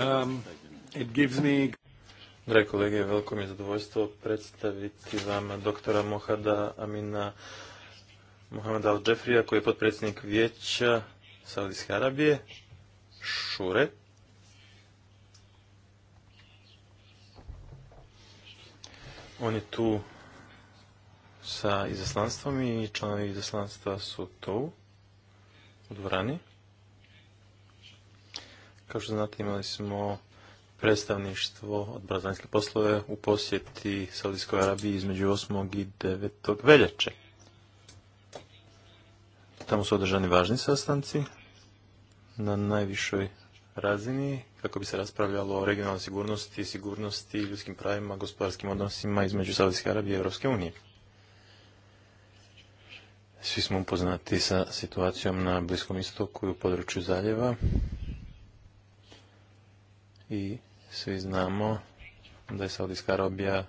Um, Drage kolege, veliko mi je zadovoljstvo predstaviti vam doktora Mohada Amina Mohamed al koji je potpredsjednik vijeća Saudijske Arabije, Šure. On je tu sa izaslanstvom i članovi izaslanstva su tu u dvorani. Kao što znate imali smo predstavništvo od za poslove u posjeti Saudijskoj Arabiji između 8. i 9. veljače. Tamo su održani važni sastanci na najvišoj razini kako bi se raspravljalo o regionalnoj sigurnosti, sigurnosti, ljudskim pravima, gospodarskim odnosima između Saudijske Arabije i Europske unije. Svi smo upoznati sa situacijom na Bliskom istoku i u području zaljeva i svi znamo da je Saudijska Arabija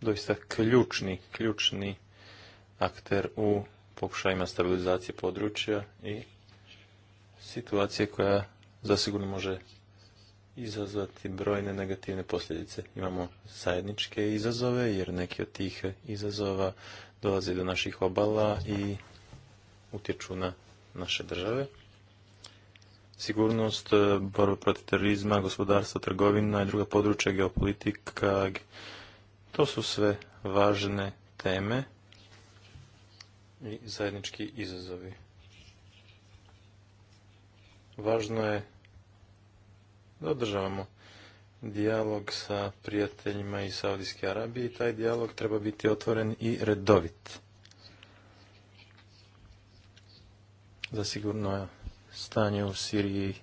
doista ključni, ključni akter u pokušajima stabilizacije područja i situacije koja zasigurno može izazvati brojne negativne posljedice. Imamo zajedničke izazove jer neki od tih izazova dolaze do naših obala i utječu na naše države sigurnost, e, borba protiv terorizma, gospodarstvo, trgovina i druga područja, geopolitika. To su sve važne teme i zajednički izazovi. Važno je da održavamo dijalog sa prijateljima iz Saudijske Arabije i taj dijalog treba biti otvoren i redovit. Za Zasigurno stanje u Siriji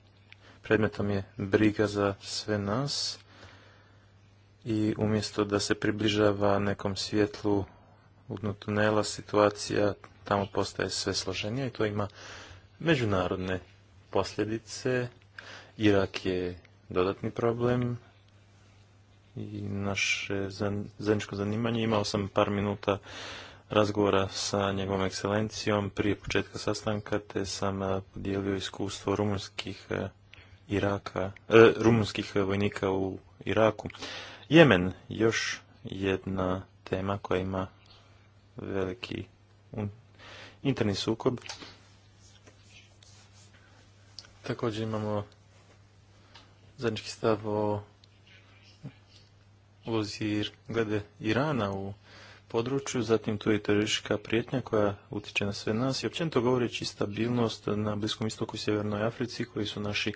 predmetom je briga za sve nas i umjesto da se približava nekom svjetlu udnu tunela, situacija tamo postaje sve složenija i to ima međunarodne posljedice. Irak je dodatni problem i naše zajedničko zanimanje. Imao sam par minuta razgovora sa njegovom ekscelencijom prije početka sastanka, te sam eh, podijelio iskustvo rumunskih eh, Iraka, eh, rumunskih vojnika u Iraku. Jemen, još jedna tema koja ima veliki interni sukob. Također imamo zajednički stav o ulozi glede Irana u području, zatim tu je teroristička prijetnja koja utječe na sve nas i općenito govoreći stabilnost na Bliskom istoku i Sjevernoj Africi koji su naši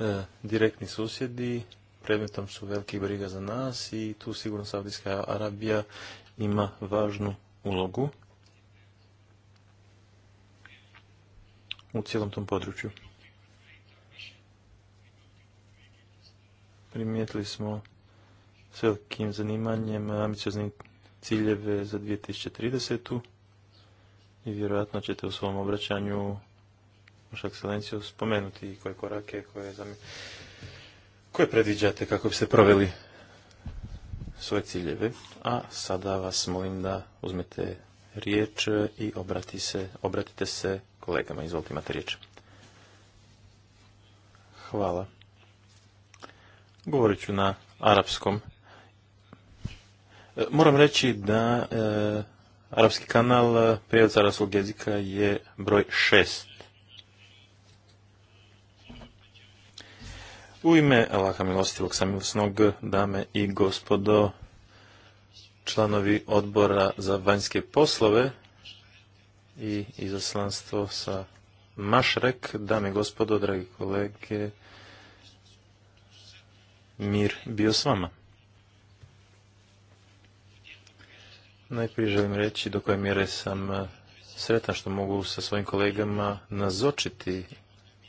e, direktni susjedi, predmetom su velike briga za nas i tu sigurno Saudijska Arabija ima važnu ulogu u cijelom tom području. Primijetili smo s velikim zanimanjem ambicioznim ciljeve za 2030. I vjerojatno ćete u svom obraćanju, vaša ekscelenciju, spomenuti koje korake koje, koje predviđate kako bi se proveli svoje ciljeve. A sada vas molim da uzmete riječ i se, obratite se kolegama. Izvolite, imate riječ. Hvala. Govorit ću na arapskom Moram reći da e, arapski kanal e, prijevodca arapskog jezika je broj šest. U ime Allaha milostivog samilosnog dame i gospodo članovi odbora za vanjske poslove i izaslanstvo sa Mašrek, dame i gospodo, dragi kolege, mir bio s vama. Najprije želim reći do koje mjere sam e, sretan što mogu sa svojim kolegama nazočiti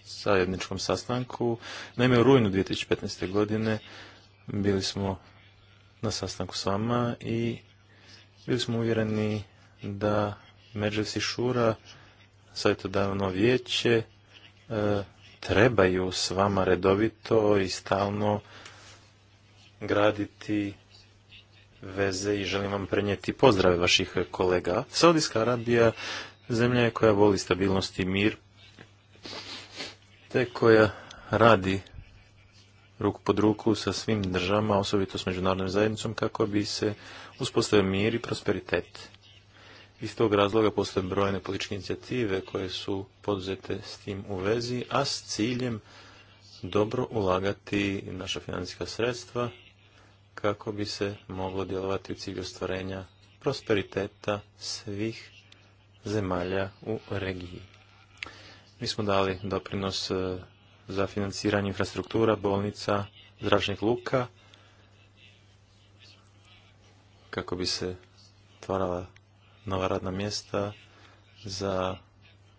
zajedničkom sastanku. Naime, u rujnu 2015. godine bili smo na sastanku s vama i bili smo uvjereni da i Šura, savjetodavno vijeće, e, trebaju s vama redovito i stalno graditi veze i želim vam prenijeti pozdrave vaših kolega. Saudijska Arabija zemlja je koja voli stabilnost i mir, te koja radi ruku pod ruku sa svim državama, osobito s Međunarodnim zajednicom, kako bi se uspostavio mir i prosperitet. Iz tog razloga postoje brojne političke inicijative koje su poduzete s tim u vezi, a s ciljem dobro ulagati naša financijska sredstva kako bi se moglo djelovati u cilju stvorenja prosperiteta svih zemalja u regiji. Mi smo dali doprinos e, za financiranje infrastruktura, bolnica, zračnih luka, kako bi se stvarala nova radna mjesta za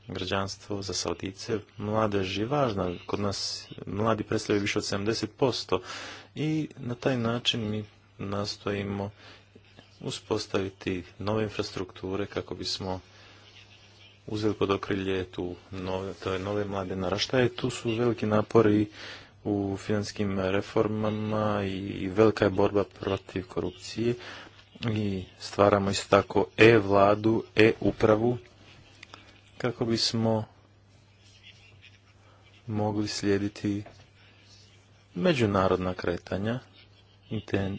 građanstvo, za Saudice. Mladež je važna. Kod nas mladi predstavljaju više od 70% i na taj način mi nastojimo uspostaviti nove infrastrukture kako bismo uzeli pod okrilje tu nove, to je nove mlade naraštaje. Tu su veliki napori u financijskim reformama i velika je borba protiv korupcije i stvaramo isto tako e-vladu, e-upravu kako bismo mogli slijediti međunarodna kretanja i te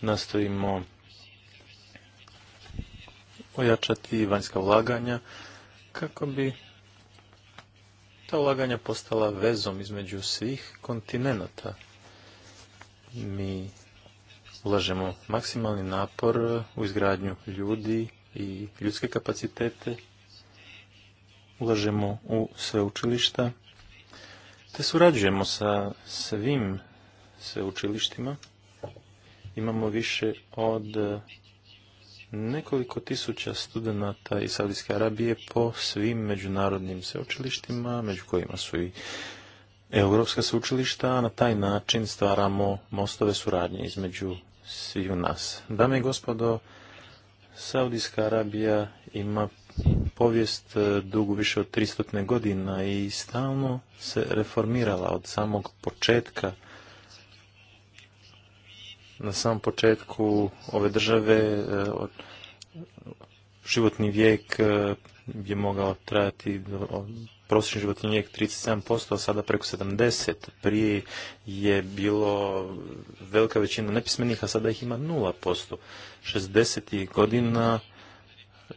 nastojimo ojačati vanjska ulaganja kako bi ta ulaganja postala vezom između svih kontinenata. Mi ulažemo maksimalni napor u izgradnju ljudi i ljudske kapacitete, ulažemo u sveučilišta te surađujemo sa svim sveučilištima. Imamo više od nekoliko tisuća studenata iz Saudijske Arabije po svim međunarodnim sveučilištima, među kojima su i europska sveučilišta, a na taj način stvaramo mostove suradnje između sviju nas. Dame i gospodo, Saudijska Arabija ima povijest e, dugu više od 300 godina i stalno se reformirala od samog početka. Na samom početku ove države e, životni vijek e, je mogao trajati prosječni životni vijek 37%, a sada preko 70%. Prije je bilo velika većina nepismenih, a sada ih ima 0%. 60. godina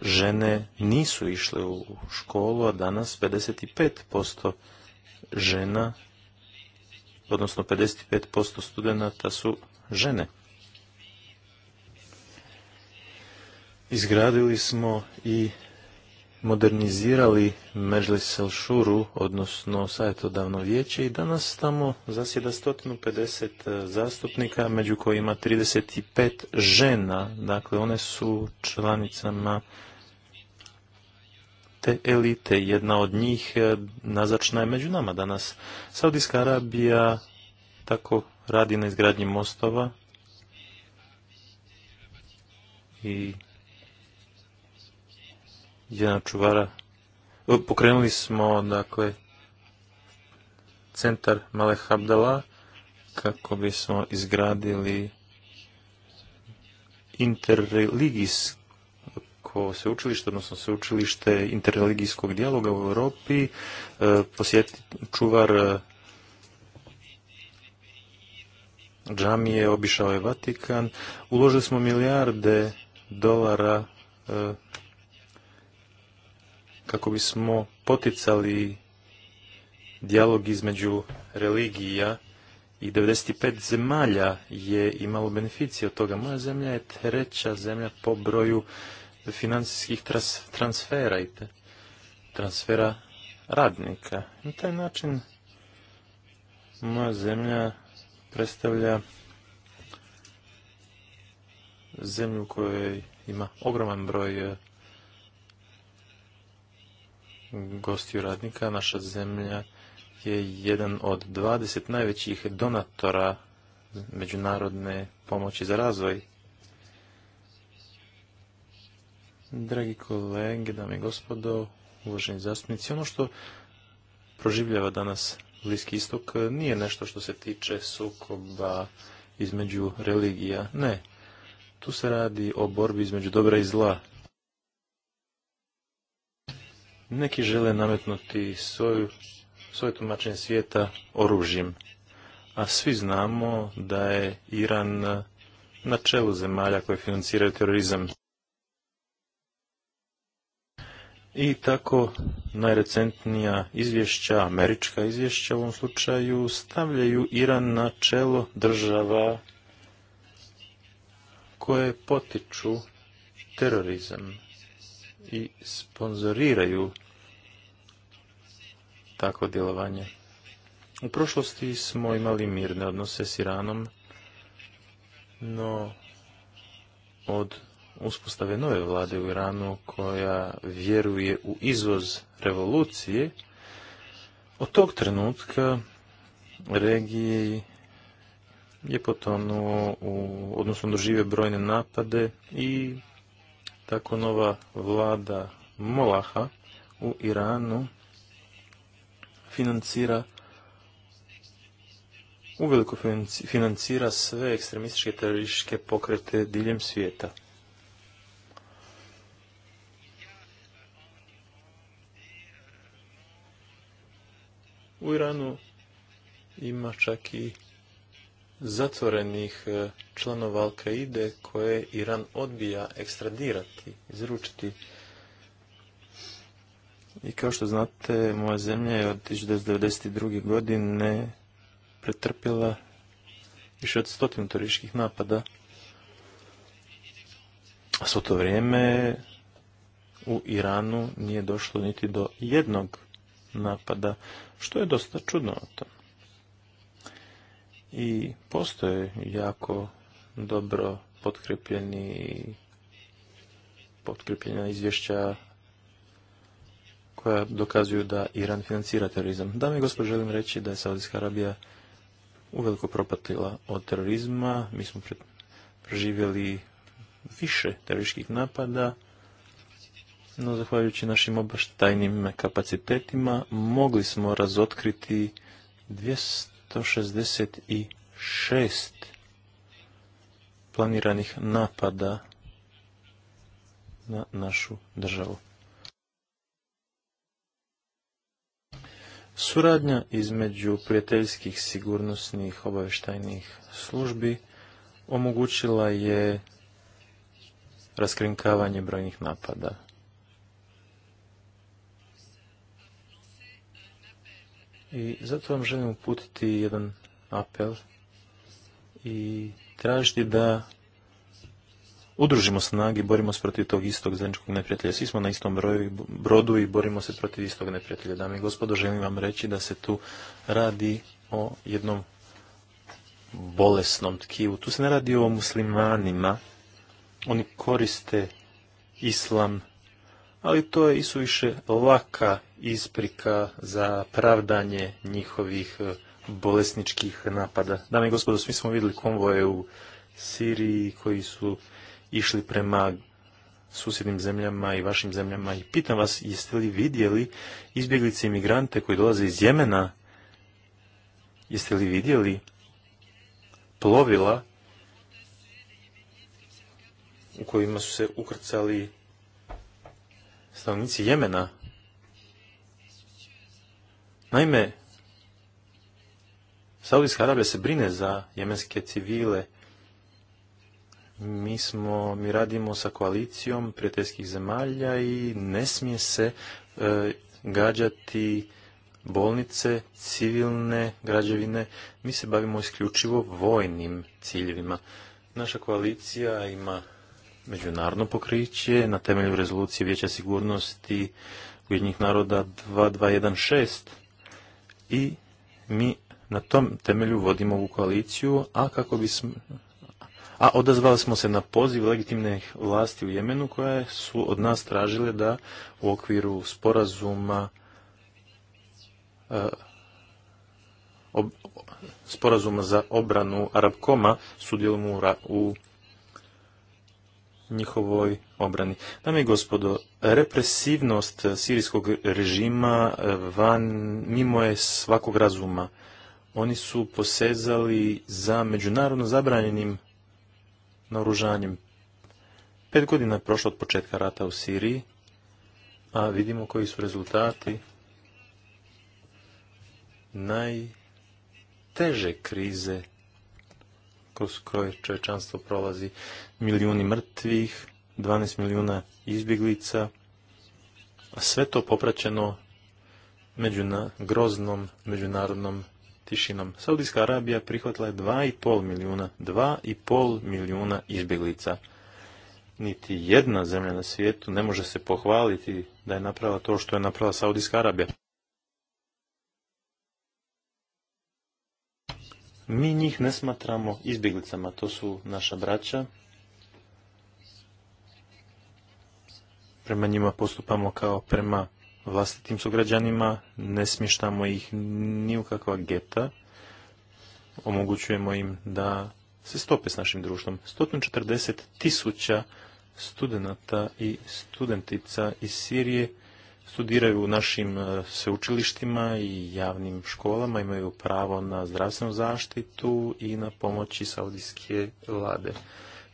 žene nisu išle u školu, a danas 55% žena, odnosno 55% studenata su žene. Izgradili smo i modernizirali Međlisel Šuru, odnosno savjetodavno vijeće i danas tamo zasjeda 150 e, zastupnika, među kojima 35 žena, dakle one su članicama te elite, jedna od njih e, nazačna je među nama danas. Saudijska Arabija tako radi na izgradnji mostova i jedan čuvara. Pokrenuli smo, dakle, centar Maleh Abdala kako bismo izgradili interreligijsko sveučilište, odnosno sveučilište interreligijskog dijaloga u Europi. E, Posjeti čuvar e, džamije, obišao je Vatikan. Uložili smo milijarde dolara e, kako bismo poticali dijalog između religija i 95 zemalja je imalo beneficije od toga. Moja zemlja je treća zemlja po broju financijskih transfera i te, transfera radnika. Na taj način moja zemlja predstavlja zemlju kojoj ima ogroman broj gostiju radnika. Naša zemlja je jedan od 20 najvećih donatora međunarodne pomoći za razvoj. Dragi kolege, dame i gospodo, uvaženi zastupnici, ono što proživljava danas Bliski istok nije nešto što se tiče sukoba između religija. Ne, tu se radi o borbi između dobra i zla, neki žele nametnuti svoju, svoje tumačenje svijeta oružjem, a svi znamo da je Iran na čelu zemalja koje financiraju terorizam. I tako najrecentnija izvješća, američka izvješća u ovom slučaju, stavljaju Iran na čelo država koje potiču terorizam i sponzoriraju takvo djelovanje. U prošlosti smo imali mirne odnose s Iranom, no od uspostave nove vlade u Iranu koja vjeruje u izvoz revolucije, od tog trenutka regiji je potonuo u odnosno dožive brojne napade i tako nova vlada Molaha u Iranu financira uveliko financira sve ekstremističke terorističke pokrete diljem svijeta. U Iranu ima čak i zatvorenih e, članova Al-Qaide koje Iran odbija ekstradirati, izručiti i kao što znate, moja zemlja je od 1992. godine pretrpjela više od stotinu terorističkih napada. A svo to vrijeme u Iranu nije došlo niti do jednog napada, što je dosta čudno I postoje jako dobro potkrepljeni potkrepljena izvješća koja dokazuju da Iran financira terorizam. Dame i gospod, želim reći da je Saudijska Arabija uveliko propatila od terorizma. Mi smo preživjeli više terorističkih napada, no zahvaljujući našim obaštajnim kapacitetima mogli smo razotkriti 266 planiranih napada na našu državu. Suradnja između prijateljskih sigurnosnih obavještajnih službi omogućila je raskrinkavanje brojnih napada. I zato vam želim uputiti jedan apel i tražiti da udružimo snage i borimo se protiv tog istog zajedničkog neprijatelja. Svi smo na istom broju, brodu i borimo se protiv istog neprijatelja. Dame i gospodo, želim vam reći da se tu radi o jednom bolesnom tkivu. Tu se ne radi o muslimanima. Oni koriste islam, ali to je isuviše laka isprika za pravdanje njihovih e, bolesničkih napada. Dame i gospodo, svi smo vidjeli konvoje u Siriji koji su išli prema susjednim zemljama i vašim zemljama i pitam vas jeste li vidjeli izbjeglice i migrante koji dolaze iz Jemena jeste li vidjeli plovila u kojima su se ukrcali stanovnici Jemena naime Saudijska Arabija se brine za jemenske civile mi smo, mi radimo sa koalicijom prijateljskih zemalja i ne smije se e, gađati bolnice, civilne građevine. Mi se bavimo isključivo vojnim ciljevima. Naša koalicija ima međunarodno pokriće na temelju rezolucije Vijeća sigurnosti Ujedinjenih naroda 2216 i mi na tom temelju vodimo ovu koaliciju, a kako bismo a odazvali smo se na poziv legitimne vlasti u Jemenu koje su od nas tražile da u okviru sporazuma eh, sporazuma za obranu Arabkoma sudjelujemo u njihovoj obrani. Dame i gospodo, represivnost sirijskog režima eh, van, mimo je svakog razuma. Oni su posezali za međunarodno zabranjenim naoružanjem. Pet godina je prošlo od početka rata u Siriji, a vidimo koji su rezultati najteže krize kroz koje čovječanstvo prolazi. Milijuni mrtvih, 12 milijuna izbjeglica, a sve to popraćeno međunarodnom groznom međunarodnom tišinom. Saudijska Arabija prihvatila je 2,5 milijuna, 2,5 milijuna izbjeglica. Niti jedna zemlja na svijetu ne može se pohvaliti da je napravila to što je napravila Saudijska Arabija. Mi njih ne smatramo izbjeglicama, to su naša braća. Prema njima postupamo kao prema vlastitim sugrađanima, ne smještamo ih ni u kakva geta, omogućujemo im da se stope s našim društvom. 140 tisuća studenta i studentica iz Sirije studiraju u našim e, sveučilištima i javnim školama, imaju pravo na zdravstvenu zaštitu i na pomoći saudijske vlade.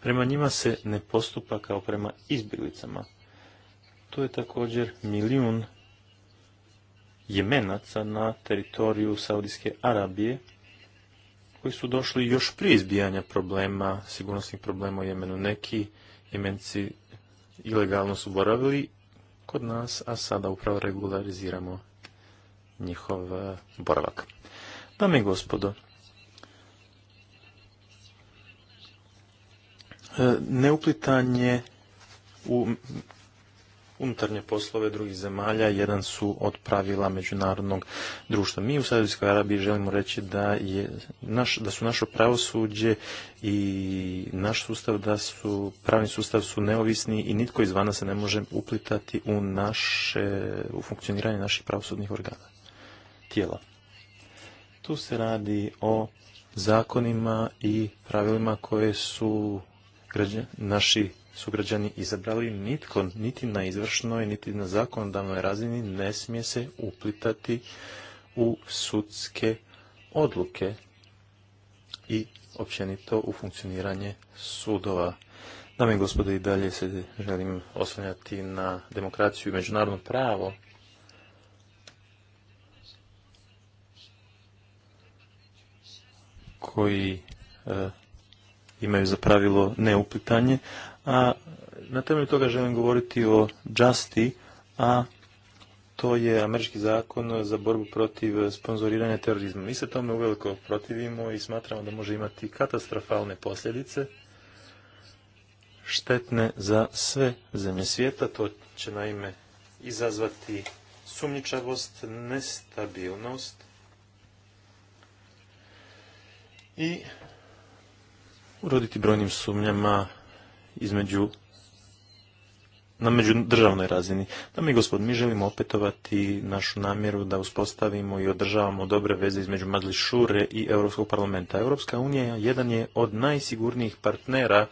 Prema njima se ne postupa kao prema izbjeglicama. To je također milijun jemenaca na teritoriju Saudijske Arabije koji su došli još prije izbijanja problema, sigurnosnih problema u Jemenu. Neki jemenci ilegalno su boravili kod nas, a sada upravo regulariziramo njihov e, boravak. Dame i gospodo, e, neuplitanje u unutarnje poslove drugih zemalja, jedan su od pravila međunarodnog društva. Mi u Saudijskoj Arabiji želimo reći da, je naš, da su naše pravosuđe i naš sustav da su, pravni sustav su neovisni i nitko izvana se ne može uplitati u naše, u funkcioniranje naših pravosudnih organa, tijela. Tu se radi o zakonima i pravilima koje su naši sugrađani izabrali, nitko niti na izvršnoj, niti na zakonodavnoj razini ne smije se uplitati u sudske odluke i općenito u funkcioniranje sudova. Dame i gospodo, i dalje se želim oslanjati na demokraciju i međunarodno pravo. koji e, imaju za pravilo neuplitanje, a na temelju toga želim govoriti o Justi, a to je američki zakon za borbu protiv sponzoriranja terorizma. Mi se tome uveliko protivimo i smatramo da može imati katastrofalne posljedice štetne za sve zemlje svijeta. To će naime izazvati sumnjičavost, nestabilnost i uroditi brojnim sumnjama između na međudržavnoj razini. Dame i gospod, mi želimo opetovati našu namjeru da uspostavimo i održavamo dobre veze između Madli i Europskog parlamenta. Europska unija jedan je od najsigurnijih partnera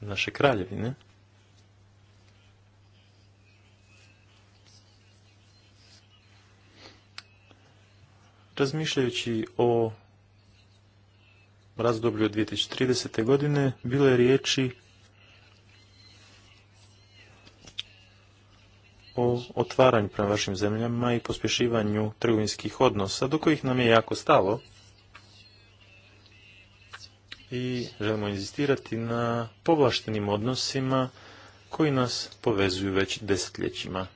naše kraljevine. Razmišljajući o razdoblju 2030. godine bilo je riječi o otvaranju prema vašim zemljama i pospješivanju trgovinskih odnosa, do kojih nam je jako stalo. I želimo inzistirati na povlaštenim odnosima koji nas povezuju već desetljećima.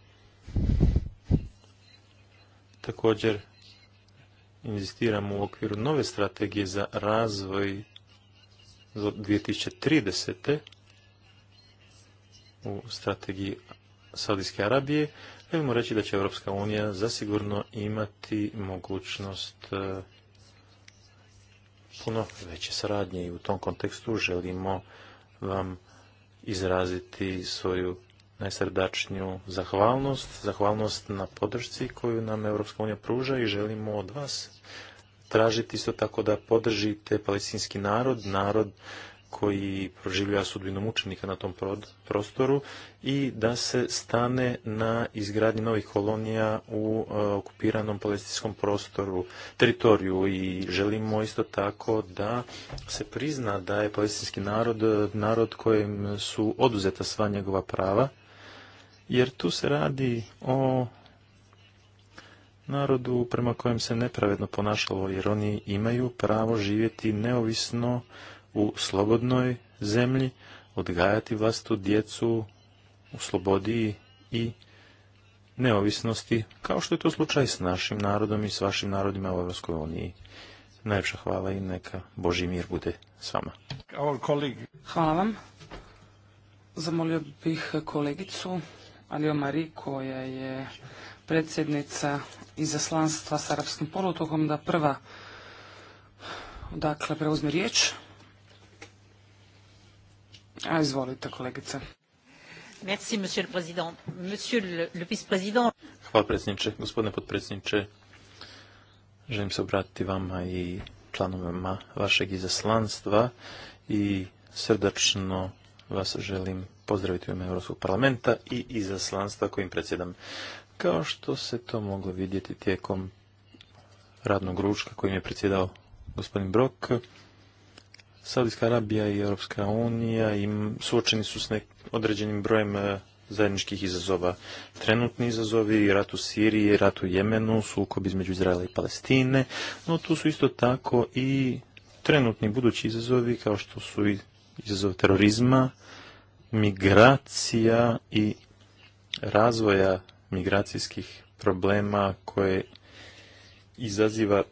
Također inzistiramo u okviru nove strategije za razvoj za 2030. u strategiji Saudijske Arabije, želimo reći da će Europska unija zasigurno imati mogućnost e, puno veće saradnje i u tom kontekstu želimo vam izraziti svoju najsrdačniju zahvalnost, zahvalnost na podršci koju nam Evropska unija pruža i želimo od vas tražiti isto tako da podržite palestinski narod, narod koji proživljava sudbinu mučenika na tom prostoru i da se stane na izgradnji novih kolonija u e, okupiranom palestinskom prostoru, teritoriju i želimo isto tako da se prizna da je palestinski narod e, narod kojem su oduzeta sva njegova prava jer tu se radi o narodu prema kojem se nepravedno ponašalo, jer oni imaju pravo živjeti neovisno u slobodnoj zemlji, odgajati vlastitu djecu u slobodi i neovisnosti, kao što je to slučaj s našim narodom i s vašim narodima u Evropskoj uniji. Najljepša hvala i neka Boži mir bude s vama. Hvala vam. Zamolio bih kolegicu Alio Mari koja je predsjednica izaslanstva s Arapskim polutokom da prva dakle preuzme riječ. A izvolite kolegice. Merci, monsieur le président. Monsieur le, vice-président. Hvala predsjedniče, gospodine potpredsjedniče. Želim se obratiti vama i članovima vašeg izaslanstva i srdačno vas želim pozdraviti u ime Europskog parlamenta i izaslanstva kojim predsjedam. Kao što se to moglo vidjeti tijekom radnog ručka kojim je predsjedao gospodin Brok, Saudijska Arabija i Europska unija im suočeni su s određenim brojem e, zajedničkih izazova. Trenutni izazovi, rat u Siriji, rat u Jemenu, sukob između Izraela i Palestine, no tu su isto tako i trenutni budući izazovi kao što su i izazov terorizma, migracija i razvoja migracijskih problema koje izaziva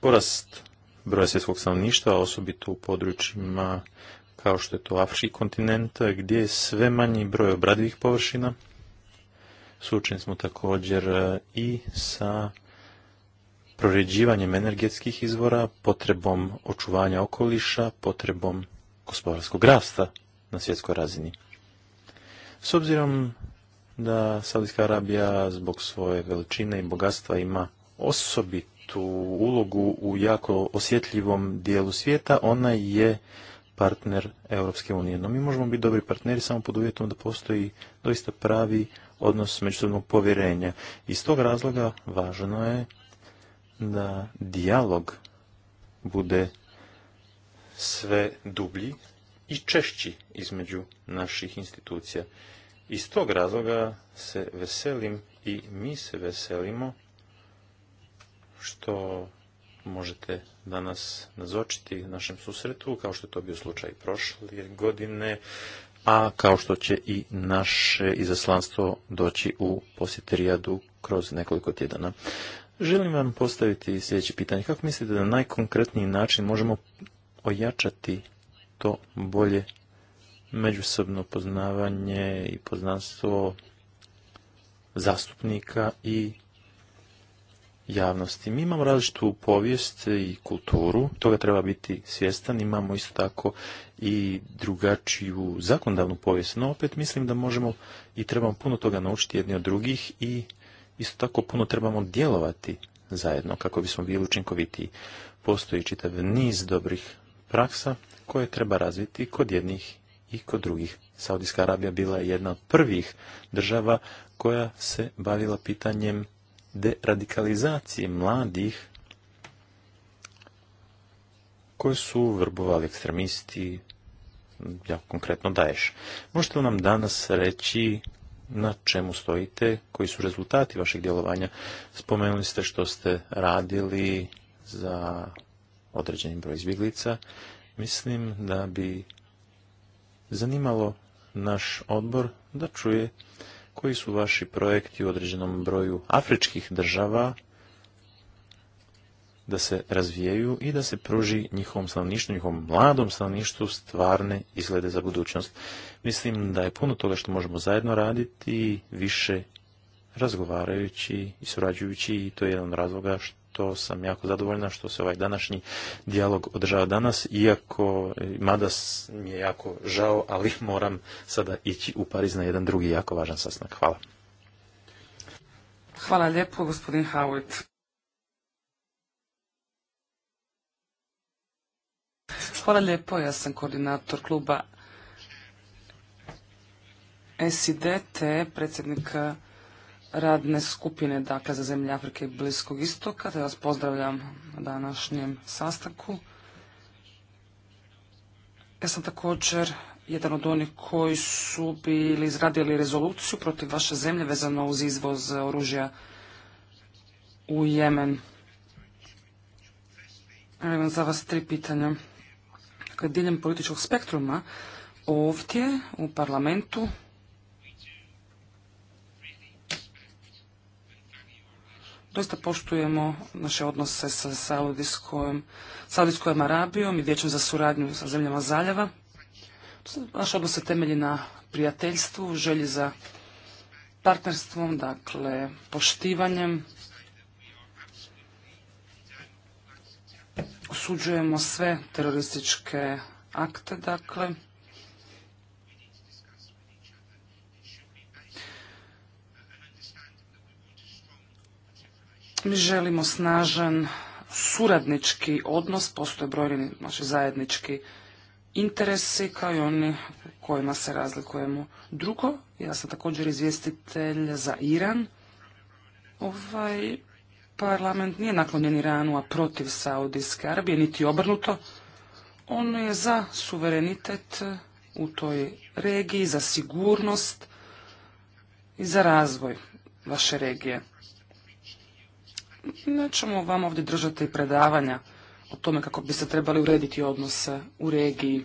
porast broja svjetskog stanovništva, osobito u područjima kao što je to Afrički kontinent, gdje je sve manji broj obradivih površina. Suočeni smo također e, i sa proređivanjem energetskih izvora, potrebom očuvanja okoliša, potrebom gospodarskog rasta na svjetskoj razini. S obzirom da Saudijska Arabija zbog svoje veličine i bogatstva ima osobitu ulogu u jako osjetljivom dijelu svijeta, ona je partner Europske unije. No mi možemo biti dobri partneri samo pod uvjetom da postoji doista pravi odnos međusobnog povjerenja. Iz tog razloga važno je da dijalog bude sve dublji i češći između naših institucija. Iz tog razloga se veselim i mi se veselimo što možete danas nazočiti našem susretu, kao što je to bio slučaj prošle godine, a kao što će i naše izaslanstvo doći u posjeterijadu kroz nekoliko tjedana. Želim vam postaviti sljedeće pitanje. Kako mislite da na najkonkretniji način možemo ojačati to bolje međusobno poznavanje i poznanstvo zastupnika i javnosti. Mi imamo različitu povijest i kulturu, toga treba biti svjestan, imamo isto tako i drugačiju zakondavnu povijest, no opet mislim da možemo i trebamo puno toga naučiti jedni od drugih i isto tako puno trebamo djelovati zajedno kako bismo bili učinkovitiji. Postoji čitav niz dobrih praksa koje treba razviti kod jednih i kod drugih. Saudijska Arabija bila je jedna od prvih država koja se bavila pitanjem deradikalizacije mladih koje su vrbovali ekstremisti, ja konkretno daješ. Možete li nam danas reći na čemu stojite, koji su rezultati vašeg djelovanja? Spomenuli ste što ste radili za određeni broj izbjeglica, mislim da bi zanimalo naš odbor da čuje koji su vaši projekti u određenom broju afričkih država da se razvijaju i da se pruži njihovom stanovništvu, njihovom mladom stanovništvu stvarne izglede za budućnost. Mislim da je puno toga što možemo zajedno raditi, više razgovarajući i surađujući i to je jedan razloga što to sam jako zadovoljna što se ovaj današnji dijalog održava danas, iako, mada mi je jako žao, ali moram sada ići u Pariz na jedan drugi jako važan sastanak. Hvala. Hvala lijepo, gospodin Howitt. Hvala lijepo, ja sam koordinator kluba SID, predsjednika radne skupine dakle, za zemlje Afrike i Bliskog istoka. Te vas pozdravljam na današnjem sastanku. Ja sam također jedan od onih koji su bili izradili rezoluciju protiv vaše zemlje vezano uz izvoz oružja u Jemen. imam za vas tri pitanja. Dakle, diljem političkog spektruma ovdje u parlamentu doista poštujemo naše odnose sa Saudijskom, Arabijom i Vijećem za suradnju sa zemljama Zaljeva. Naš odnos se temelji na prijateljstvu, želji za partnerstvom, dakle poštivanjem. Osuđujemo sve terorističke akte, dakle, Mi želimo snažan suradnički odnos, postoje brojni naši zajednički interesi kao i oni kojima se razlikujemo. Drugo, ja sam također izvjestitelj za Iran. Ovaj parlament nije naklonjen Iranu, a protiv Saudijske Arabije, niti obrnuto. On je za suverenitet u toj regiji, za sigurnost i za razvoj vaše regije. Nećemo vam ovdje držati predavanja o tome kako bi se trebali urediti odnose u regiji.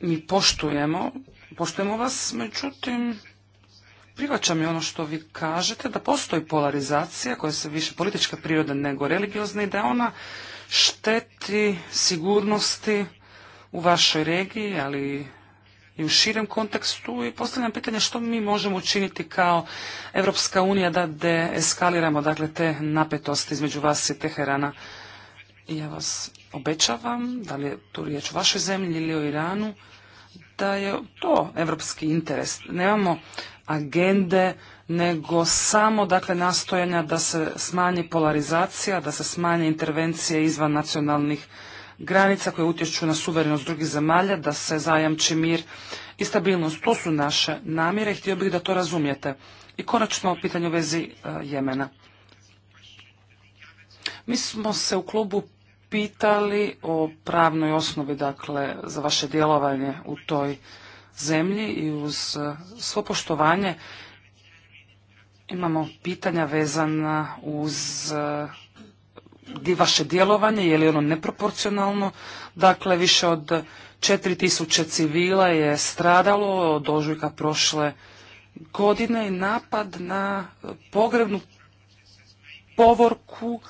Mi poštujemo, poštujemo vas, međutim, prihvaćam i ono što vi kažete, da postoji polarizacija koja se više politička priroda nego religiozna i da ona šteti sigurnosti u vašoj regiji, ali i u širem kontekstu i postavljam pitanje što mi možemo učiniti kao Europska unija da deeskaliramo dakle te napetosti između vas i Teherana. Ja vas obećavam, da li je tu riječ o vašoj zemlji ili o Iranu, da je to evropski interes. Nemamo agende, nego samo dakle nastojanja da se smanji polarizacija, da se smanje intervencije izvan nacionalnih granica koje utječu na suverenost drugih zemalja, da se zajamči mir i stabilnost. To su naše namjere i htio bih da to razumijete. I konačno pitanje u vezi e, Jemena. Mi smo se u klubu pitali o pravnoj osnovi, dakle, za vaše djelovanje u toj zemlji i uz e, svo poštovanje imamo pitanja vezana uz e, vaše djelovanje, je li ono neproporcionalno? Dakle, više od 4000 civila je stradalo od ožujka prošle godine i napad na pogrebnu povorku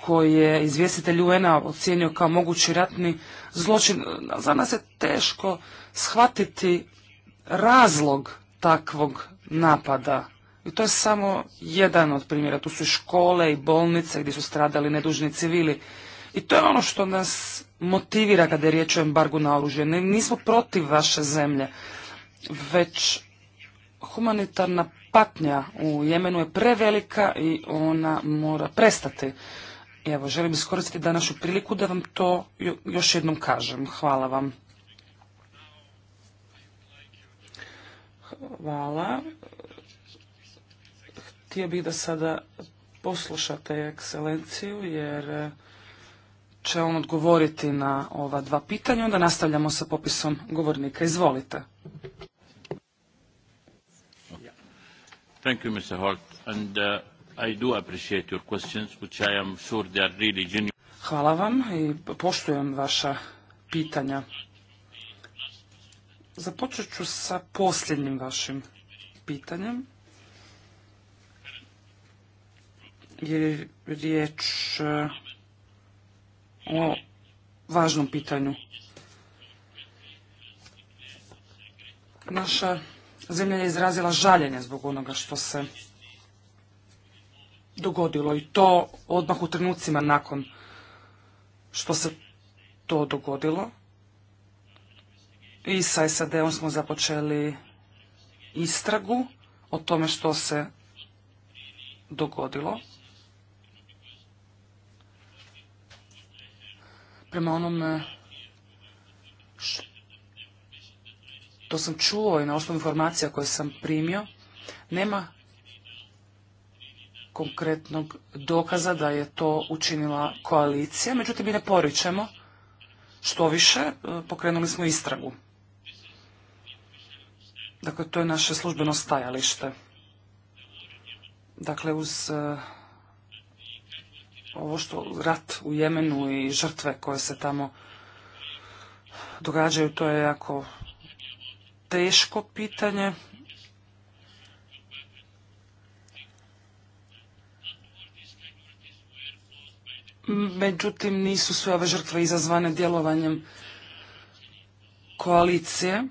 koji je izvjestitelj UN-a ocijenio kao mogući ratni zločin. Za nas je teško shvatiti razlog takvog napada. I to je samo jedan od primjera. Tu su i škole i bolnice gdje su stradali nedužni civili. I to je ono što nas motivira kada je riječ o embargu na oružje. Nismo protiv vaše zemlje, već humanitarna patnja u Jemenu je prevelika i ona mora prestati. Evo, želim iskoristiti današnju priliku da vam to još jednom kažem. Hvala vam. Hvala. Htio bih da sada poslušate ekscelenciju jer e, će on odgovoriti na ova dva pitanja. Onda nastavljamo sa popisom govornika. Izvolite. Thank you, Mr. Holt. And uh, I do appreciate your questions, which I am sure they are really genuine. Hvala vam i poštujem vaša pitanja. Započet ću sa posljednjim vašim pitanjem. je riječ e, o važnom pitanju. Naša zemlja je izrazila žaljenje zbog onoga što se dogodilo i to odmah u trenucima nakon što se to dogodilo. I sa SAD-om smo započeli istragu o tome što se dogodilo. prema onome što sam čuo i na osnovu informacija koje sam primio, nema konkretnog dokaza da je to učinila koalicija, međutim mi ne poričemo. Što više, e, pokrenuli smo istragu. Dakle, to je naše službeno stajalište. Dakle, uz e, ovo što rat u Jemenu i žrtve koje se tamo događaju, to je jako teško pitanje. Međutim, nisu sve ove žrtve izazvane djelovanjem koalicije.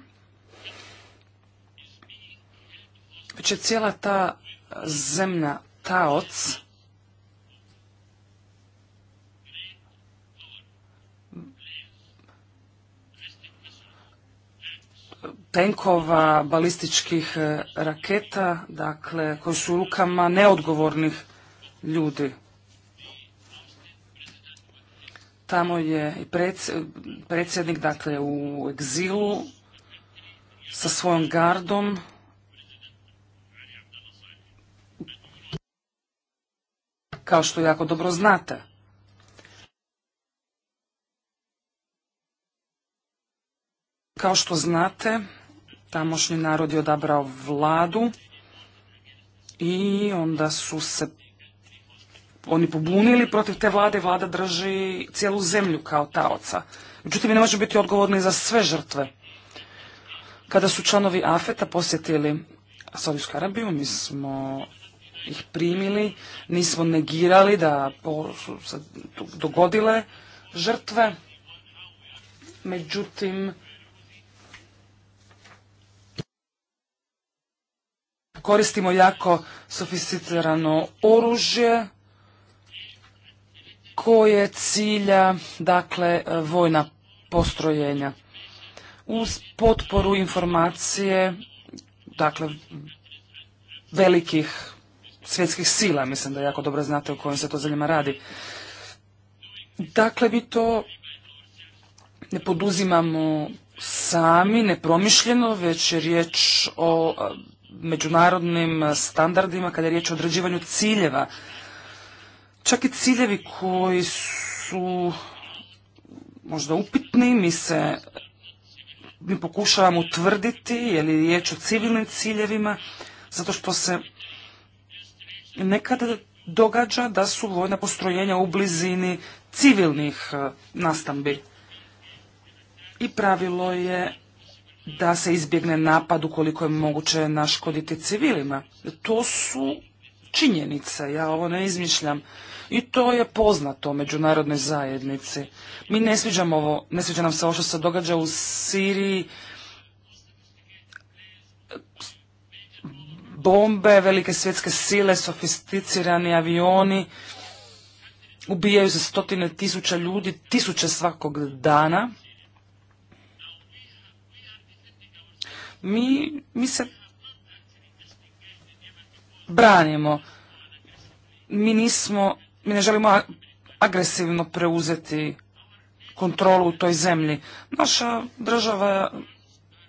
Već je cijela ta zemlja taoc tenkova, balističkih e, raketa, dakle, koji su u rukama neodgovornih ljudi. Tamo je i predsjednik, dakle, u egzilu sa svojom gardom. Kao što jako dobro znate. Kao što znate, tamošnji narod je odabrao vladu i onda su se oni pobunili protiv te vlade vlada drži cijelu zemlju kao taoca. Međutim, ne može biti odgovorni za sve žrtve. Kada su članovi AFETA posjetili Saudijsku Arabiju, mi smo ih primili, nismo negirali da su se dogodile žrtve. Međutim, koristimo jako sofisticirano oružje koje cilja dakle vojna postrojenja. Uz potporu informacije dakle velikih svjetskih sila, mislim da jako dobro znate o kojim se to zemljama radi. Dakle, vi to ne poduzimamo sami, nepromišljeno, već je riječ o međunarodnim eh, standardima kada je riječ o određivanju ciljeva. Čak i ciljevi koji su možda upitni, mi se mi pokušavamo utvrditi je li riječ o civilnim ciljevima, zato što se nekada događa da su vojna postrojenja u blizini civilnih eh, nastambi. I pravilo je da se izbjegne napad ukoliko je moguće naškoditi civilima. To su činjenice, ja ovo ne izmišljam. I to je poznato međunarodnoj zajednici. Mi ne sviđamo ovo, ne sviđa nam se ovo što se događa u Siriji. Bombe, velike svjetske sile, sofisticirani avioni. Ubijaju se stotine tisuća ljudi, tisuće svakog dana. Mi, mi se branimo. Mi nismo, mi ne želimo agresivno preuzeti kontrolu u toj zemlji. Naša država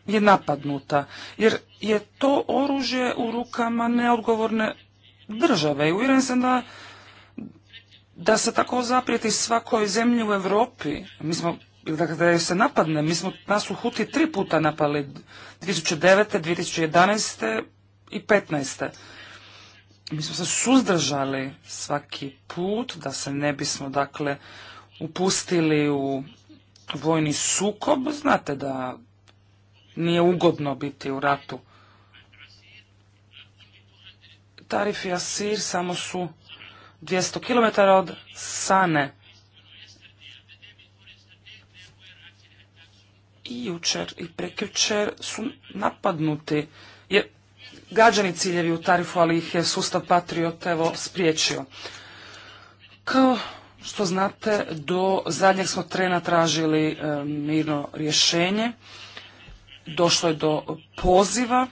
je napadnuta, jer je to oružje u rukama neodgovorne države. I uvjeren sam da, da se tako zaprijeti svakoj zemlji u Europi. Mi smo da da se napadne. Mi smo nas u Huti tri puta napali 2009. 2011. i 15. Mi smo se suzdržali svaki put da se ne bismo dakle upustili u vojni sukob. Znate da nije ugodno biti u ratu. Tarif i Asir samo su 200 km od Sane. i jučer i prekjučer su napadnuti. jer gađani ciljevi u tarifu, ali ih je sustav Patriot evo spriječio. Kao što znate, do zadnjeg smo trena tražili e, mirno rješenje. Došlo je do poziva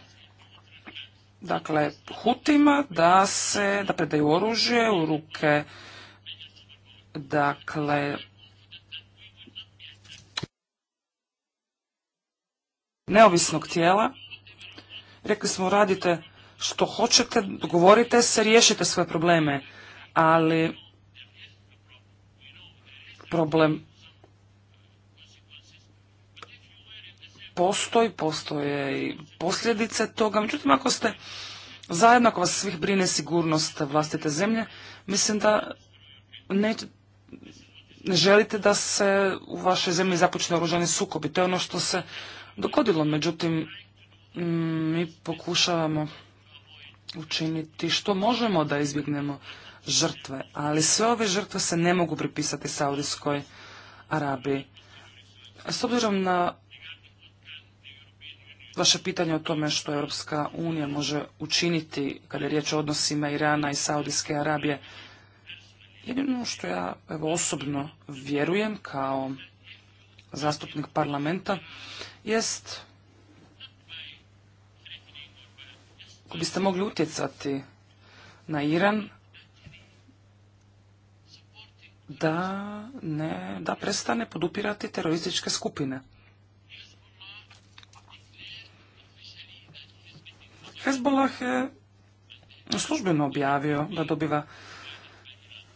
dakle Hutima da se da predaju oružje u ruke dakle neovisnog tijela. Rekli smo radite što hoćete, dogovorite se, riješite svoje probleme, ali problem postoji, postoje i posljedice toga. Međutim, ako ste zajedno, ako vas svih brine sigurnost vlastite zemlje, mislim da ne, ne želite da se u vašoj zemlji započne oružani sukobi. To je ono što se dogodilo. Međutim, mi pokušavamo učiniti što možemo da izbjegnemo žrtve, ali sve ove žrtve se ne mogu pripisati Saudijskoj Arabiji. S obzirom na vaše pitanje o tome što Europska unija može učiniti kada je riječ o odnosima Irana i Saudijske Arabije, jedino što ja osobno vjerujem kao zastupnik parlamenta jest ako biste mogli utjecati na Iran da ne, da prestane podupirati terorističke skupine. Hezbollah je službeno objavio da dobiva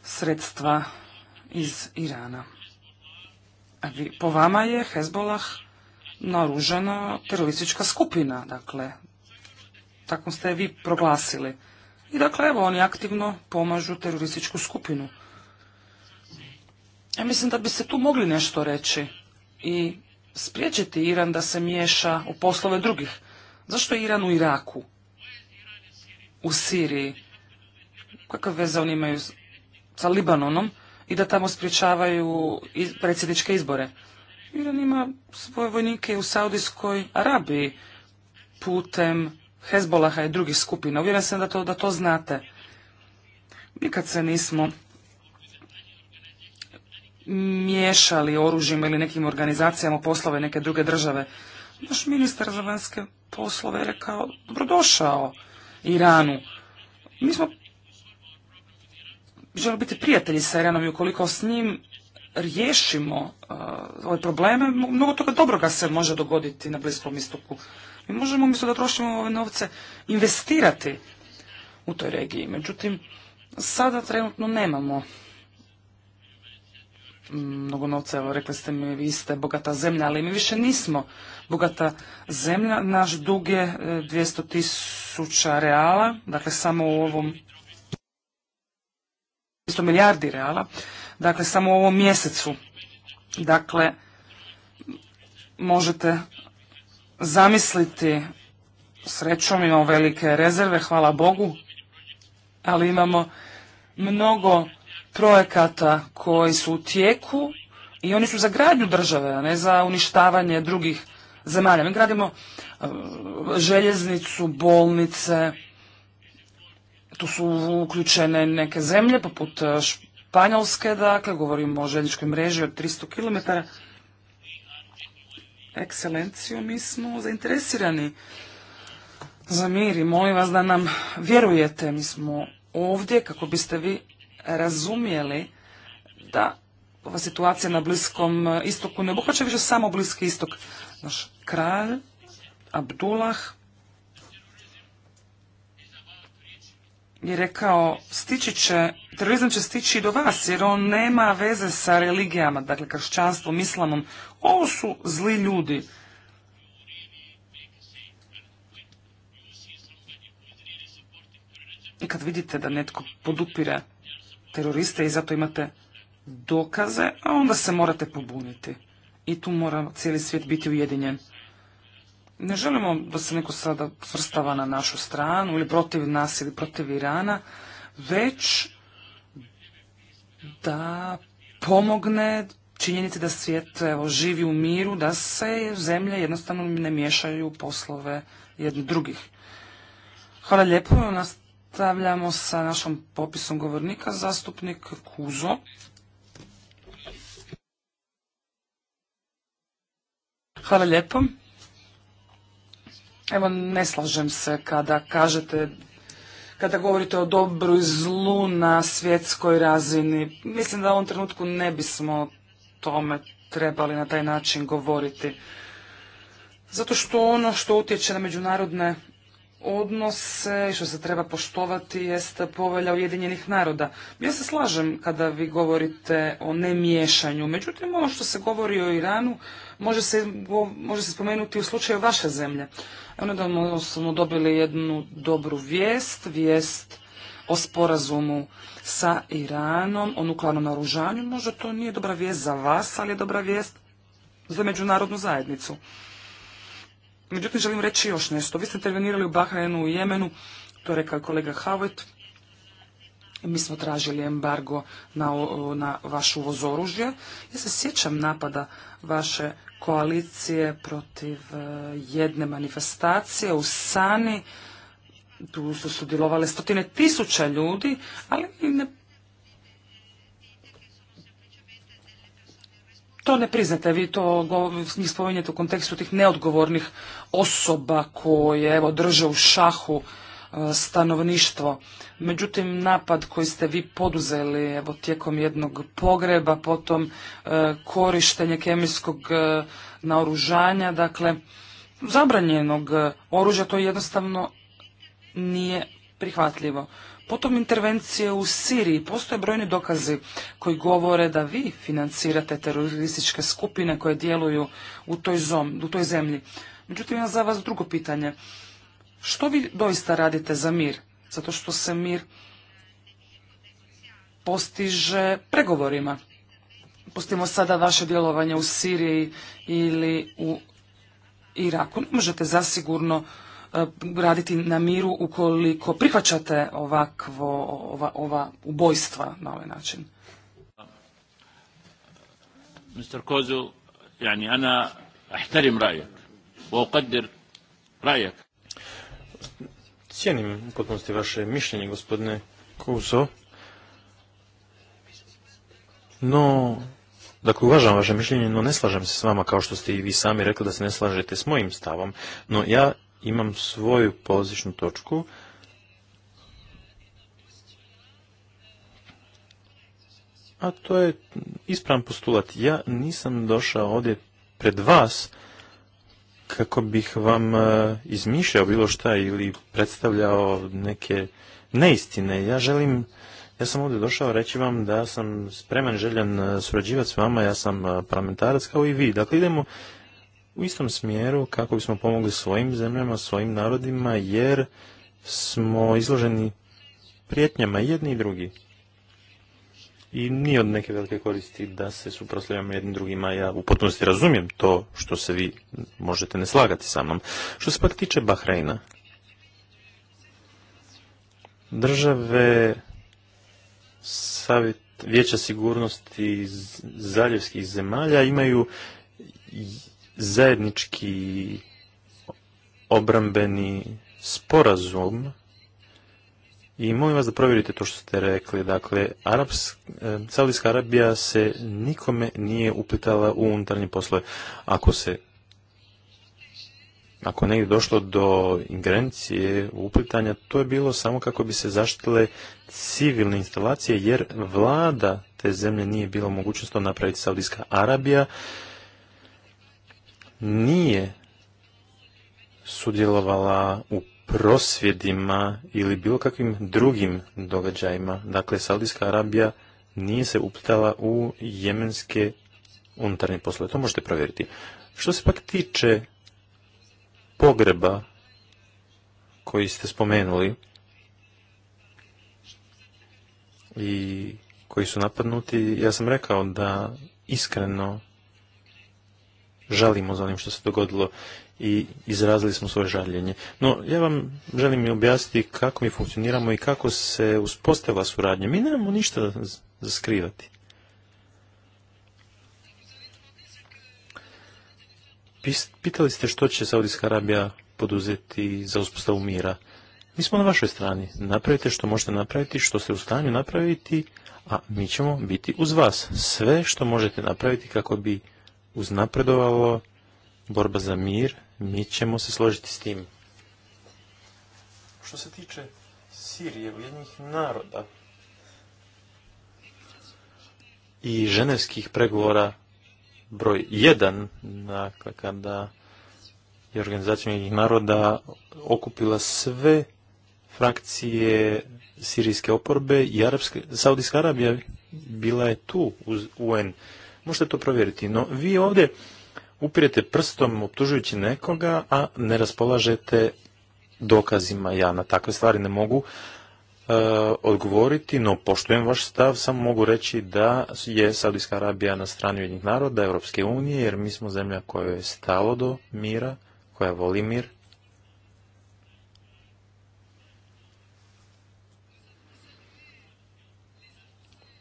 sredstva iz Irana po vama je Hezbolah naoružana teroristička skupina, dakle, tako ste je vi proglasili. I dakle, evo, oni aktivno pomažu terorističku skupinu. Ja mislim da bi se tu mogli nešto reći i spriječiti Iran da se miješa u poslove drugih. Zašto je Iran u Iraku? U Siriji? Kakve veze oni imaju sa Libanonom? i da tamo sprječavaju predsjedničke izbore. Iran ima svoje vojnike u Saudijskoj Arabiji putem Hezbolaha i drugih skupina. Uvjeren sam da to, da to znate. Nikad se nismo miješali oružjem ili nekim organizacijama poslove neke druge države. Naš ministar za vanjske poslove je rekao, dobrodošao Iranu. Mi smo želimo biti prijatelji sa irenom i ukoliko s njim riješimo uh, ove probleme, mnogo toga dobroga se može dogoditi na Bliskom istoku. Mi možemo umjesto da trošimo ove novce investirati u toj regiji. Međutim, sada trenutno nemamo mm, mnogo novca, evo rekli ste mi, vi ste bogata zemlja, ali mi više nismo bogata zemlja. Naš dug je 200 e, tisuća reala, dakle samo u ovom milijardi reala, dakle samo u ovom mjesecu. Dakle, možete zamisliti srećom, imamo velike rezerve, hvala Bogu, ali imamo mnogo projekata koji su u tijeku i oni su za gradnju države, a ne za uništavanje drugih zemalja. Mi gradimo e, željeznicu, bolnice, tu su uključene neke zemlje poput e, Španjolske, dakle, govorimo o željezničkoj mreži od 300 km. Ekscelenciju, mi smo zainteresirani za mir i molim vas da nam vjerujete. Mi smo ovdje kako biste vi razumjeli da ova situacija na Bliskom istoku ne obuhvaća više samo Bliski istok. Naš kralj Abdullah je rekao, stići će, terorizam će stići i do vas, jer on nema veze sa religijama, dakle kršćanstvom, islamom. Ovo su zli ljudi. I kad vidite da netko podupire teroriste i zato imate dokaze, a onda se morate pobuniti. I tu mora cijeli svijet biti ujedinjen. Ne želimo da se neko sada svrstava na našu stranu ili protiv nas ili protiv Irana, već da pomogne činjenici da svijet evo, živi u miru, da se zemlje jednostavno ne miješaju poslove jedni drugih. Hvala lijepo, nastavljamo sa našom popisom govornika, zastupnik Kuzo. Hvala lijepo. Evo, ne slažem se kada kažete, kada govorite o dobru i zlu na svjetskoj razini. Mislim da u ovom trenutku ne bismo tome trebali na taj način govoriti. Zato što ono što utječe na međunarodne odnose i što se treba poštovati jeste povelja Ujedinjenih naroda. Ja se slažem kada vi govorite o nemiješanju, međutim ono što se govori o Iranu može se, može se spomenuti u slučaju vaše zemlje. Nedavno smo dobili jednu dobru vijest, vijest o sporazumu sa Iranom, o nuklearnom naružanju. Možda to nije dobra vijest za vas, ali je dobra vijest za međunarodnu zajednicu. Međutim, želim reći još nešto. Vi ste intervenirali u Bahajenu u Jemenu, to je rekao kolega Havet. Mi smo tražili embargo na, na vaš uvoz oružja. Ja se sjećam napada vaše koalicije protiv e, jedne manifestacije u Sani. Tu su sudjelovale stotine tisuća ljudi, ali ne To ne priznate, vi to njih spominjete u kontekstu tih neodgovornih osoba koje evo, drže u šahu stanovništvo. Međutim, napad koji ste vi poduzeli evo, tijekom jednog pogreba, potom e, korištenje kemijskog e, naoružanja, dakle, zabranjenog e, oružja, to jednostavno nije prihvatljivo. Potom intervencije u Siriji. Postoje brojni dokazi koji govore da vi financirate terorističke skupine koje djeluju u toj, zom, u toj zemlji. Međutim, imam za vas drugo pitanje. Što vi doista radite za mir? Zato što se mir postiže pregovorima. Pustimo sada vaše djelovanje u Siriji ili u Iraku. možete zasigurno e, raditi na miru ukoliko prihvaćate ovakvo, ova, ova ubojstva na ovaj način. Mr. Kozu, yani ana ahterim rajak, Cijenim u potpunosti vaše mišljenje, gospodine Kuso. No, dakle, uvažam vaše mišljenje, no ne slažem se s vama, kao što ste i vi sami rekli da se ne slažete s mojim stavom. No, ja imam svoju polazičnu točku. A to je ispravan postulat. Ja nisam došao ovdje pred vas kako bih vam e, izmišljao bilo šta ili predstavljao neke neistine. Ja želim, ja sam ovdje došao reći vam da sam spreman željan e, surađivati s vama, ja sam e, parlamentarac kao i vi. Dakle, idemo u istom smjeru kako bismo pomogli svojim zemljama, svojim narodima, jer smo izloženi prijetnjama jedni i drugi i nije od neke velike koristi da se suprotstavljamo jednim drugima. Ja u potpunosti razumijem to što se vi možete ne slagati sa mnom. Što se pak tiče Bahreina, države savjet, Vijeća sigurnosti zaljevskih zemalja imaju zajednički obrambeni sporazum i molim vas da provjerite to što ste rekli. Dakle, e, Saudijska Arabija se nikome nije uplitala u unutarnje poslove. Ako se ako negdje došlo do ingerencije, uplitanja, to je bilo samo kako bi se zaštitile civilne instalacije, jer vlada te zemlje nije bilo mogućnost to napraviti. Saudijska Arabija nije sudjelovala u prosvjedima ili bilo kakvim drugim događajima. Dakle, Saudijska Arabija nije se uplitala u jemenske unutarnje poslove. To možete provjeriti. Što se pak tiče pogreba koji ste spomenuli i koji su napadnuti, ja sam rekao da iskreno žalimo za onim što se dogodilo i izrazili smo svoje žaljenje. No, ja vam želim objasniti kako mi funkcioniramo i kako se uspostavila suradnja. Mi nemamo ništa za skrivati. Pitali ste što će Saudijska Arabija poduzeti za uspostavu mira. Mi smo na vašoj strani. Napravite što možete napraviti, što ste u stanju napraviti, a mi ćemo biti uz vas. Sve što možete napraviti kako bi uznapredovalo borba za mir mi ćemo se složiti s tim. Što se tiče Sirije, Ujedinjenih naroda i ženevskih pregovora broj 1, dakle kada je organizacija Ujedinjenih naroda okupila sve frakcije sirijske oporbe i Saudijska Arabija bila je tu uz UN. Možete to provjeriti. No, vi ovdje upirete prstom optužujući nekoga, a ne raspolažete dokazima. Ja na takve stvari ne mogu e, odgovoriti, no poštujem vaš stav, samo mogu reći da je Saudijska Arabija na strani jednih naroda, Europske unije, jer mi smo zemlja koja je stalo do mira, koja voli mir.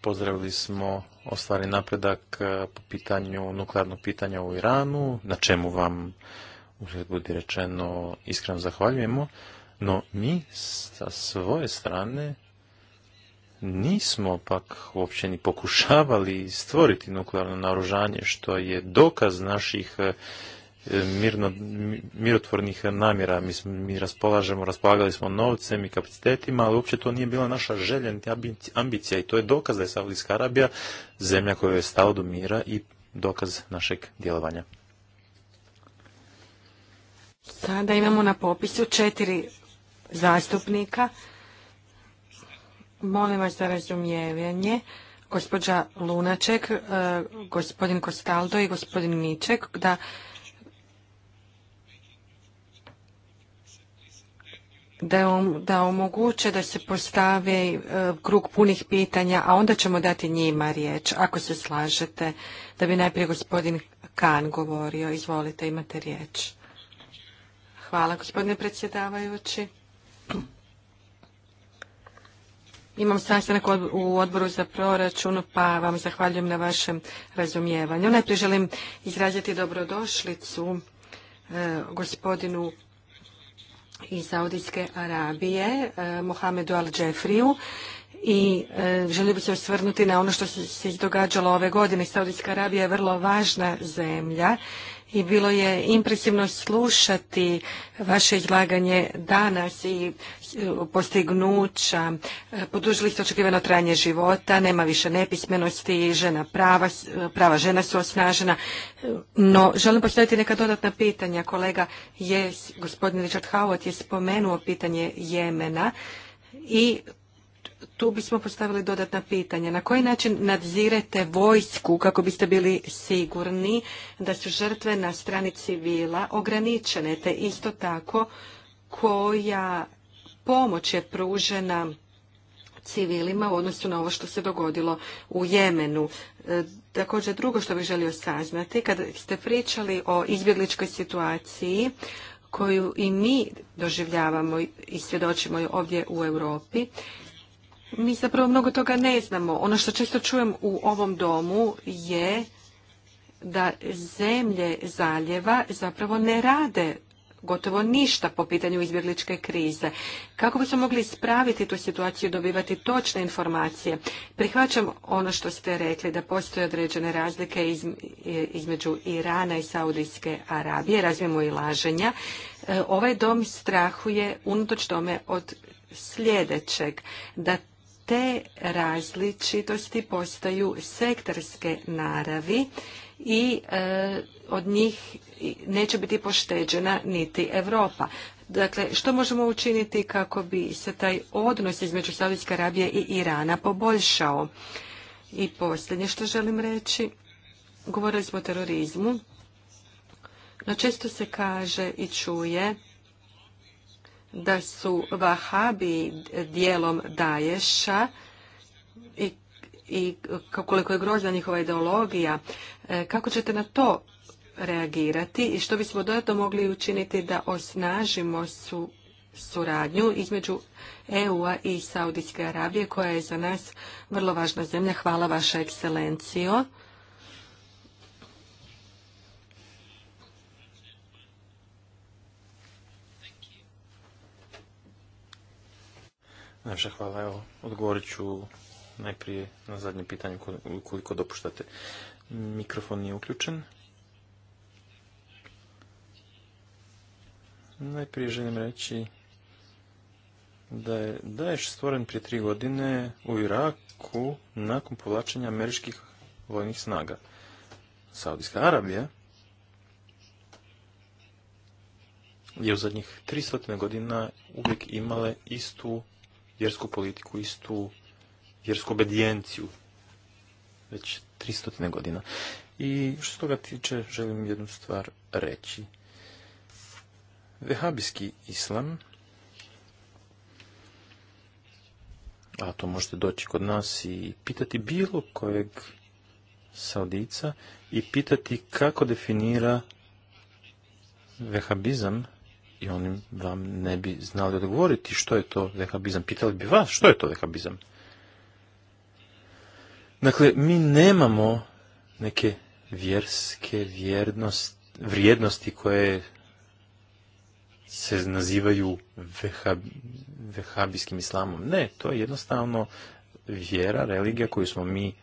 Pozdravili smo ostvari napredak eh, po pitanju nuklearnog pitanja u Iranu, na čemu vam uzred budi rečeno iskreno zahvaljujemo, no mi sa svoje strane nismo pak uopće ni pokušavali stvoriti nuklearno naoružanje, što je dokaz naših eh, E, mirotvornih namjera. Mi, mi raspolažemo, raspolagali smo novcem i kapacitetima, ali uopće to nije bila naša želja, niti ambicija. I to je dokaz da je Saudijska Arabija zemlja koja je stala do mira i dokaz našeg djelovanja. Sada imamo na popisu četiri zastupnika. Molim vas za razumijevanje. Gospođa Lunaček, e, gospodin Kostaldo i gospodin Miček, da da omoguće da se postavi e, krug punih pitanja, a onda ćemo dati njima riječ, ako se slažete, da bi najprije gospodin Kan govorio. Izvolite, imate riječ. Hvala, gospodine predsjedavajući. Imam sastanak u odboru za proračun, pa vam zahvaljujem na vašem razumijevanju. Najprije želim izraziti dobrodošlicu e, gospodinu iz Saudijske Arabije, e, Mohamedu Al-Džefriju i e, želio bih se osvrnuti na ono što se događalo ove godine. Saudijska Arabija je vrlo važna zemlja i bilo je impresivno slušati vaše izlaganje danas i e, postignuća. E, Podužili ste očekivano trajanje života, nema više nepismenosti, žena prava, e, prava žena su osnažena. No, želim postaviti neka dodatna pitanja. Kolega je, gospodin Richard Howard je spomenuo pitanje Jemena i tu bismo postavili dodatna pitanja. Na koji način nadzirete vojsku kako biste bili sigurni da su žrtve na strani civila ograničene, te isto tako koja pomoć je pružena civilima u odnosu na ovo što se dogodilo u Jemenu. E, također drugo što bih želio saznati, kad ste pričali o izbjegličkoj situaciji koju i mi doživljavamo i svjedočimo ovdje u Europi, mi zapravo mnogo toga ne znamo. Ono što često čujem u ovom domu je da zemlje zaljeva zapravo ne rade gotovo ništa po pitanju izbjegličke krize. Kako bi bismo mogli ispraviti tu situaciju i dobivati točne informacije? Prihvaćam ono što ste rekli, da postoje određene razlike između Irana i Saudijske Arabije, razvijemo i laženja. E, ovaj dom strahuje unatoč tome od sljedećeg, da te različitosti postaju sektorske naravi i e, od njih neće biti pošteđena niti Europa. Dakle, što možemo učiniti kako bi se taj odnos između Saudijske Arabije i Irana poboljšao? I posljednje što želim reći, govorili smo o terorizmu, no često se kaže i čuje da su Vahabi dijelom Daješa i, koliko je grozna njihova ideologija. E, kako ćete na to reagirati i što bismo dodatno mogli učiniti da osnažimo su suradnju između EU-a i Saudijske Arabije koja je za nas vrlo važna zemlja. Hvala vaša ekscelencijo. Najviše hvala. Evo, odgovorit ću najprije na zadnje pitanje koliko dopuštate. Mikrofon nije uključen. Najprije želim reći da je Daesh stvoren prije tri godine u Iraku nakon povlačenja američkih vojnih snaga. Saudijska Arabija je u zadnjih 300 godina uvijek imale istu vjersku politiku, istu vjersku obedijenciju već 300 godina. I što se toga tiče, želim jednu stvar reći. Vehabijski islam, a to možete doći kod nas i pitati bilo kojeg saudica i pitati kako definira vehabizam i oni vam ne bi znali odgovoriti što je to vehabizam. Pitali bi vas što je to vehabizam. Dakle, mi nemamo neke vjerske vjernost, vrijednosti koje se nazivaju vehab, vehabijskim islamom. Ne, to je jednostavno vjera, religija koju smo mi, e,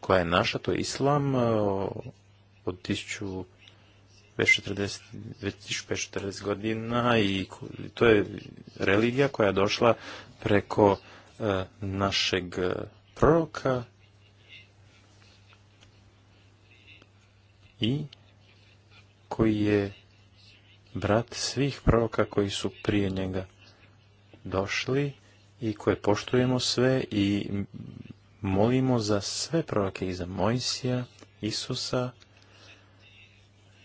koja je naša, to je islam e, od tisuću već 2540 godina i to je religija koja je došla preko e, našeg e, proroka i koji je brat svih proroka koji su prije njega došli i koje poštujemo sve i molimo za sve proroke i za Mojsija, Isusa,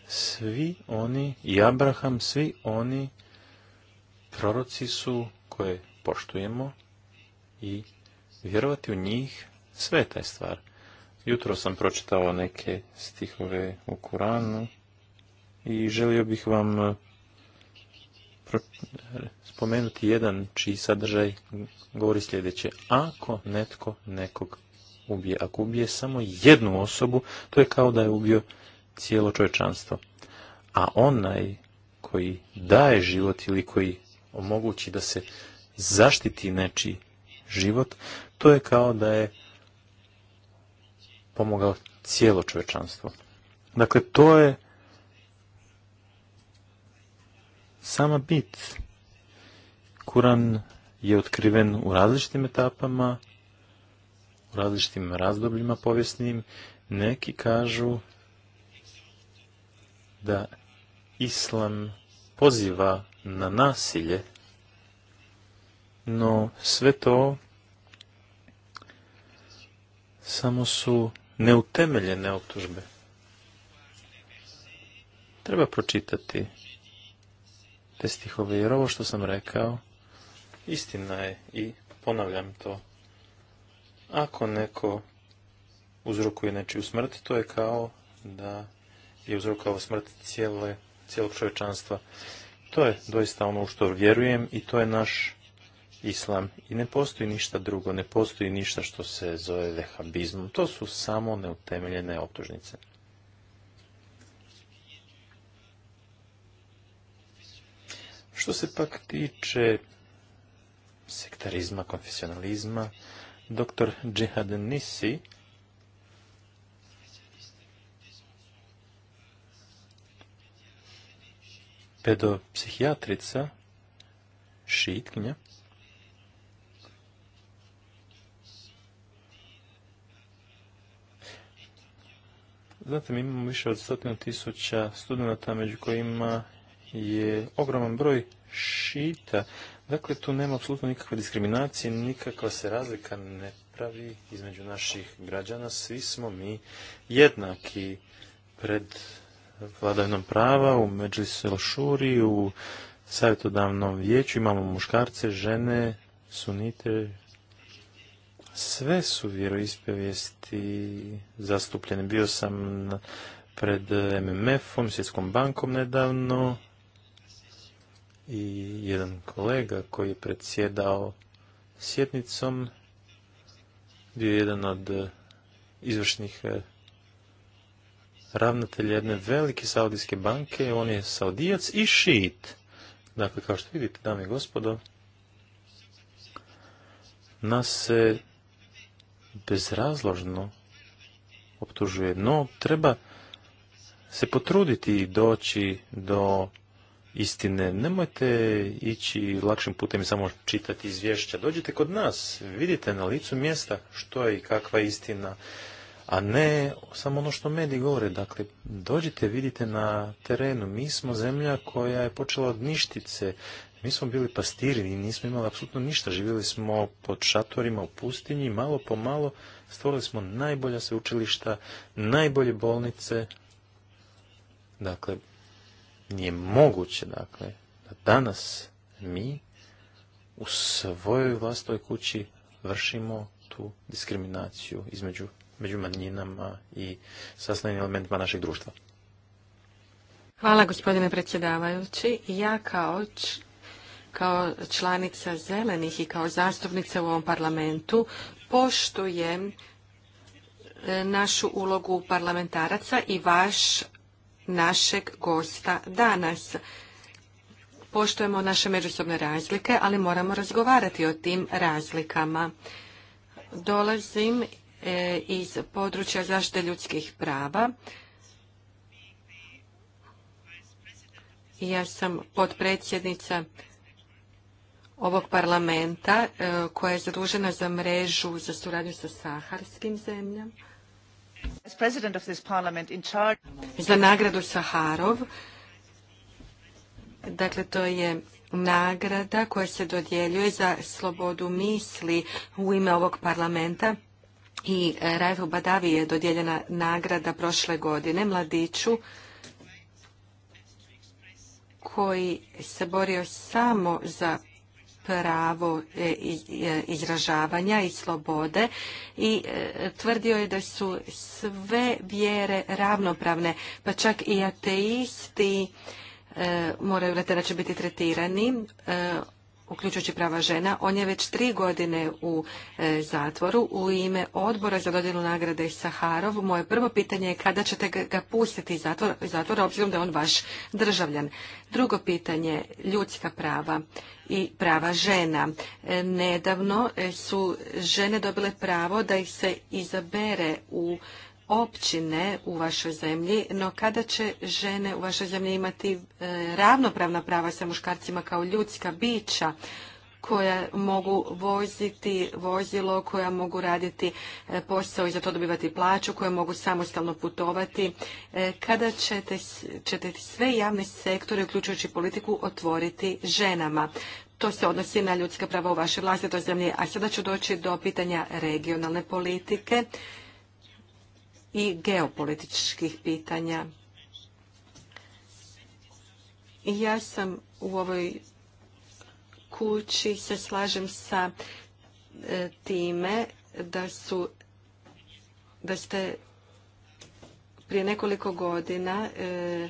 svi oni, i Abraham, svi oni proroci su koje poštujemo i vjerovati u njih sve je stvar. Jutro sam pročitao neke stihove u Kuranu i želio bih vam eh, spomenuti jedan čiji sadržaj govori sljedeće. Ako netko nekog ubije, ako ubije samo jednu osobu, to je kao da je ubio cijelo čovječanstvo. A onaj koji daje život ili koji omogući da se zaštiti nečiji život, to je kao da je pomogao cijelo čovječanstvo. Dakle, to je sama bit. Kuran je otkriven u različitim etapama, u različitim razdobljima povijesnim. Neki kažu da islam poziva na nasilje, no sve to samo su neutemeljene optužbe. Treba pročitati te stihove, jer ovo što sam rekao, istina je i ponavljam to. Ako neko uzrokuje nečiju smrt, to je kao da je uzrokao smrt cijele, cijelog čovječanstva. To je doista ono u što vjerujem i to je naš islam. I ne postoji ništa drugo, ne postoji ništa što se zove vehabizmom. To su samo neutemeljene optužnice. Što se pak tiče sektarizma, konfesionalizma, dr. Džihad Nisi pedopsihijatrica, šitkinja, Znate, mi imamo više od stotinu tisuća studenta, među kojima je ogroman broj šita. Dakle, tu nema apsolutno nikakve diskriminacije, nikakva se razlika ne pravi između naših građana. Svi smo mi jednaki pred vladavinom prava, u Međusel Šuri, u savjetodavnom vijeću imamo muškarce, žene, sunite, sve su vjeroispovijesti zastupljene. Bio sam pred MMF-om, Svjetskom bankom nedavno i jedan kolega koji je predsjedao sjednicom bio je jedan od izvršnih eh, ravnatelj jedne velike saudijske banke, on je saudijac i šit. Dakle, kao što vidite, dame i gospodo, nas se bezrazložno optužuje. No, treba se potruditi i doći do istine. Nemojte ići lakšim putem i samo čitati izvješća. Dođite kod nas, vidite na licu mjesta što je i kakva istina a ne samo ono što mediji govore. Dakle, dođite, vidite na terenu. Mi smo zemlja koja je počela od ništice. Mi smo bili pastiri i nismo imali apsolutno ništa. Živjeli smo pod šatorima u pustinji. Malo po malo stvorili smo najbolja sveučilišta, najbolje bolnice. Dakle, nije moguće, dakle, da danas mi u svojoj vlastoj kući vršimo tu diskriminaciju između među manjinama i sastavnim elementima našeg društva. Hvala gospodine predsjedavajući. Ja kao kao članica zelenih i kao zastupnica u ovom parlamentu poštujem e, našu ulogu parlamentaraca i vaš našeg gosta danas. Poštujemo naše međusobne razlike, ali moramo razgovarati o tim razlikama. Dolazim E, iz područja zaštite ljudskih prava. Ja sam potpredsjednica ovog parlamenta e, koja je zadužena za mrežu za suradnju sa saharskim zemljama. Za nagradu Saharov. Dakle, to je nagrada koja se dodjeljuje za slobodu misli u ime ovog parlamenta i e, Rajfu Badavi je dodijeljena nagrada prošle godine mladiću koji se borio samo za pravo e, e, izražavanja i slobode i tvrdio je da su sve vjere ravnopravne, pa čak i ateisti moraju na taj biti tretirani uključujući prava žena. On je već tri godine u e, zatvoru u ime odbora za dodjelu nagrade Saharov. Moje prvo pitanje je kada ćete ga pustiti iz zatvora, zatvora obzirom da je on vaš državljan. Drugo pitanje, ljudska prava i prava žena. E, nedavno e, su žene dobile pravo da ih se izabere u općine u vašoj zemlji, no kada će žene u vašoj zemlji imati e, ravnopravna prava sa muškarcima kao ljudska bića koja mogu voziti vozilo, koja mogu raditi e, posao i za to dobivati plaću, koja mogu samostalno putovati. E, kada ćete, ćete sve javne sektore, uključujući politiku, otvoriti ženama? To se odnosi na ljudska prava u vašoj vlastitoj zemlji. A sada ću doći do pitanja regionalne politike i geopolitičkih pitanja. I ja sam u ovoj kući se slažem sa e, time da su da ste prije nekoliko godina e,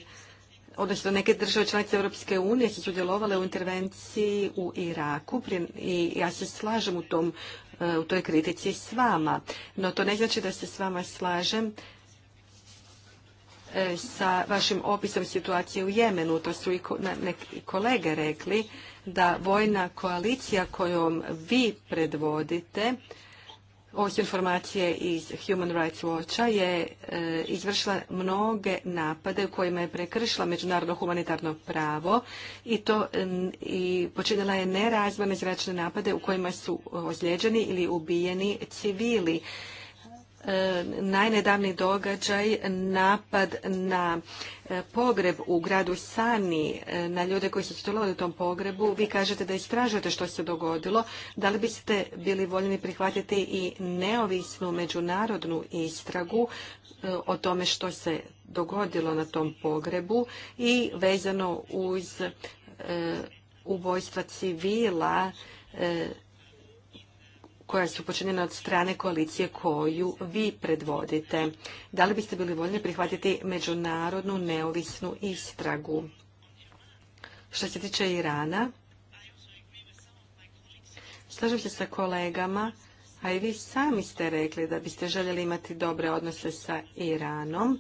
odnosno neke države članice Europske unije su sudjelovale u intervenciji u Iraku i ja se slažem u tom E, u toj kritici s vama. No to ne znači da se s vama slažem e, sa vašim opisom situacije u Jemenu. To su i kolege rekli da vojna koalicija kojom vi predvodite ovo informacije iz Human Rights Watcha je e, izvršila mnoge napade u kojima je prekršila međunarodno humanitarno pravo i to i počinila je nerazvojne zračne napade u kojima su ozlijeđeni ili ubijeni civili. E, najnedavni događaj napad na e, pogreb u gradu Sani e, na ljude koji su sudjelovali u tom pogrebu. Vi kažete da istražujete što se dogodilo. Da li biste bili voljni prihvatiti i neovisnu međunarodnu istragu o tome što se dogodilo na tom pogrebu i vezano uz ubojstva civila koja su počinjena od strane koalicije koju vi predvodite. Da li biste bili voljni prihvatiti međunarodnu neovisnu istragu? Što se tiče Irana, slažem se sa kolegama, a i vi sami ste rekli da biste željeli imati dobre odnose sa Iranom,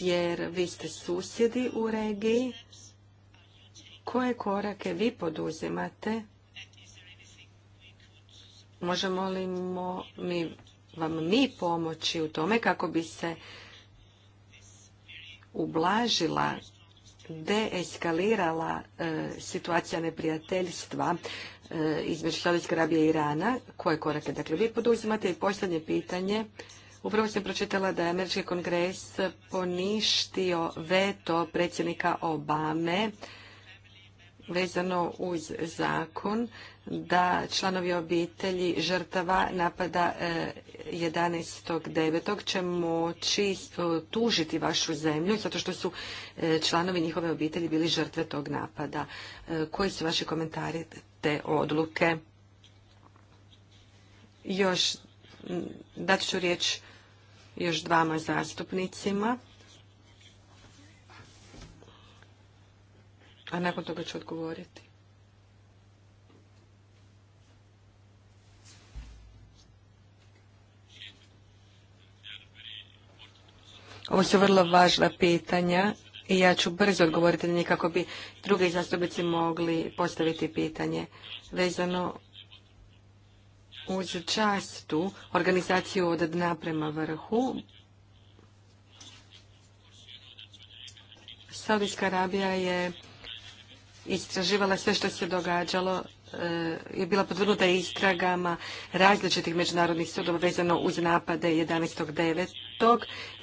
jer vi ste susjedi u regiji, koje korake vi poduzimate? Možemo li mi, vam mi pomoći u tome kako bi se ublažila, deeskalirala e, situacija neprijateljstva e, između Saudijske Arabije i Irana? Koje korake dakle vi poduzimate? I posljednje pitanje. Upravo sam pročitala da je Američki kongres poništio veto predsjednika Obame vezano uz zakon da članovi obitelji žrtava napada 11.9. E, će moći e, tužiti vašu zemlju zato što su e, članovi njihove obitelji bili žrtve tog napada. Koji su vaši komentari te odluke? Još dat ću riječ još dvama zastupnicima. A nakon toga ću odgovoriti. Ovo su vrlo važna pitanja i ja ću brzo odgovoriti na njih kako bi drugi zastupnici mogli postaviti pitanje vezano uz častu organizaciju od dna prema vrhu. Saudijska Arabija je istraživala sve što se događalo eh, je bila podvrnuta istragama različitih međunarodnih sudova vezano uz napade 11.9.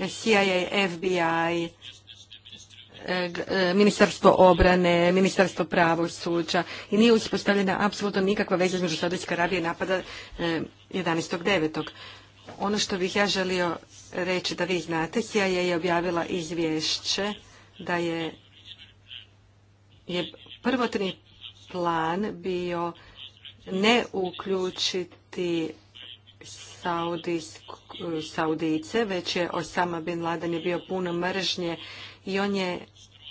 CIA, FBI, ministarstvo obrane, ministarstvo pravosuđa i nije uspostavljena apsolutno nikakva veza između Saudijske Arabije i napada 11.9. Eh, ono što bih ja želio reći da vi znate, CIA je objavila izvješće da je je prvotni plan bio ne uključiti Saudice, već je Osama Bin Laden je bio puno mržnje i on je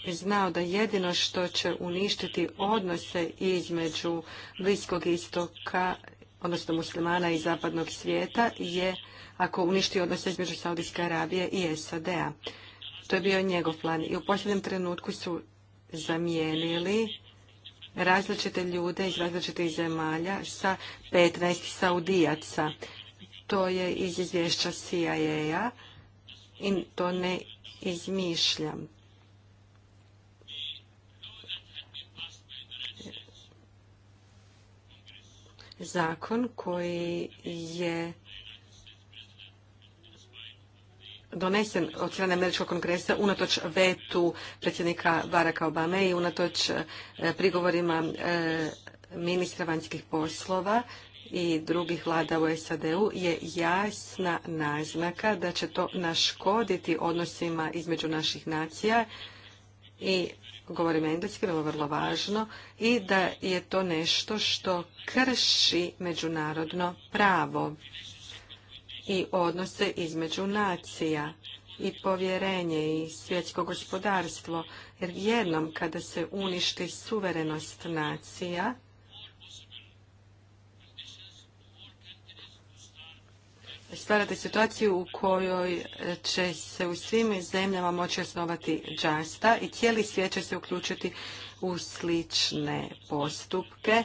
znao da jedino što će uništiti odnose između Bliskog istoka, odnosno muslimana i zapadnog svijeta, je ako uništi odnose između Saudijske Arabije i SAD-a. To je bio njegov plan i u posljednjem trenutku su zamijenili različite ljude iz različitih zemalja sa 15 saudijaca. To je iz izvješća CIA-a i to ne izmišljam. Zakon koji je donesen od strane Američkog kongresa unatoč vetu predsjednika Baracka Obame i unatoč e, prigovorima e, ministra vanjskih poslova i drugih vlada u SAD-u je jasna naznaka da će to naškoditi odnosima između naših nacija i govorim engleski, ovo je vrlo važno, i da je to nešto što krši međunarodno pravo i odnose između nacija i povjerenje i svjetsko gospodarstvo. Jer jednom kada se uništi suverenost nacija, stvarate situaciju u kojoj će se u svim zemljama moći osnovati džasta i cijeli svijet će se uključiti u slične postupke.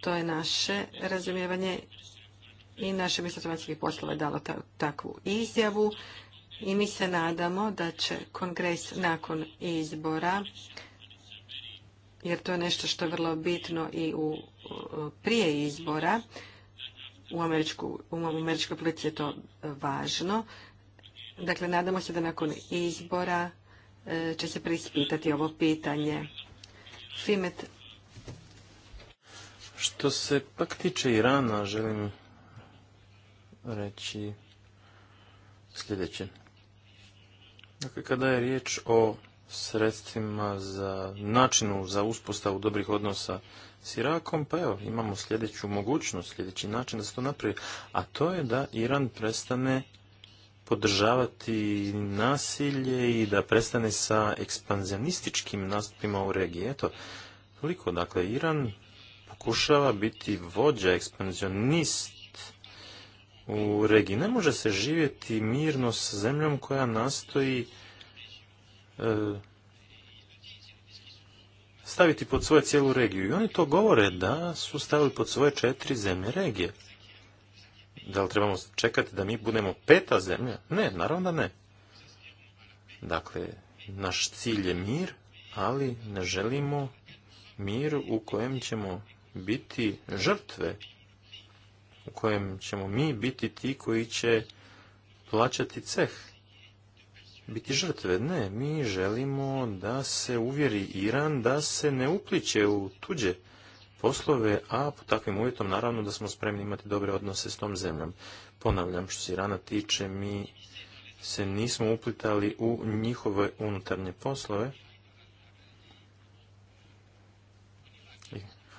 To je naše razumijevanje i naše ministarstvo vanjskih poslova je dalo takvu izjavu i mi se nadamo da će kongres nakon izbora jer to je nešto što je vrlo bitno i u, prije izbora u, američku, u američkoj politici je to važno dakle nadamo se da nakon izbora e, će se prispitati ovo pitanje Fimet što se pak tiče Irana želim reći sljedeće. Dakle, kada je riječ o sredstvima za načinu za uspostavu dobrih odnosa s Irakom, pa evo, imamo sljedeću mogućnost, sljedeći način da se to napravi, a to je da Iran prestane podržavati nasilje i da prestane sa ekspanzionističkim nastupima u regiji. Eto, toliko, dakle, Iran pokušava biti vođa, ekspanzionist u regiji. Ne može se živjeti mirno s zemljom koja nastoji e, staviti pod svoje cijelu regiju. I oni to govore da su stavili pod svoje četiri zemlje regije. Da li trebamo čekati da mi budemo peta zemlja? Ne, naravno da ne. Dakle, naš cilj je mir, ali ne želimo mir u kojem ćemo biti žrtve u kojem ćemo mi biti ti koji će plaćati ceh, biti žrtve. Ne, mi želimo da se uvjeri Iran da se ne upliče u tuđe poslove, a po takvim uvjetom naravno da smo spremni imati dobre odnose s tom zemljom. Ponavljam, što se Irana tiče, mi se nismo uplitali u njihove unutarnje poslove.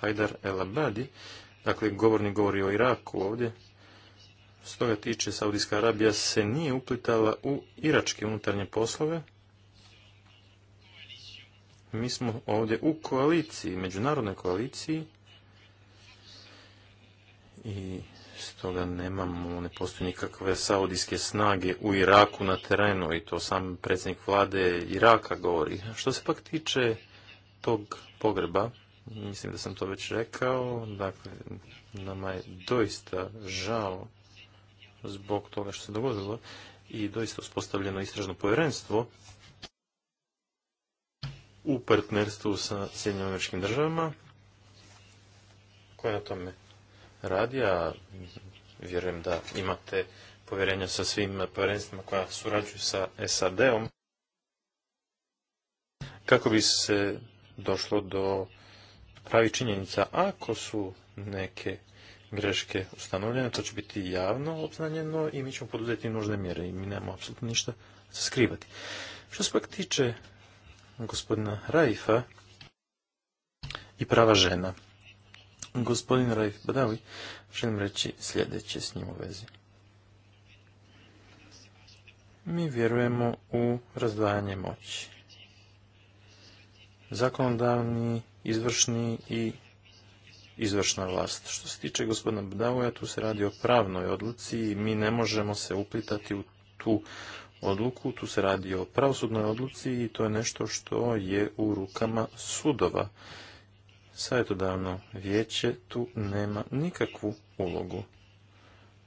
Hajdar El Abadi Dakle, govornik govori o Iraku ovdje. Stoga tiče, Saudijska Arabija se nije uplitala u iračke unutarnje poslove. Mi smo ovdje u koaliciji, međunarodnoj koaliciji i stoga nemamo, ne postoji nikakve saudijske snage u Iraku na terenu i to sam predsjednik vlade Iraka govori. Što se pak tiče tog pogreba, mislim da sam to već rekao, dakle, nama je doista žao zbog toga što se dogodilo i doista uspostavljeno istražno povjerenstvo u partnerstvu sa Sjedinjim američkim državama koje na tome radi, a vjerujem da imate povjerenja sa svim povjerenstvima koja surađuju sa SAD-om kako bi se došlo do pravi činjenica. Ako su neke greške ustanovljene, to će biti javno obznanjeno i mi ćemo poduzeti nužne mjere i mi nemamo apsolutno ništa skrivati. Što se pak tiče gospodina Raifa i prava žena. Gospodin Raif Badawi, želim reći sljedeće s njim u vezi. Mi vjerujemo u razdvajanje moći. Zakonodavni izvršni i izvršna vlast. Što se tiče gospodina Bdavoja, tu se radi o pravnoj odluci i mi ne možemo se uplitati u tu odluku. Tu se radi o pravosudnoj odluci i to je nešto što je u rukama sudova. Savjetodavno vijeće tu nema nikakvu ulogu.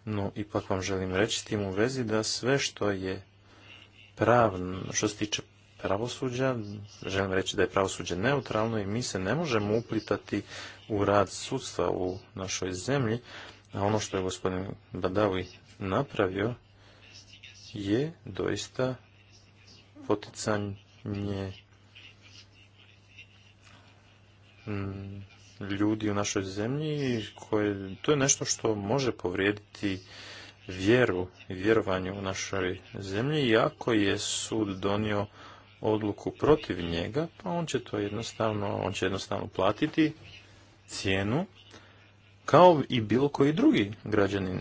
No, ipak vam želim reći tim u vezi da sve što je pravno, što se tiče pravosuđa. Želim reći da je pravosuđe neutralno i mi se ne možemo uplitati u rad sudstva u našoj zemlji. A ono što je gospodin Badawi napravio je doista poticanje mm, ljudi u našoj zemlji koje, to je nešto što može povrijediti vjeru i vjerovanju u našoj zemlji Iako je sud donio odluku protiv njega, pa on će to jednostavno, on će jednostavno platiti cijenu kao i bilo koji drugi građanin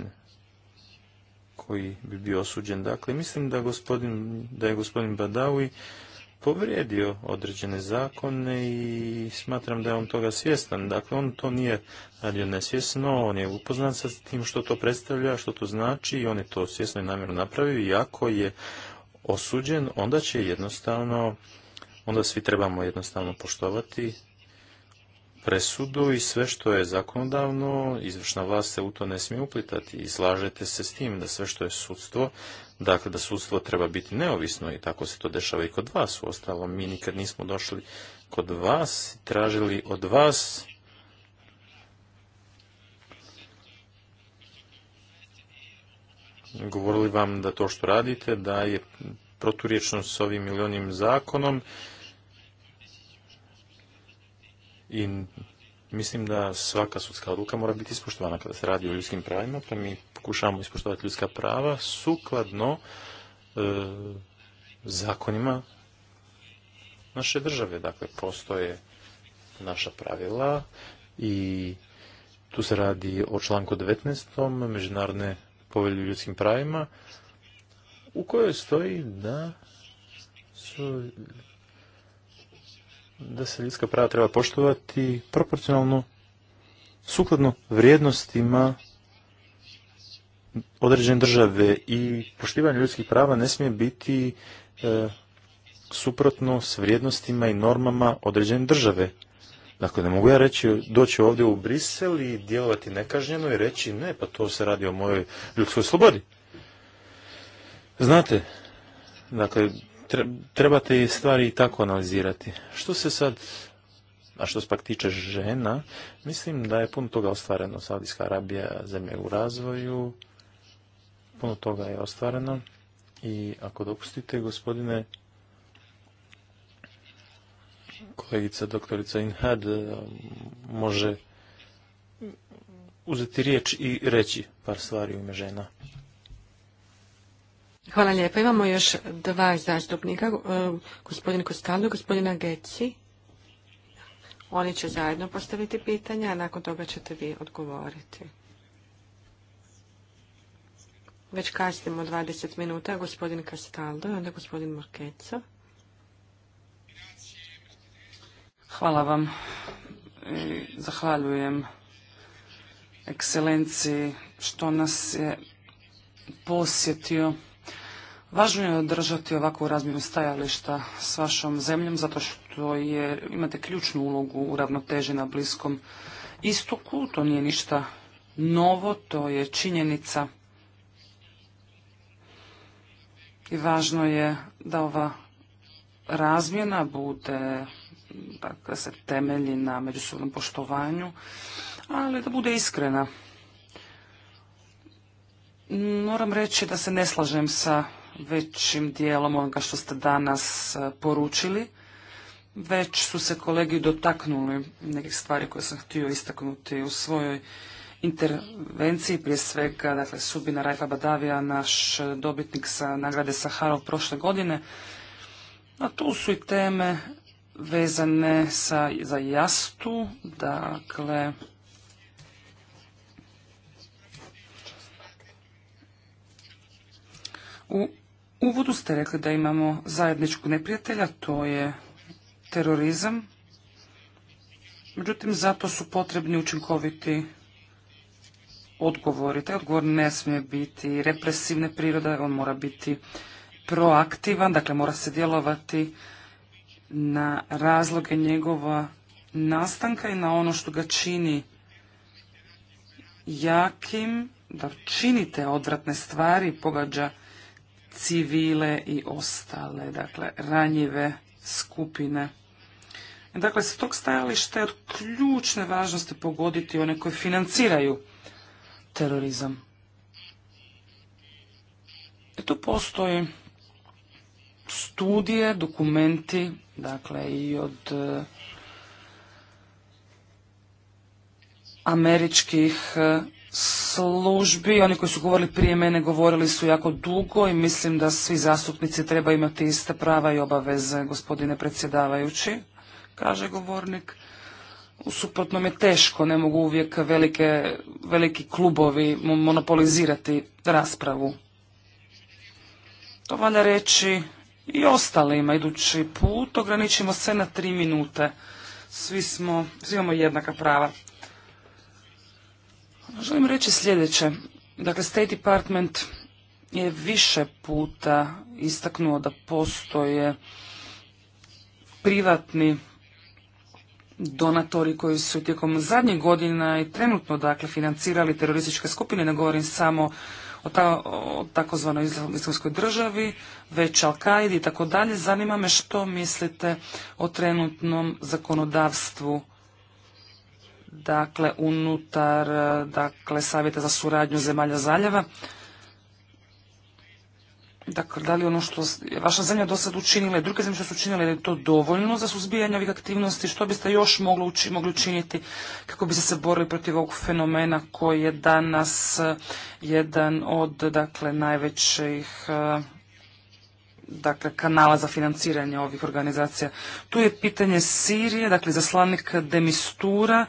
koji bi bio osuđen. Dakle, mislim da, gospodin, da je gospodin Badawi povrijedio određene zakone i smatram da je on toga svjestan. Dakle, on to nije radio nesvjesno, on je upoznan sa tim što to predstavlja, što to znači i on je to svjesno i namjerno napravio, iako je osuđen, onda će jednostavno, onda svi trebamo jednostavno poštovati presudu i sve što je zakonodavno, izvršna vlast se u to ne smije uplitati i slažete se s tim da sve što je sudstvo, dakle da sudstvo treba biti neovisno i tako se to dešava i kod vas. Uostalom, mi nikad nismo došli kod vas, tražili od vas govorili vam da to što radite, da je proturječno s ovim milionim zakonom i mislim da svaka sudska odluka mora biti ispoštovana kada se radi o ljudskim pravima, pa mi pokušavamo ispoštovati ljudska prava sukladno e, zakonima naše države. Dakle, postoje naša pravila i tu se radi o članku 19. Međunarodne povelju ljudskim pravima, u kojoj stoji da da se ljudska prava treba poštovati proporcionalno sukladno vrijednostima određene države i poštivanje ljudskih prava ne smije biti e, suprotno s vrijednostima i normama određene države. Dakle, ne mogu ja reći, doći ovdje u Brisel i djelovati nekažnjeno i reći ne, pa to se radi o mojoj ljudskoj slobodi. Znate, dakle, trebate stvari i tako analizirati. Što se sad, a što se pak tiče žena, mislim da je puno toga ostvareno. Saudijska Arabija zemlje u razvoju, puno toga je ostvareno. I ako dopustite, gospodine kolegica doktorica Inhad e, može uzeti riječ i reći par stvari u ime žena. Hvala lijepa. Imamo još dva zastupnika, e, gospodin Kostaldo gospodina Geci. Oni će zajedno postaviti pitanja, a nakon toga ćete vi odgovoriti. Već kasnimo 20 minuta, gospodin Kastaldo i onda gospodin Markeca. Hvala vam zahvaljujem ekscelenciji što nas je posjetio. Važno je održati ovakvu razmjenu stajališta s vašom zemljom zato što je, imate ključnu ulogu u ravnoteži na Bliskom istoku. To nije ništa novo, to je činjenica. I važno je da ova razmjena bude dakle, se temelji na međusobnom poštovanju, ali da bude iskrena. Moram reći da se ne slažem sa većim dijelom onoga što ste danas e, poručili. Već su se kolegi dotaknuli nekih stvari koje sam htio istaknuti u svojoj intervenciji, prije svega dakle, sudbina Rajfa Badavija, naš dobitnik sa nagrade Saharov prošle godine. A tu su i teme vezane sa, za jastu, dakle, u uvodu ste rekli da imamo zajedničku neprijatelja, to je terorizam, međutim zato su potrebni učinkoviti odgovori. Taj odgovor ne smije biti represivne prirode, on mora biti proaktivan, dakle mora se djelovati na razloge njegova nastanka i na ono što ga čini jakim, da činite odvratne stvari, pogađa civile i ostale, dakle, ranjive skupine. Dakle, s tog stajališta je od ključne važnosti pogoditi one koji financiraju terorizam. E tu postoji studije, dokumenti, dakle i od e, američkih e, službi. Oni koji su govorili prije mene govorili su jako dugo i mislim da svi zastupnici treba imati iste prava i obaveze, gospodine predsjedavajući, kaže govornik. U suprotnom je teško, ne mogu uvijek velike, veliki klubovi monopolizirati raspravu. To valja reći i ostalima. Idući put ograničimo se na tri minute. Svi, smo, svi imamo jednaka prava. Želim reći sljedeće. Dakle, State Department je više puta istaknuo da postoje privatni donatori koji su tijekom zadnjih godina i trenutno dakle financirali terorističke skupine, ne govorim samo o takozvanoj islamskoj državi, već Al-Qaidi i tako dalje. Zanima me što mislite o trenutnom zakonodavstvu dakle unutar dakle savjeta za suradnju zemalja zaljeva Dakle, da li ono što je vaša zemlja do sad učinila i druge zemlje što su učinile, je to dovoljno za suzbijanje ovih aktivnosti? Što biste još mogli, učiniti kako biste se borili protiv ovog fenomena koji je danas eh, jedan od dakle, najvećih eh, dakle, kanala za financiranje ovih organizacija? Tu je pitanje Sirije, dakle, zaslanik Demistura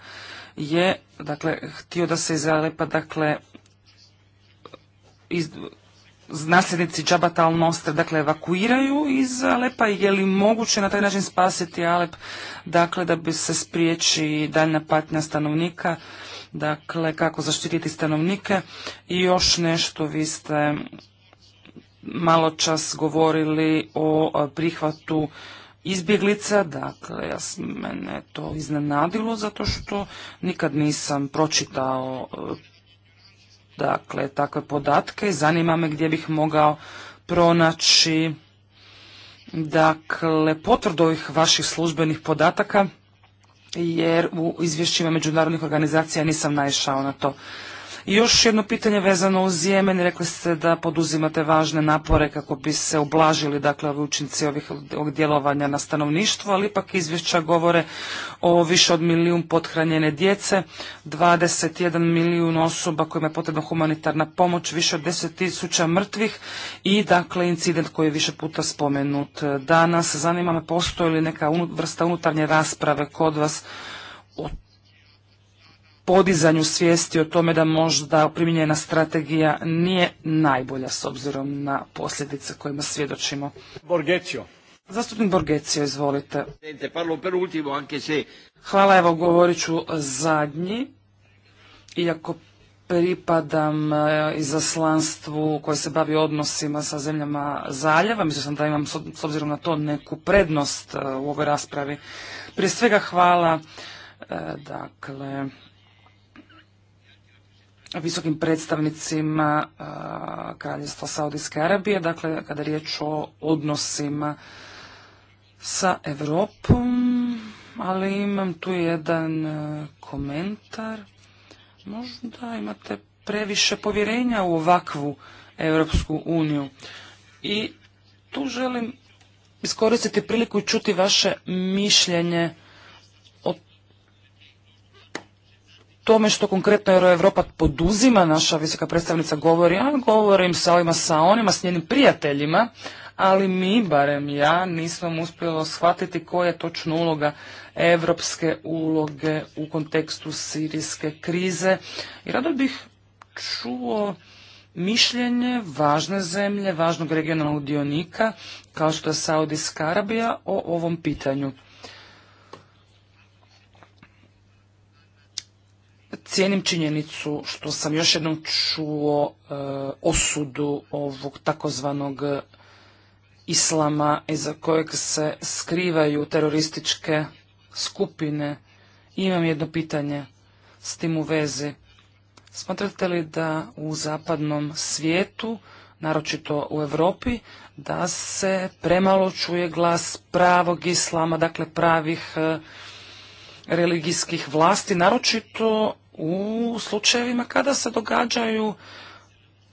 je dakle, htio da se izalepa dakle, iz, nasljednici Džabata al dakle evakuiraju iz Alepa je li moguće na taj način spasiti Alep dakle da bi se spriječi daljna patnja stanovnika dakle kako zaštititi stanovnike i još nešto vi ste malo čas govorili o prihvatu izbjeglica, dakle, ja, mene to iznenadilo zato što nikad nisam pročitao dakle takve podatke zanima me gdje bih mogao pronaći dakle potvrdu ovih vaših službenih podataka jer u izvješćima međunarodnih organizacija nisam naišao na to još jedno pitanje vezano uz Jemen. Rekli ste da poduzimate važne napore kako bi se oblažili dakle, ovi učinci ovih, djelovanja na stanovništvo, ali ipak izvješća govore o više od milijun pothranjene djece, 21 milijun osoba kojima je potrebna humanitarna pomoć, više od 10 tisuća mrtvih i dakle incident koji je više puta spomenut danas. Zanima me postoji li neka vrsta unutarnje rasprave kod vas o podizanju svijesti o tome da možda primijenjena strategija nije najbolja s obzirom na posljedice kojima svjedočimo. Borgecio. Zastupnik Borgecio, izvolite. Hvala, evo govorit ću zadnji, iako pripadam e, izaslanstvu koje se bavi odnosima sa zemljama zaljeva. mislim sam da imam s obzirom na to neku prednost e, u ovoj raspravi. Prije svega hvala e, dakle visokim predstavnicima Kraljevstva Saudijske Arabije, dakle kada je riječ o odnosima sa Evropom, ali imam tu jedan e, komentar. Možda imate previše povjerenja u ovakvu Europsku uniju. I tu želim iskoristiti priliku i čuti vaše mišljenje tome što konkretno Europa poduzima, naša visoka predstavnica govori, ja govorim sa ovima, sa onima, s njenim prijateljima, ali mi, barem ja, nismo uspjela shvatiti koja je točno uloga evropske uloge u kontekstu sirijske krize. I rado bih čuo mišljenje važne zemlje, važnog regionalnog dionika, kao što je Saudijska Arabija, o ovom pitanju. cijenim činjenicu što sam još jednom čuo e, osudu ovog takozvanog islama iza kojeg se skrivaju terorističke skupine. imam jedno pitanje s tim u vezi. Smatrate li da u zapadnom svijetu, naročito u Europi, da se premalo čuje glas pravog islama, dakle pravih e, religijskih vlasti, naročito u slučajevima kada se događaju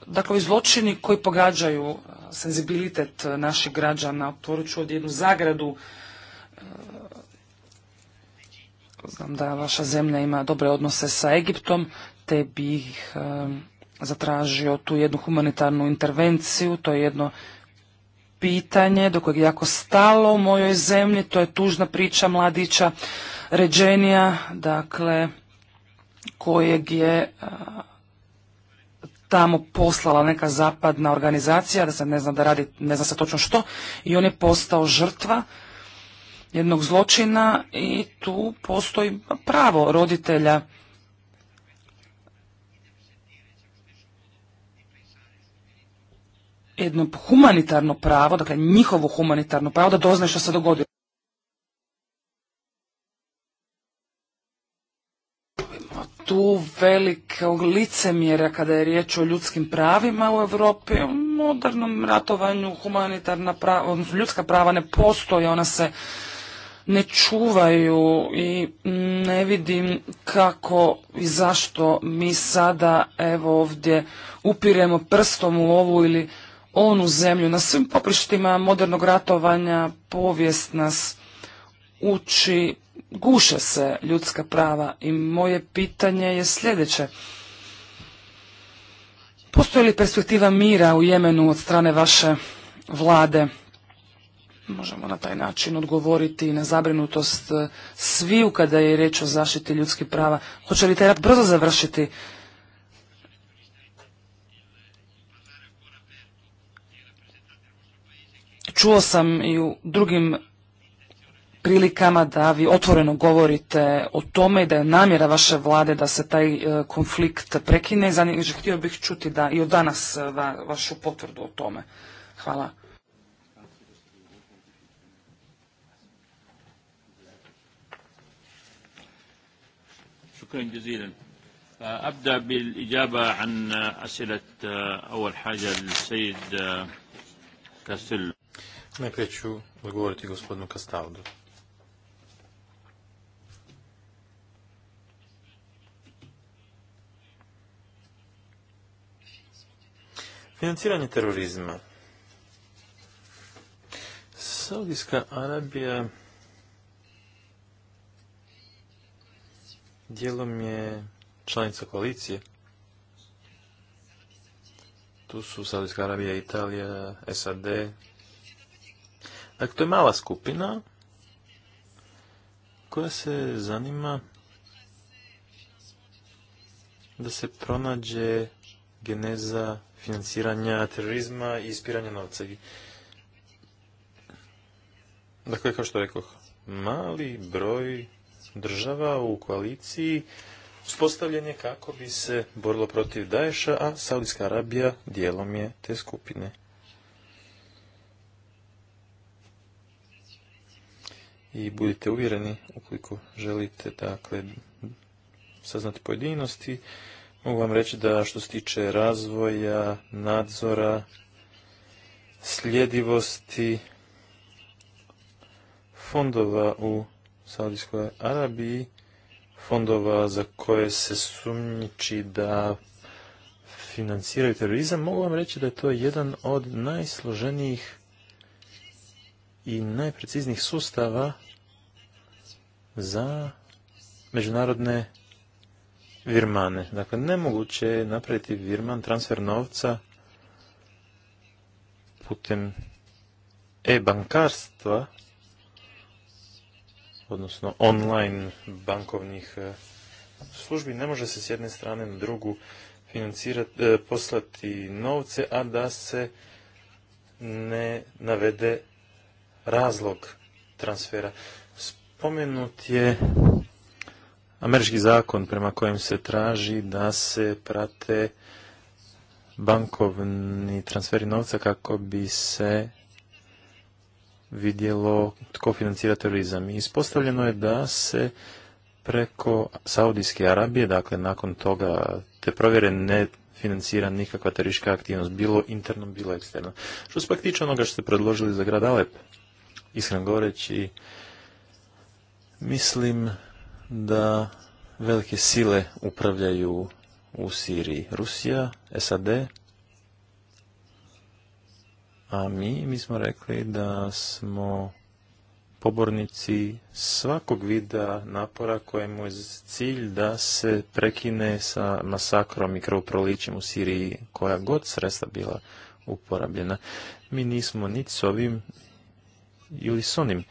dakle zločini koji pogađaju uh, senzibilitet uh, naših građana. Otvorit ću od jednu zagradu. Uh, znam da vaša zemlja ima dobre odnose sa Egiptom, te bih um, zatražio tu jednu humanitarnu intervenciju. To je jedno pitanje do kojeg je jako stalo u mojoj zemlji. To je tužna priča mladića Ređenija. Dakle, kojeg je e, tamo poslala neka zapadna organizacija, da se ne zna da radi, ne zna se točno što, i on je postao žrtva jednog zločina i tu postoji pravo roditelja jedno humanitarno pravo, dakle njihovo humanitarno pravo da dozna što se dogodilo. tu velikog licemjera kada je riječ o ljudskim pravima u Europi, o modernom ratovanju, humanitarna prava, odnosno ljudska prava ne postoje, ona se ne čuvaju i ne vidim kako i zašto mi sada evo ovdje upiremo prstom u ovu ili onu zemlju. Na svim poprištima modernog ratovanja povijest nas uči guše se ljudska prava i moje pitanje je sljedeće. Postoji li perspektiva mira u Jemenu od strane vaše vlade? Možemo na taj način odgovoriti na zabrinutost e, sviju kada je reč o zaštiti ljudskih prava. Hoće li taj rat brzo završiti? Čuo sam i u drugim prilikama da vi otvoreno govorite o tome i da je namjera vaše vlade da se taj e, konflikt prekine. zanimljivo htio bih čuti da i od danas e, vašu potvrdu o tome. Hvala. أبدأ بالإجابة عن أسئلة أول حاجة للسيد كاستيلو Najprije ću odgovoriti gospodinu Financiranje terorizma. Saudijska Arabija dijelom je članica koalicije. Tu su Saudijska Arabija, Italija, SAD. Dakle, to je mala skupina koja se zanima da se pronađe geneza financiranja terorizma i ispiranja novca. Dakle, kao što rekoh, mali broj država u koaliciji uspostavljen je kako bi se borilo protiv Daesha, a Saudijska Arabija dijelom je te skupine. I budite uvjereni, ukoliko želite dakle, saznati pojedinosti, Mogu vam reći da što se tiče razvoja, nadzora, sljedivosti fondova u Saudijskoj Arabiji, fondova za koje se sumnjiči da financiraju terorizam, mogu vam reći da je to jedan od najsloženijih i najpreciznijih sustava za međunarodne virmane. Dakle, nemoguće je napraviti virman transfer novca putem e-bankarstva, odnosno online bankovnih e, službi, ne može se s jedne strane na drugu financirati, e, poslati novce, a da se ne navede razlog transfera. Spomenut je američki zakon prema kojem se traži da se prate bankovni transferi novca kako bi se vidjelo tko financira terorizam. I ispostavljeno je da se preko Saudijske Arabije, dakle nakon toga te provjere ne financira nikakva teriška aktivnost, bilo internom, bilo eksterno. Što se pak tiče onoga što ste predložili za grad Alep, iskreno govoreći, mislim da velike sile upravljaju u Siriji. Rusija, SAD, a mi, mi smo rekli da smo pobornici svakog vida napora kojemu je cilj da se prekine sa masakrom i krvoprolićem u Siriji koja god sredstva bila uporabljena. Mi nismo niti s ovim ili s onim.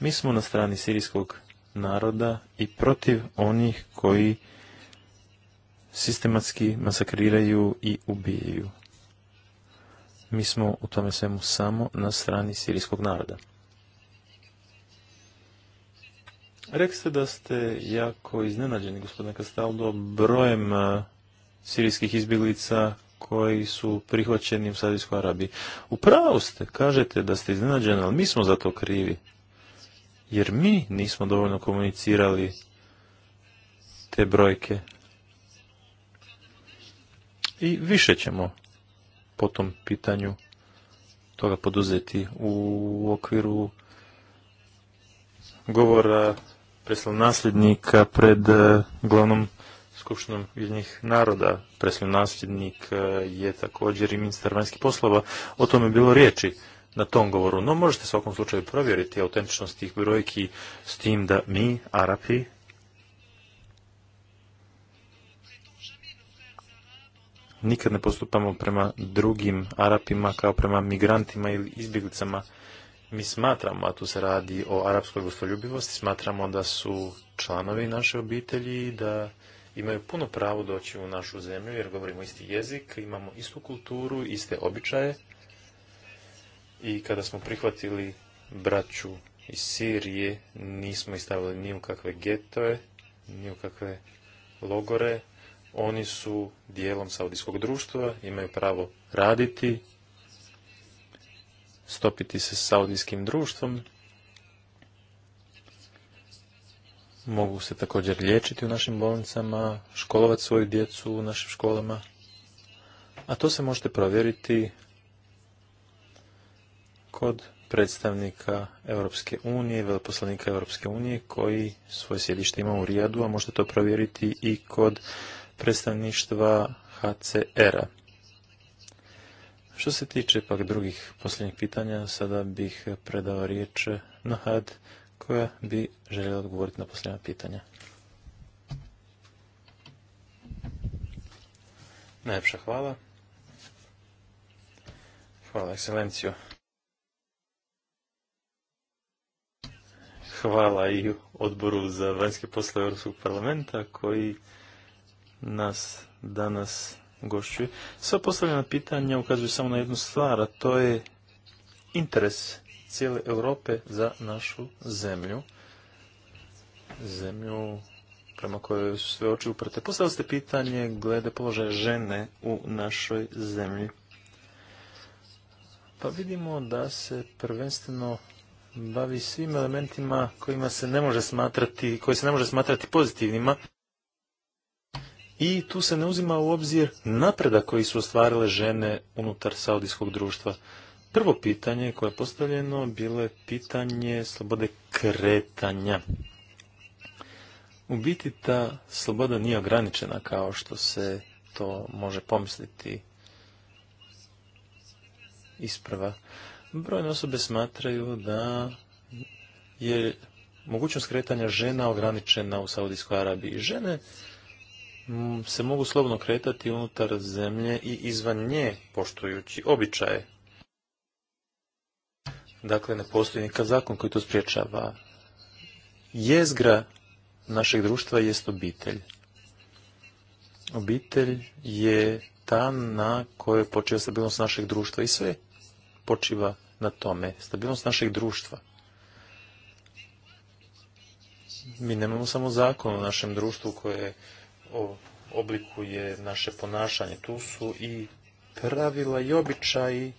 Mi smo na strani sirijskog naroda i protiv onih koji sistematski masakriraju i ubijaju. Mi smo u tome svemu samo na strani sirijskog naroda. Rekli ste da ste jako iznenađeni, gospodine Kastaldo, brojem sirijskih izbjeglica koji su prihvaćeni u Sadijskoj Arabiji. U pravu ste, kažete da ste iznenađeni, ali mi smo za to krivi jer mi nismo dovoljno komunicirali te brojke. I više ćemo po tom pitanju toga poduzeti u okviru govora nasljednika pred e, glavnom skupštinom jednih naroda. Preslov nasljednik e, je također i ministar vanjskih poslova. O tome je bilo riječi na tom govoru. No možete u svakom slučaju provjeriti autentičnost tih brojki s tim da mi, Arapi, nikad ne postupamo prema drugim Arapima kao prema migrantima ili izbjeglicama. Mi smatramo, a tu se radi o arapskoj gostoljubivosti, smatramo da su članovi naše obitelji da imaju puno pravo doći u našu zemlju jer govorimo isti jezik, imamo istu kulturu, iste običaje i kada smo prihvatili braću iz Sirije, nismo ih stavili ni u kakve getoje, ni u kakve logore. Oni su dijelom saudijskog društva, imaju pravo raditi, stopiti se saudijskim društvom, mogu se također liječiti u našim bolnicama, školovati svoju djecu u našim školama, a to se možete provjeriti kod predstavnika Europske unije, veleposlanika Europske unije koji svoje sjedište ima u Rijadu, a možete to provjeriti i kod predstavništva HCR-a. Što se tiče pak drugih posljednjih pitanja, sada bih predao riječ HAD koja bi željela odgovoriti na posljednja pitanja. Najlepša hvala. Hvala, ekscelenciju. hvala i odboru za vanjske poslove Europskog parlamenta koji nas danas gošćuje. Sva postavljena pitanja ukazuju samo na jednu stvar, a to je interes cijele Europe za našu zemlju. Zemlju prema kojoj su sve oči uprte. Postavili ste pitanje glede položaja žene u našoj zemlji. Pa vidimo da se prvenstveno bavi svim elementima kojima se ne može smatrati, koji se ne može smatrati pozitivnima i tu se ne uzima u obzir napredak koji su ostvarile žene unutar saudijskog društva. Prvo pitanje koje je postavljeno bilo je pitanje slobode kretanja. U biti ta sloboda nije ograničena kao što se to može pomisliti isprava. Brojne osobe smatraju da je mogućnost kretanja žena ograničena u Saudijskoj Arabiji. Žene se mogu slobodno kretati unutar zemlje i izvan nje, poštujući običaje. Dakle, ne postoji nikad zakon koji to spriječava. Jezgra našeg društva jest obitelj. Obitelj je ta na kojoj počeo stabilnost našeg društva i sve počiva na tome, stabilnost našeg društva. Mi nemamo samo zakon u našem društvu koje oblikuje naše ponašanje. Tu su i pravila i običaji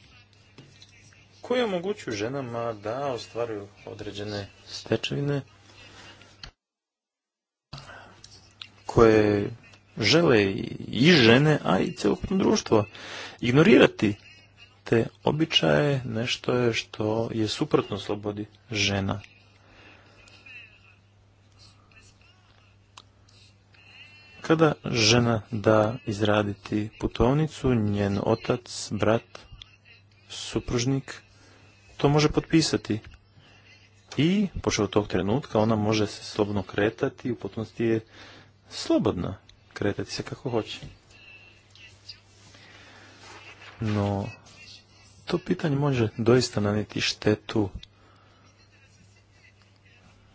koji omogućuju ženama da ostvaruju određene stečevine koje žele i žene, a i celokupno društvo ignorirati te običaje nešto je što je suprotno slobodi žena. Kada žena da izraditi putovnicu, njen otac, brat, supružnik, to može potpisati. I, počeo od tog trenutka, ona može se slobodno kretati, u potpunosti je slobodna kretati se kako hoće. No, to pitanje može doista naniti štetu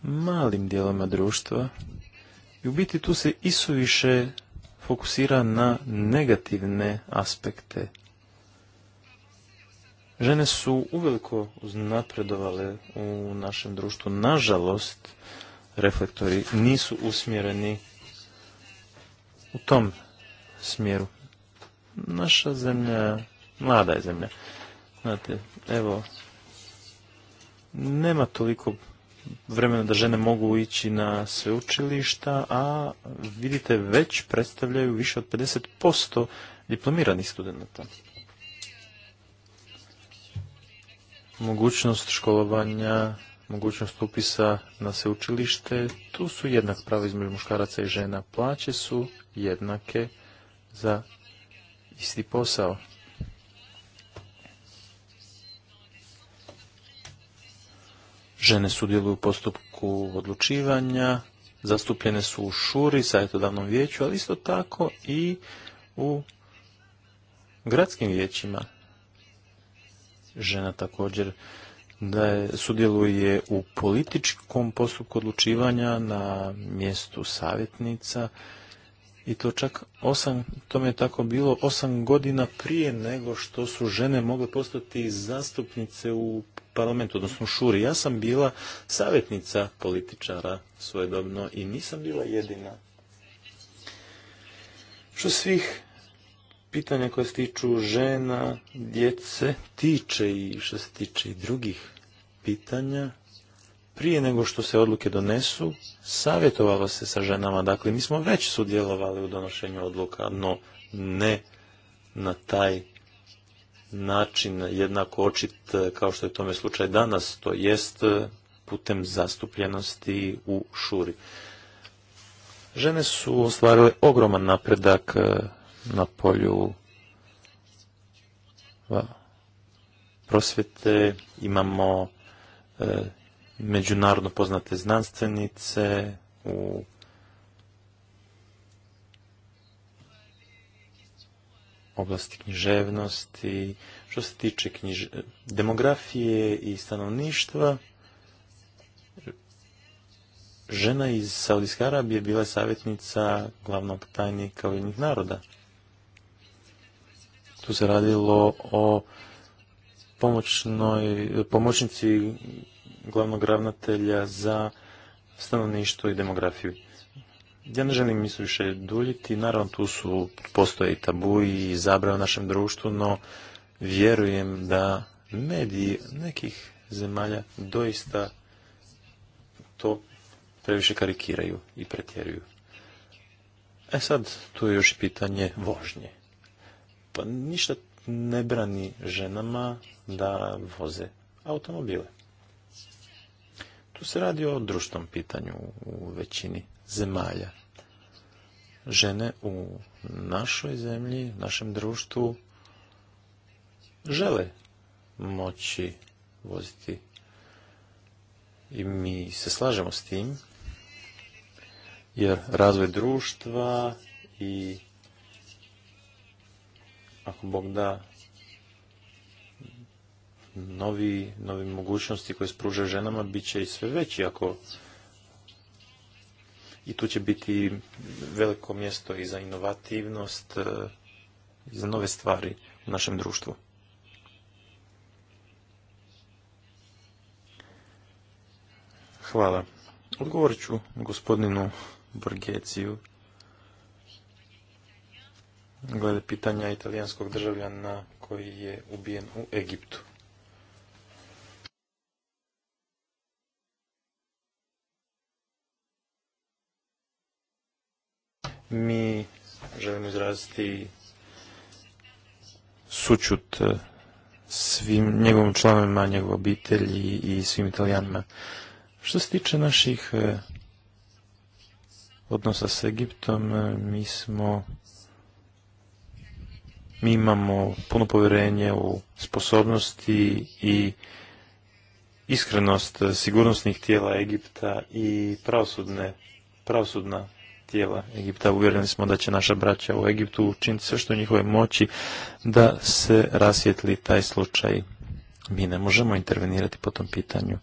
malim dijelama društva i u biti tu se isuviše fokusira na negativne aspekte. Žene su uveliko uznapredovale u našem društvu. Nažalost, reflektori nisu usmjereni u tom smjeru. Naša zemlja, mlada je zemlja. Znate, evo, nema toliko vremena da žene mogu ići na sveučilišta, a vidite već predstavljaju više od 50% diplomiranih studenta. Mogućnost školovanja, mogućnost upisa na sveučilište, tu su jednak prava između muškaraca i žena. Plaće su jednake za isti posao. žene sudjeluju u postupku odlučivanja, zastupljene su u šuri, savjetodavnom vijeću, ali isto tako i u gradskim vijećima. Žena također da je, sudjeluje u političkom postupku odlučivanja na mjestu savjetnica i to čak osam, tome je tako bilo osam godina prije nego što su žene mogle postati zastupnice u parlamentu, odnosno šuri. Ja sam bila savjetnica političara svojedobno i nisam bila jedina. Što svih pitanja koje se tiču žena, djece, tiče i što se tiče i drugih pitanja, prije nego što se odluke donesu, savjetovalo se sa ženama. Dakle, mi smo već sudjelovali u donošenju odluka, no ne na taj način jednako očit e, kao što je tome slučaj danas, to jest e, putem zastupljenosti u šuri. Žene su ostvarile ogroman napredak e, na polju prosvjete, imamo međunarodno poznate znanstvenice u oblasti književnosti, što se tiče knjiž... demografije i stanovništva, žena iz Saudijske Arabije bila je savjetnica glavnog tajnika Ujedinjenih naroda. Tu se radilo o pomoćnoj, pomoćnici glavnog ravnatelja za stanovništvo i demografiju. Ja ne želim mi više duljiti, naravno tu su, postoje i tabu i zabra u našem društvu, no vjerujem da mediji nekih zemalja doista to previše karikiraju i pretjeruju. E sad, tu je još i pitanje vožnje. Pa ništa ne brani ženama da voze automobile. Tu se radi o društvom pitanju u većini zemalja. Žene u našoj zemlji, našem društvu, žele moći voziti i mi se slažemo s tim, jer razvoj društva i ako Bog da novi, mogućnosti koje spruže ženama bit će i sve veći ako i tu će biti veliko mjesto i za inovativnost e, i za nove stvari u našem društvu. Hvala. Odgovorit ću gospodinu Borgeciju glede pitanja italijanskog državljana koji je ubijen u Egiptu. Mi želimo izraziti sučut eh, svim njegovim članovima, njegove obitelji i svim italijanima. Što se tiče naših eh, odnosa s Egiptom, eh, mi smo mi imamo puno povjerenje u sposobnosti i iskrenost sigurnosnih tijela Egipta i pravosudne, pravosudna tijela Egipta. Uvjereni smo da će naša braća u Egiptu učiniti sve što u njihove moći da se rasvjetli taj slučaj. Mi ne možemo intervenirati po tom pitanju.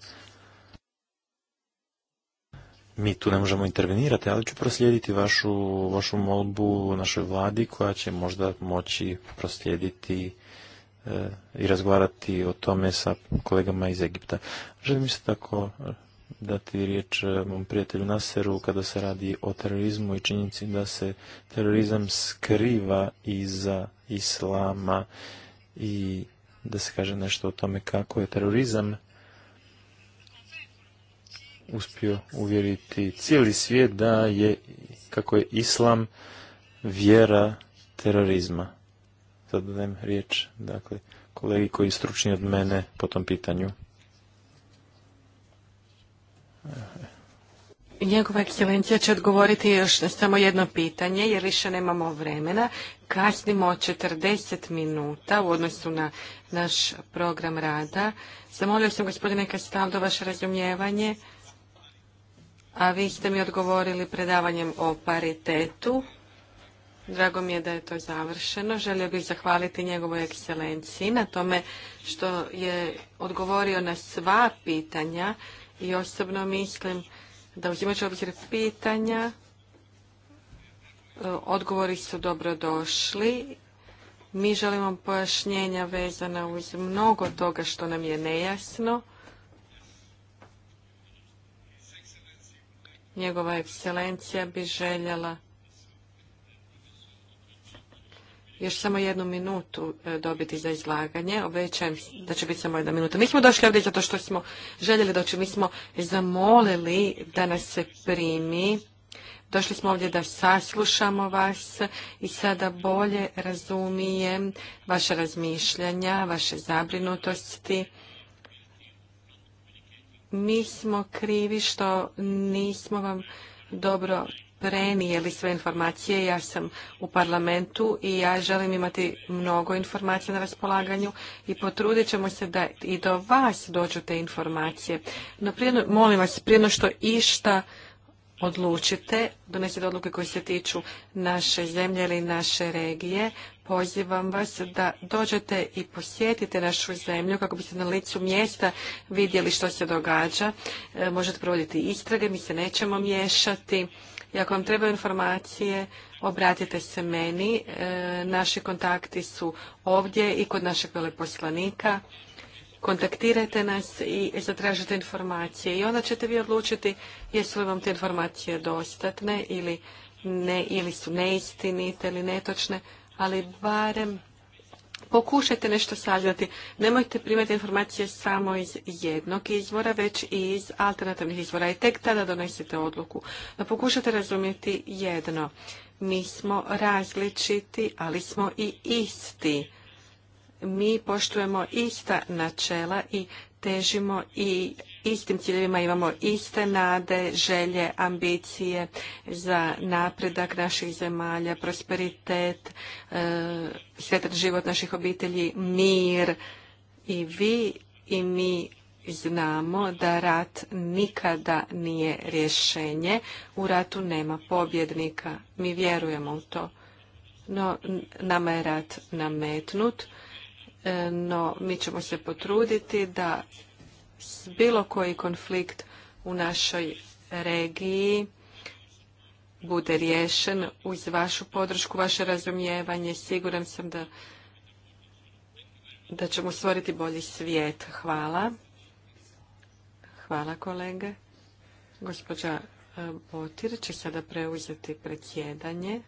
Mi tu ne možemo intervenirati, ali ću proslijediti vašu, vašu molbu našoj vladi koja će možda moći proslijediti e, i razgovarati o tome sa kolegama iz Egipta. Želim se tako dati riječ e, mom prijatelju Naseru kada se radi o terorizmu i činjenici da se terorizam skriva iza islama i da se kaže nešto o tome kako je terorizam uspio uvjeriti cijeli svijet da je kako je islam vjera terorizma. Sad dajem riječ dakle, kolegi koji je stručni od mene po tom pitanju. Njegova ekscelencija će odgovoriti još na samo jedno pitanje, jer više nemamo vremena. Kasnimo 40 minuta u odnosu na naš program rada. Zamolio sam gospodine Kastaldo vaše razumijevanje, a vi ste mi odgovorili predavanjem o paritetu. Drago mi je da je to završeno. Želio bih zahvaliti njegovoj ekscelenciji na tome što je odgovorio na sva pitanja i osobno mislim da uzimajući obzir pitanja, e, odgovori su dobro došli. Mi želimo pojašnjenja vezana uz mnogo toga što nam je nejasno. Njegova ekscelencija bi željela još samo jednu minutu e, dobiti za izlaganje. Obećajem da će biti samo jedna minuta. Mi smo došli ovdje zato što smo željeli doći. Mi smo zamolili da nas se primi. Došli smo ovdje da saslušamo vas i sada bolje razumijem vaše razmišljanja, vaše zabrinutosti. Mi smo krivi što nismo vam dobro prenijeli sve informacije. Ja sam u parlamentu i ja želim imati mnogo informacija na raspolaganju i potrudit ćemo se da i do vas dođu te informacije. No, molim vas, prije što išta odlučite, donesete odluke koje se tiču naše zemlje ili naše regije, pozivam vas da dođete i posjetite našu zemlju kako biste na licu mjesta vidjeli što se događa. E, možete provoditi istrage, mi se nećemo miješati. I ako vam trebaju informacije, obratite se meni. E, naši kontakti su ovdje i kod našeg veleposlanika. Kontaktirajte nas i zatražite informacije i onda ćete vi odlučiti jesu li vam te informacije dostatne ili ne, ili su neistinite ili netočne, ali barem Pokušajte nešto saznati. Nemojte primati informacije samo iz jednog izvora, već i iz alternativnih izvora i tek tada donesite odluku. Pokušajte razumjeti jedno. Mi smo različiti, ali smo i isti. Mi poštujemo ista načela i težimo i istim ciljevima, imamo iste nade, želje, ambicije za napredak naših zemalja, prosperitet, e, sretan život naših obitelji, mir. I vi i mi znamo da rat nikada nije rješenje. U ratu nema pobjednika. Mi vjerujemo u to. No, nama je rat nametnut, e, no mi ćemo se potruditi da bilo koji konflikt u našoj regiji bude riješen uz vašu podršku, vaše razumijevanje. Siguran sam da, da ćemo stvoriti bolji svijet. Hvala. Hvala kolege. Gospođa eh, Botir će sada preuzeti predsjedanje.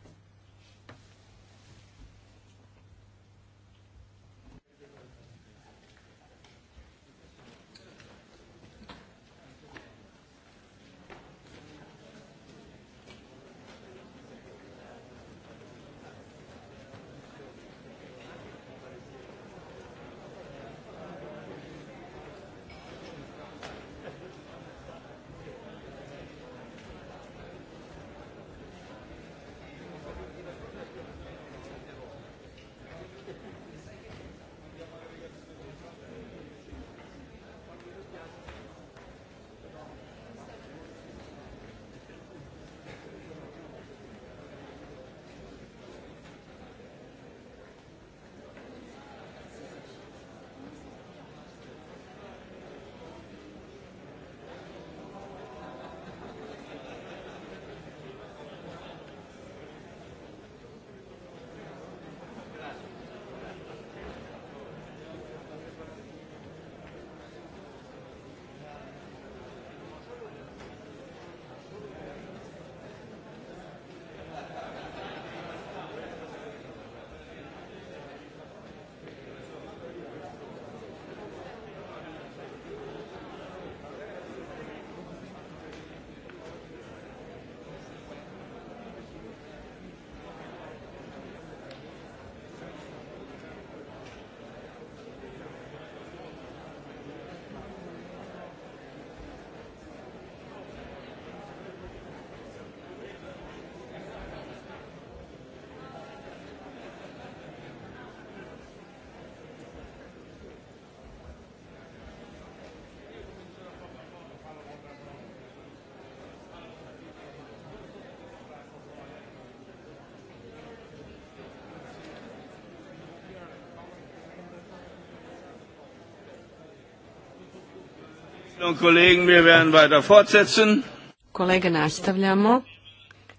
Kolege, nastavljamo.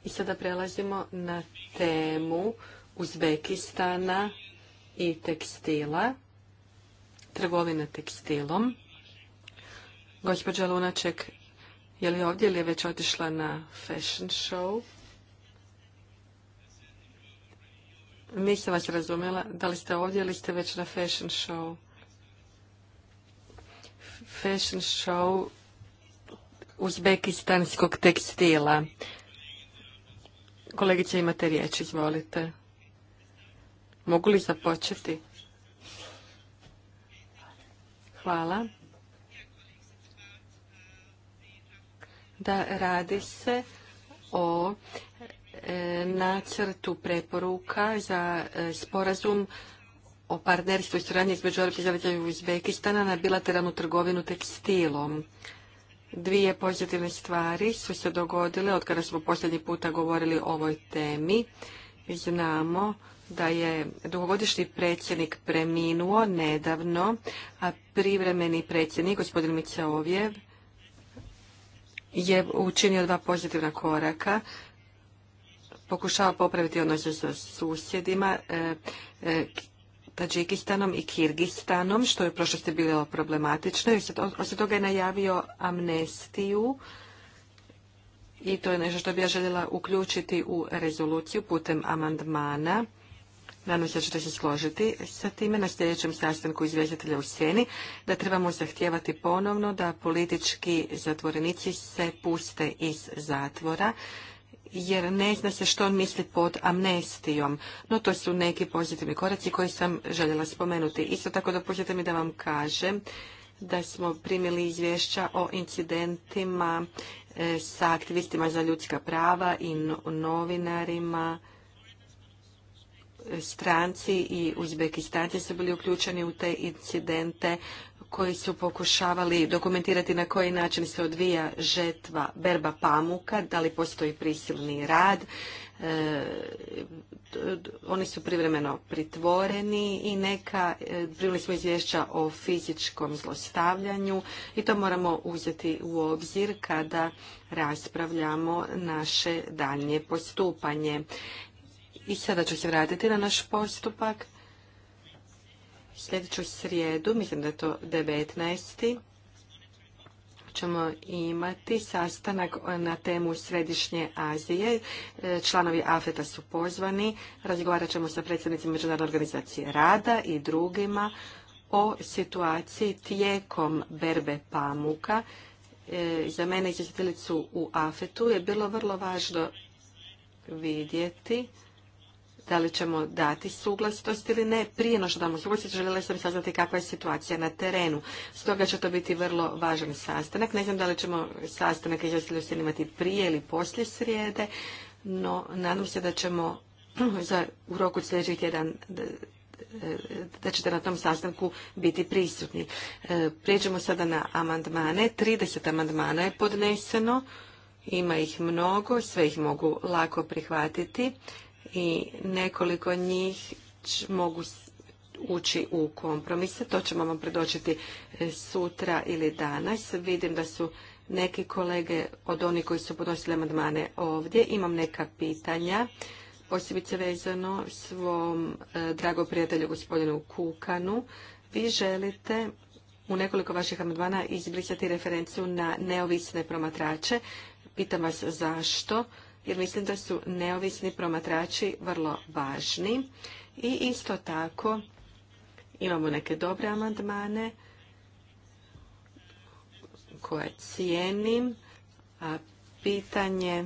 I sada prelazimo na temu Uzbekistana i tekstila, trgovina tekstilom. Gospođa Lunaček, je li ovdje ili je već otišla na fashion show? Nisam vas razumjela, da li ste ovdje ili ste već na fashion show? fashion show uzbekistanskog tekstila. Kolegice, imate riječ, izvolite. Mogu li započeti? Hvala. Da, radi se o e, nacrtu preporuka za e, sporazum o partnerstvu i suradnji između Europske i Uzbekistana na bilateralnu trgovinu tekstilom. Dvije pozitivne stvari su se dogodile od kada smo posljednji puta govorili o ovoj temi. Znamo da je dugogodišnji predsjednik preminuo nedavno, a privremeni predsjednik, gospodin Micaovjev, je učinio dva pozitivna koraka. Pokušava popraviti odnose sa susjedima. E, e, Tadžikistanom i Kirgistanom, što je u prošlosti bilo problematično. I osim toga je najavio amnestiju i to je nešto što bi ja željela uključiti u rezoluciju putem amandmana. Nadam se da ćete se složiti sa time na sljedećem sastanku izvjestitelja u Sjeni, da trebamo zahtijevati ponovno da politički zatvorenici se puste iz zatvora jer ne zna se što on misli pod amnestijom. No to su neki pozitivni koraci koji sam željela spomenuti. Isto tako dopustite mi da vam kažem da smo primili izvješća o incidentima e, sa aktivistima za ljudska prava i novinarima. E, stranci i uzbekistanci su bili uključeni u te incidente koji su pokušavali dokumentirati na koji način se odvija žetva berba pamuka, da li postoji prisilni rad. E, oni su privremeno pritvoreni i neka, e, primili smo izvješća o fizičkom zlostavljanju i to moramo uzeti u obzir kada raspravljamo naše daljnje postupanje. I sada ću se vratiti na naš postupak sljedeću srijedu, mislim da je to 19 ćemo imati sastanak na temu Središnje Azije. E, članovi AFETA su pozvani. Razgovarat ćemo sa predsjednicima Međunarodne organizacije rada i drugima o situaciji tijekom berbe pamuka. E, za mene izvjestiteljicu u AFETu je bilo vrlo važno vidjeti da li ćemo dati suglasnost ili ne. Prije no što damo suglasnost, željela sam saznati kakva je situacija na terenu. Stoga će to biti vrlo važan sastanak. Ne znam da li ćemo sastanak izvjestitelja imati prije ili poslije srijede, no nadam se da ćemo za, u roku sljedećih tjedan da ćete na tom sastanku biti prisutni. E, prijeđemo sada na amandmane. 30 amandmana je podneseno. Ima ih mnogo, sve ih mogu lako prihvatiti i nekoliko njih mogu ući u kompromise. To ćemo vam predočiti e, sutra ili danas. Vidim da su neki kolege od onih koji su podnosili amandmane ovdje. Imam neka pitanja, posebice vezano svom e, drago prijatelju gospodinu Kukanu. Vi želite u nekoliko vaših amandmana izbrisati referenciju na neovisne promatrače. Pitam vas zašto jer mislim da su neovisni promatrači vrlo važni. I isto tako imamo neke dobre amandmane koje cijenim, pitanje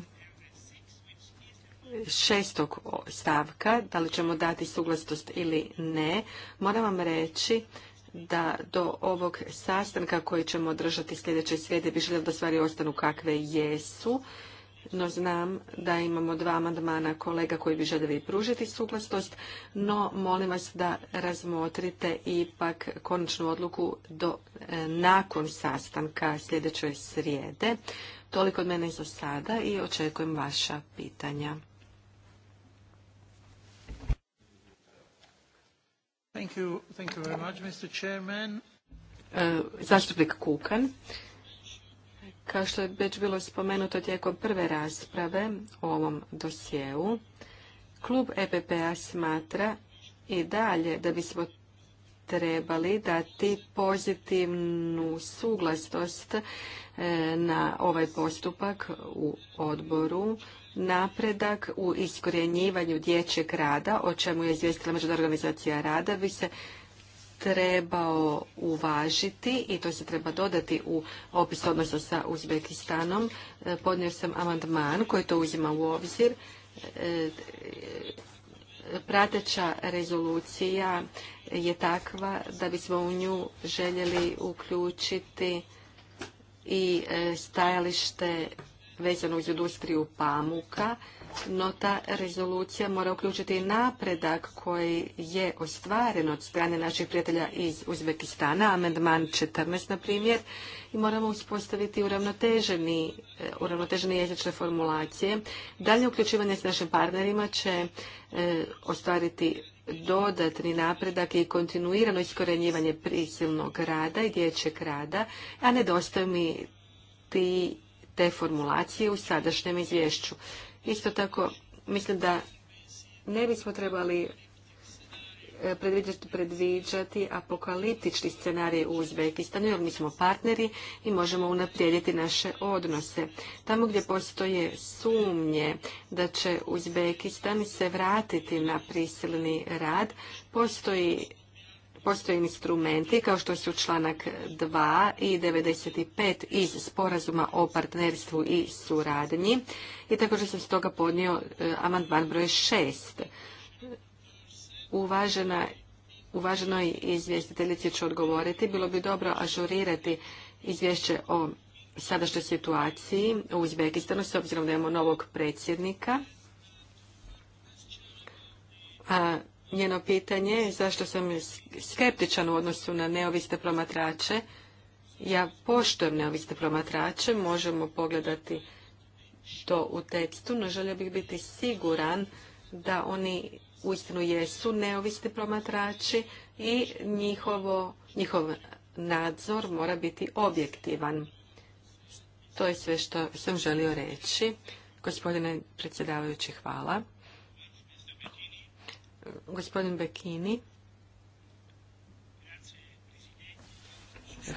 šestog stavka, da li ćemo dati suglasnost ili ne, moram vam reći da do ovog sastanka koji ćemo održati sljedeće srijede bi želio da stvari ostanu kakve jesu no znam da imamo dva amandmana kolega koji bi željeli pružiti suglasnost, no molim vas da razmotrite ipak konačnu odluku do, e, nakon sastanka sljedeće srijede. Toliko od mene za sada i očekujem vaša pitanja. Thank you, thank you very much, Mr. Chairman. E, zastupnik Kukan. Kao što je već bilo spomenuto tijekom prve rasprave o ovom dosjeu, klub epp p-a smatra i dalje da bismo trebali dati pozitivnu suglasnost e, na ovaj postupak u odboru napredak u iskorjenjivanju dječjeg rada, o čemu je izvijestila Međunarodna organizacija rada, bi se trebao uvažiti i to se treba dodati u opis odnosa sa Uzbekistanom. E, podnio sam amandman koji to uzima u obzir. E, e, prateća rezolucija je takva da bismo u nju željeli uključiti i stajalište vezano uz industriju pamuka no ta rezolucija mora uključiti i napredak koji je ostvaren od strane naših prijatelja iz Uzbekistana, amendman 14 na primjer, i moramo uspostaviti uravnoteženi, eh, uravnotežene jezične formulacije. Dalje uključivanje s našim partnerima će eh, ostvariti dodatni napredak i kontinuirano iskorenjivanje prisilnog rada i dječjeg rada, a nedostaju mi ti te formulacije u sadašnjem izvješću. Isto tako, mislim da ne bismo trebali e, predviđati, predviđati apokaliptični scenarij u Uzbekistanu, jer mi smo partneri i možemo unaprijediti naše odnose. Tamo gdje postoje sumnje da će Uzbekistan se vratiti na prisilni rad, postoji Postoje instrumenti kao što su članak 2 i 95 iz sporazuma o partnerstvu i suradnji i također sam stoga podnio e, amandman broj 6. Uvažena, uvaženoj izvjestiteljici ću odgovoriti. Bilo bi dobro ažurirati izvješće o sadašnjoj situaciji u Uzbekistanu s obzirom da imamo novog predsjednika. A njeno pitanje zašto sam skeptičan u odnosu na neovisne promatrače. Ja poštujem neovisne promatrače, možemo pogledati to u tekstu, no želio bih biti siguran da oni uistinu jesu neovisni promatrači i njihovo, njihov nadzor mora biti objektivan. To je sve što sam želio reći. Gospodine predsjedavajući, hvala gospodin Bekini.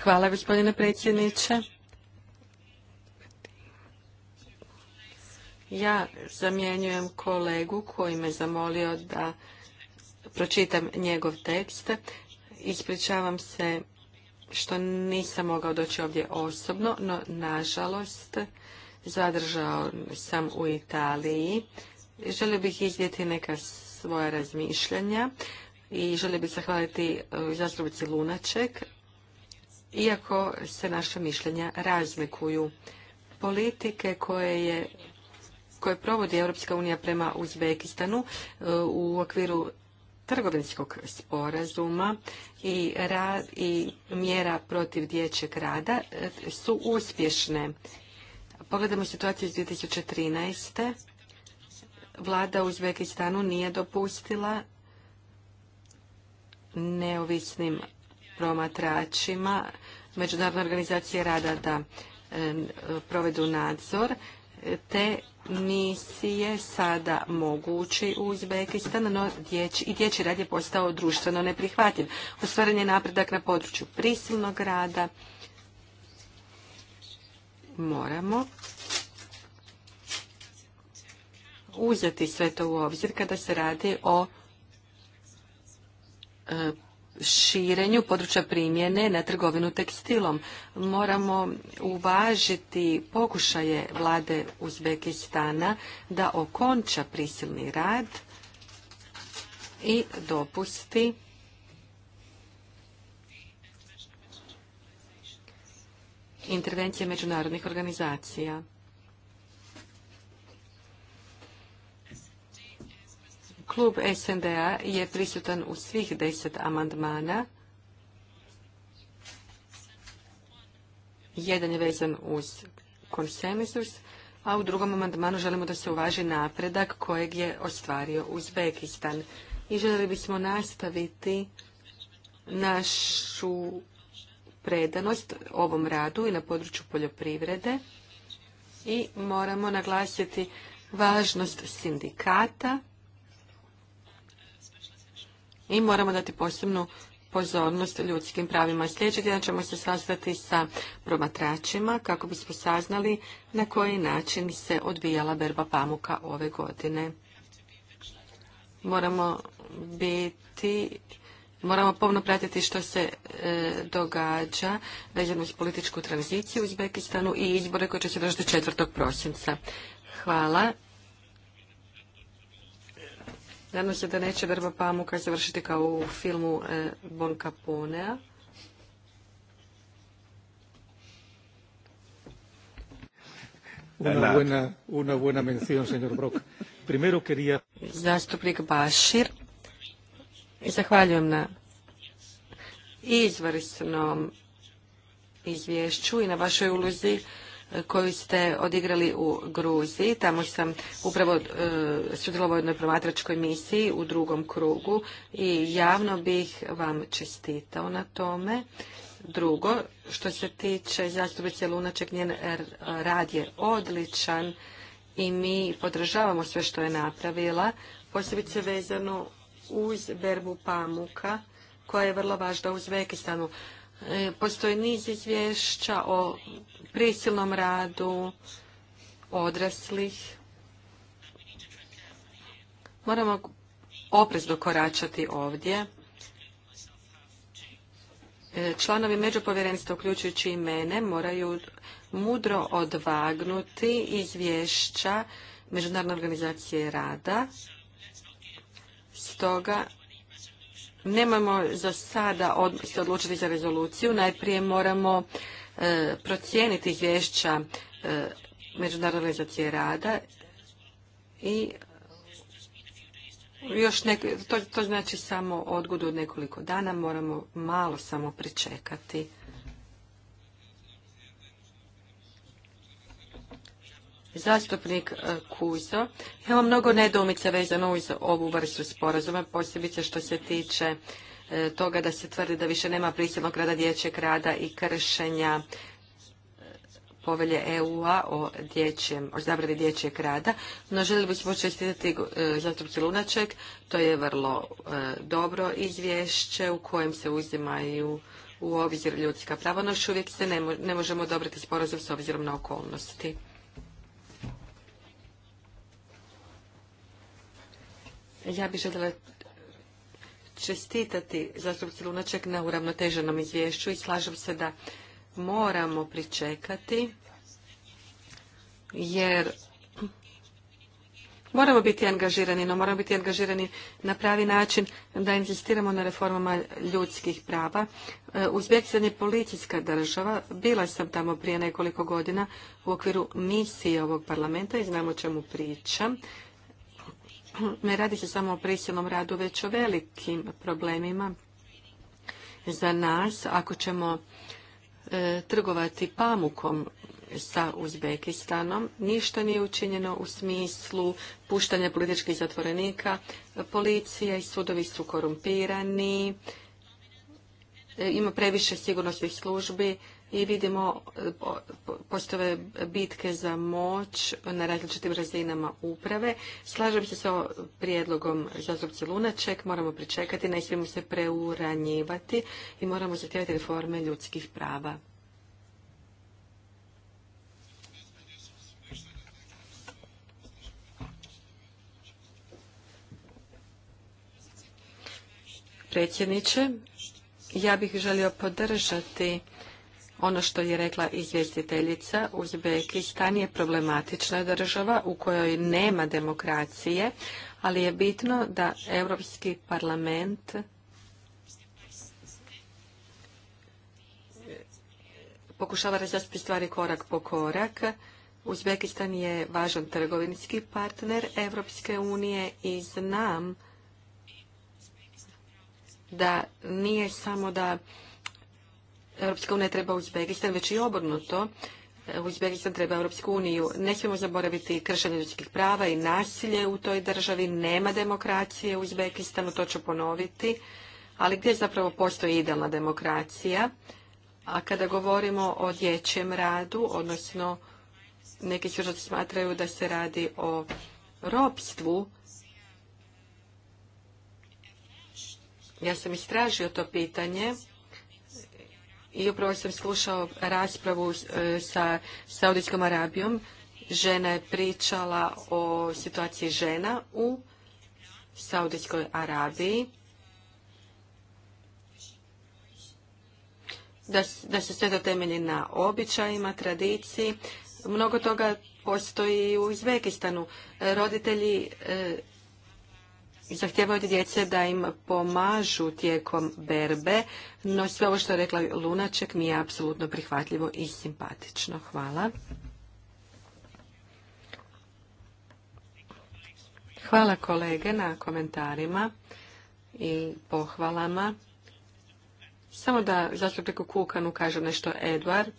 Hvala gospodine predsjedniče. Ja zamjenjujem kolegu koji me zamolio da pročitam njegov tekst. Ispričavam se što nisam mogao doći ovdje osobno, no nažalost zadržao sam u Italiji. Želio bih iznijeti neka svoja razmišljanja i želio bih zahvaliti e, zastupnici Lunaček, iako se naša mišljenja razlikuju. Politike koje je koje provodi Europska unija prema Uzbekistanu e, u okviru trgovinskog sporazuma i, i mjera protiv dječjeg rada e, su uspješne. Pogledamo situaciju iz trinaest vlada u Uzbekistanu nije dopustila neovisnim promatračima Međunarodne organizacije rada da provedu nadzor. Te misije sada mogući u Uzbekistan, no i dječji rad je postao društveno neprihvatljiv. Ostvaren je napredak na području prisilnog rada. Moramo uzeti sve to u obzir kada se radi o e, širenju područja primjene na trgovinu tekstilom. Moramo uvažiti pokušaje vlade Uzbekistana da okonča prisilni rad i dopusti intervencije međunarodnih organizacija. Klub SNDA je prisutan u svih deset amandmana. Jedan je vezan uz konsenzus, a u drugom amandmanu želimo da se uvaži napredak kojeg je ostvario Uzbekistan. I željeli bismo nastaviti našu predanost ovom radu i na području poljoprivrede i moramo naglasiti važnost sindikata i moramo dati posebnu pozornost ljudskim pravima. Sljedeći dana ćemo se sastati sa promatračima kako bismo saznali na koji način se odvijala berba pamuka ove godine. Moramo biti Moramo pomno pratiti što se e, događa vezano uz političku tranziciju u Uzbekistanu i izbore koje će se držati 4. prosinca. Hvala. Nadam se da neće drba pamuka završiti kao u filmu e, Bon Caponea. Una Zastupnik Bašir. Zahvaljujem na izvrsnom izvješću i na vašoj ulozi koju ste odigrali u Gruziji. Tamo sam upravo e, sudjelovao u jednoj promatračkoj misiji u drugom krugu i javno bih vam čestitao na tome. Drugo, što se tiče zastupnice Lunaček, njen rad je odličan i mi podržavamo sve što je napravila, posebice vezano uz berbu pamuka koja je vrlo važna u Uzbekistanu. E, postoji niz izvješća o prisilnom radu odraslih. Moramo oprezno koračati ovdje. E, članovi međupovjerenstva, uključujući i mene, moraju mudro odvagnuti izvješća Međunarodne organizacije rada. Stoga nemojmo za sada se odlučiti za rezoluciju. Najprije moramo e, procijeniti izvješća e, Međunarodne rada i još to, to znači samo odgodu od nekoliko dana, moramo malo samo pričekati. Zastupnik e, Kuzo, imamo mnogo nedoumica vezano uz ovu vrstu sporazuma, posebice što se tiče e, toga da se tvrdi da više nema prisilnog rada dječjeg rada i kršenja e, povelje EU-a o, dječjem, o zabrani dječjeg rada, no želi bismo čestitati zastupci Lunaček, to je vrlo dobro izvješće u kojem se uzimaju u obzir ljudska prava, no još uvijek se ne, možemo odobriti sporazum s obzirom na okolnosti. Ja bih željela čestitati Zastupci Lunaček na uravnoteženom izvješću i slažem se da moramo pričekati jer moramo biti angažirani, no moramo biti angažirani na pravi način da insistiramo na reformama ljudskih prava. E, Uzbekistan je policijska država, bila sam tamo prije nekoliko godina u okviru misije ovog parlamenta i znamo čemu pričam ne radi se samo o prisilnom radu, već o velikim problemima za nas. Ako ćemo e, trgovati pamukom sa Uzbekistanom, ništa nije učinjeno u smislu puštanja političkih zatvorenika, policija i sudovi su korumpirani, e, ima previše sigurnosnih službi, i vidimo e, postove bitke za moć na različitim razinama uprave. Slažem se sa prijedlogom zastupnice Lunaček, moramo pričekati, ne smijemo se preuranjivati i moramo zahtijevati reforme ljudskih prava. Predsjedniče, ja bih želio podržati ono što je rekla izvjestiteljica, Uzbekistan je problematična država u kojoj nema demokracije, ali je bitno da Europski parlament pokušava razjasniti stvari korak po korak. Uzbekistan je važan trgovinski partner Europske unije i znam da nije samo da Europska unija treba Uzbekistan, već i obrnuto. Uzbekistan treba Europsku uniju. Ne smijemo zaboraviti kršenje ljudskih prava i nasilje u toj državi. Nema demokracije u Uzbekistanu, to ću ponoviti. Ali gdje zapravo postoji idealna demokracija? A kada govorimo o dječjem radu, odnosno neki sužaci smatraju da se radi o ropstvu, ja sam istražio to pitanje i upravo sam slušao raspravu e, sa Saudijskom Arabijom. Žena je pričala o situaciji žena u Saudijskoj Arabiji. Da, se sve to temelji na običajima, tradiciji. Mnogo toga postoji u Uzbekistanu. Roditelji e, zahtijevaju od djece da im pomažu tijekom berbe, no sve ovo što je rekla Lunaček mi je apsolutno prihvatljivo i simpatično. Hvala. Hvala kolege na komentarima i pohvalama. Samo da zastupniku Kukanu kažem nešto Edward.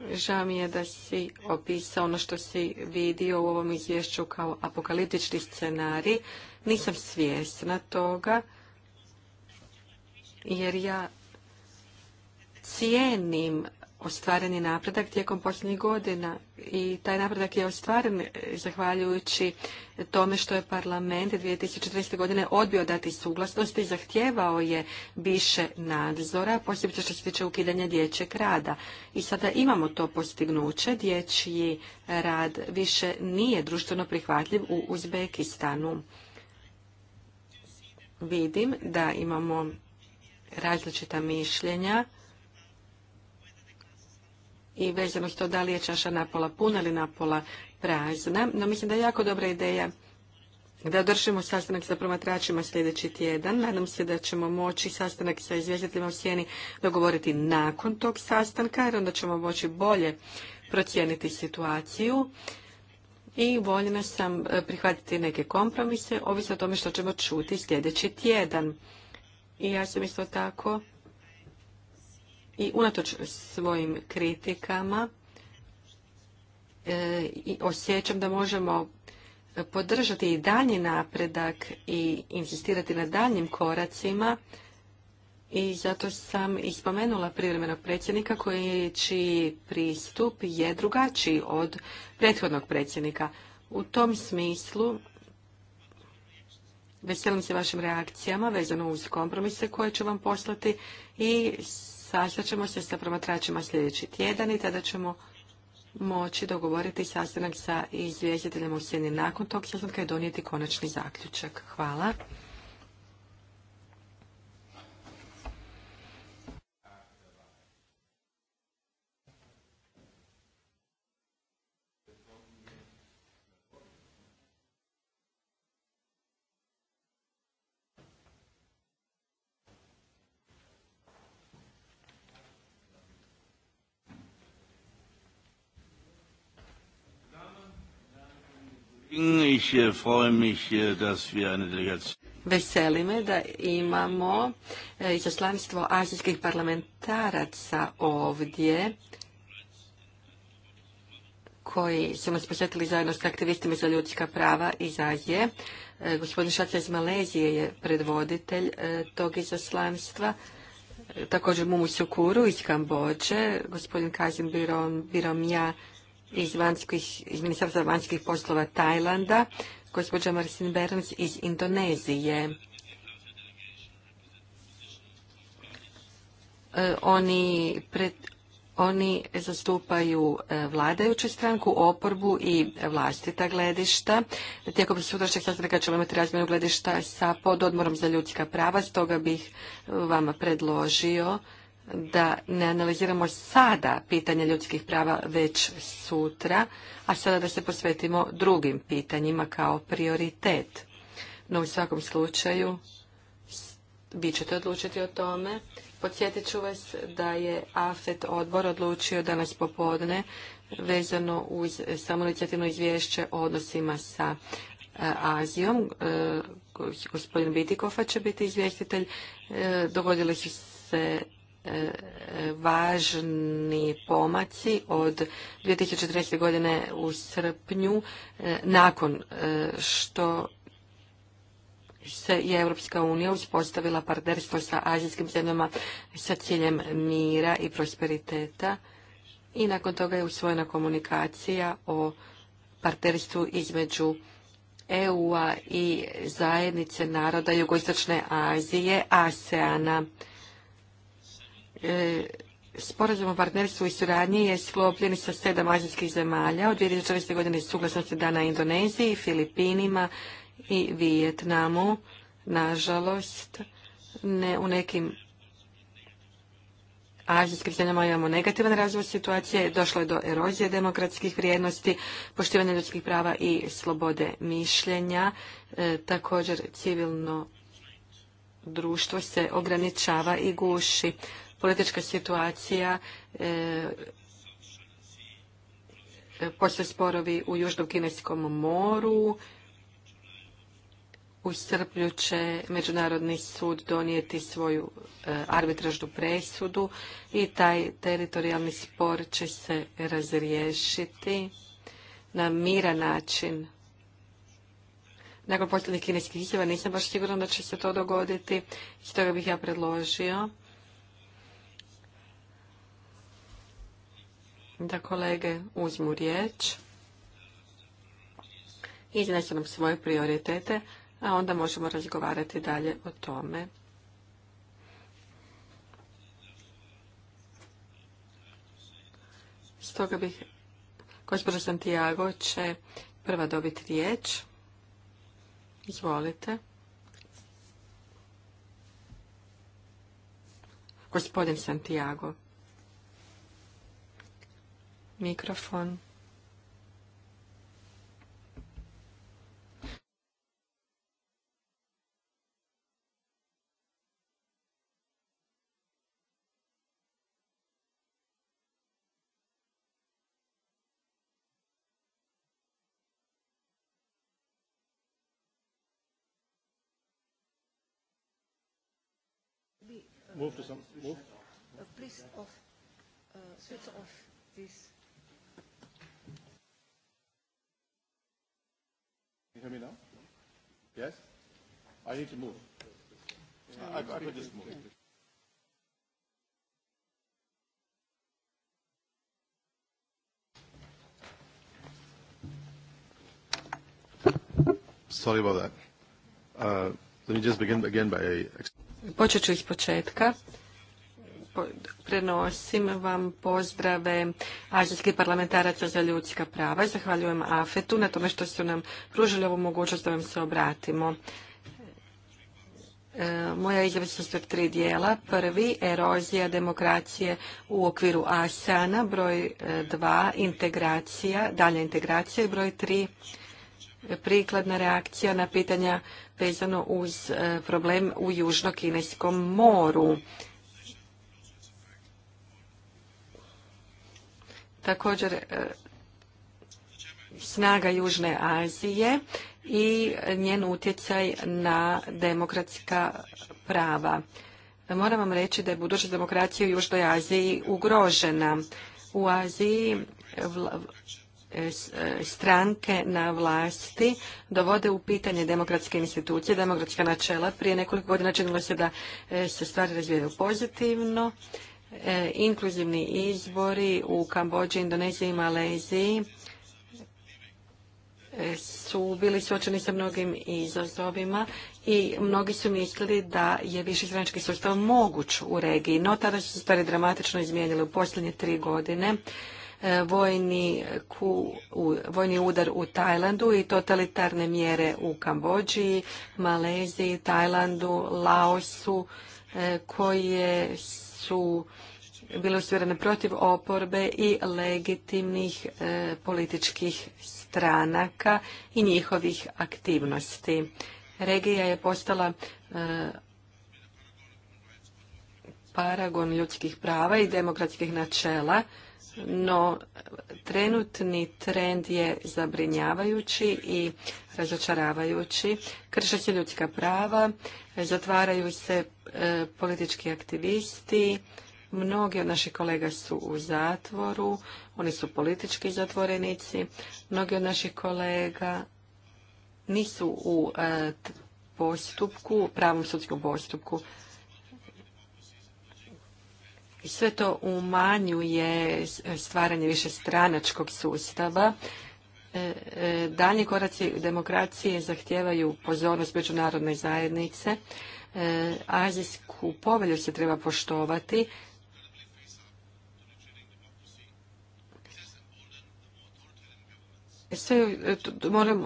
Žao mi je da si opisao ono što si vidio u ovom izvješću kao apokaliptični scenarij. Nisam svjesna toga, jer ja cijenim ostvareni napredak tijekom posljednjih godina i taj napredak je ostvaren zahvaljujući tome što je parlament 2014. godine odbio dati suglasnost i zahtijevao je više nadzora, posebice što se tiče ukidanja dječjeg rada. I sada imamo to postignuće, dječji rad više nije društveno prihvatljiv u Uzbekistanu. Vidim da imamo različita mišljenja i vezano to da li je čaša napola puna ili napola prazna. No mislim da je jako dobra ideja da držimo sastanak sa promatračima sljedeći tjedan. Nadam se da ćemo moći sastanak sa izvjestiteljima u sjeni dogovoriti nakon tog sastanka, jer onda ćemo moći bolje procijeniti situaciju i voljena sam e, prihvatiti neke kompromise, ovisno o tome što ćemo čuti sljedeći tjedan. I ja sam isto tako i unatoč svojim kritikama e, i osjećam da možemo podržati i dalji napredak i insistirati na daljnjim koracima i zato sam i spomenula privremenog predsjednika koji čiji pristup je drugačiji od prethodnog predsjednika. U tom smislu veselim se vašim reakcijama vezano uz kompromise koje ću vam poslati i Sastat ćemo se sa promatračima sljedeći tjedan i tada ćemo moći dogovoriti sastanak sa izvjestiteljem u sjeni nakon tog sastanka i donijeti konačni zaključak. Hvala. Äh, äh, Veseli me da imamo e, izaslanstvo azijskih parlamentaraca ovdje koji su nas posjetili zajedno s aktivistima za ljudska prava iz Azije. E, gospodin Šaca iz Malezije je predvoditelj e, tog izaslanstva. Također Mumu Sukuru iz Kambođe, gospodin Kazim ja iz, vanjskih, iz Ministarstva vanjskih poslova Tajlanda, gospođa Marcin Berns iz Indonezije. E, oni, pred, oni zastupaju e, vladajuću stranku, oporbu i vlastita gledišta. Tijekom sutrašnjeg sastanka ćemo imati razmjenu gledišta sa pododmorom za ljudska prava, stoga bih e, vama predložio da ne analiziramo sada pitanje ljudskih prava već sutra, a sada da se posvetimo drugim pitanjima kao prioritet. No u svakom slučaju vi ćete odlučiti o tome. Podsjetit ću vas da je AFET odbor odlučio danas popodne vezano uz samoinicijativno izvješće o odnosima sa e, Azijom. E, gospodin Bitikofa će biti izvjestitelj. E, dogodili su se važni pomaci od 2013 godine u srpnju e, nakon e, što se je Europska unija uspostavila partnerstvo sa azijskim zemljama sa ciljem mira i prosperiteta i nakon toga je usvojena komunikacija o partnerstvu između EU-a i zajednice naroda Jugoistočne Azije, asean a E, Sporazum o partnerstvu i suradnji je sklopljen sa sedam azijskih zemalja. Od 2014. godine suglasnost dana Indoneziji, Filipinima i Vijetnamu. Nažalost, ne u nekim azijskim zemljama imamo negativan razvoj situacije, došlo je do erozije demokratskih vrijednosti, poštivanja ljudskih prava i slobode mišljenja. E, također civilno društvo se ograničava i guši politička situacija, e, e, postoje sporovi u Južnom Kineskom moru, u Srplju će Međunarodni sud donijeti svoju e, arbitražnu presudu i taj teritorijalni spor će se razriješiti na miran način. Nakon posljednjih kineskih izjava nisam baš sigurna da će se to dogoditi. Stoga bih ja predložio da kolege uzmu riječ, iznesu nam svoje prioritete, a onda možemo razgovarati dalje o tome. Stoga bih, gospođa Santiago će prva dobiti riječ. Izvolite. Gospodin Santiago. Mikrofon. Move to some. Move. Uh, please off. Uh, switch off this. you hear me now? Yes? I need to move. I, I could just move. Sorry about that. Uh, let me just begin again by... Počet ću iz početka prenosim vam pozdrave Azijskih parlamentaraca za ljudska prava i zahvaljujem AFET-u na tome što su nam pružili ovu mogućnost da vam se obratimo. E, moja izjava su tri dijela. Prvi, erozija demokracije u okviru ASEANA, broj e, dva, integracija, dalja integracija i broj tri, prikladna reakcija na pitanja vezano uz e, problem u Južno-Kineskom moru. također e, snaga Južne Azije i njen utjecaj na demokratska prava. Moram vam reći da je budućnost demokracije u Južnoj Aziji ugrožena. U Aziji e, e, stranke na vlasti dovode u pitanje demokratske institucije, demokratska načela. Prije nekoliko godina činilo se da se stvari razvijaju pozitivno. E, inkluzivni izbori u Kambođi, Indoneziji i Maleziji e, su bili suočeni sa mnogim izazovima i mnogi su mislili da je višestranački sustav moguć u regiji. No tada su se stvari dramatično izmijenili u posljednje tri godine. E, vojni, ku, vojni udar u Tajlandu i totalitarne mjere u Kambođiji, Maleziji, Tajlandu, Laosu koje su bile usvjerene protiv oporbe i legitimnih e, političkih stranaka i njihovih aktivnosti. Regija je postala e, paragon ljudskih prava i demokratskih načela no trenutni trend je zabrinjavajući i razočaravajući. Krše se ljudska prava, zatvaraju se e, politički aktivisti, mnogi od naših kolega su u zatvoru, oni su politički zatvorenici, mnogi od naših kolega nisu u e, postupku, pravom sudskom postupku sve to umanjuje stvaranje više stranačkog sustava. E, e, Dalji koraci demokracije zahtijevaju pozornost međunarodne zajednice. E, azijsku povelju se treba poštovati. Sve,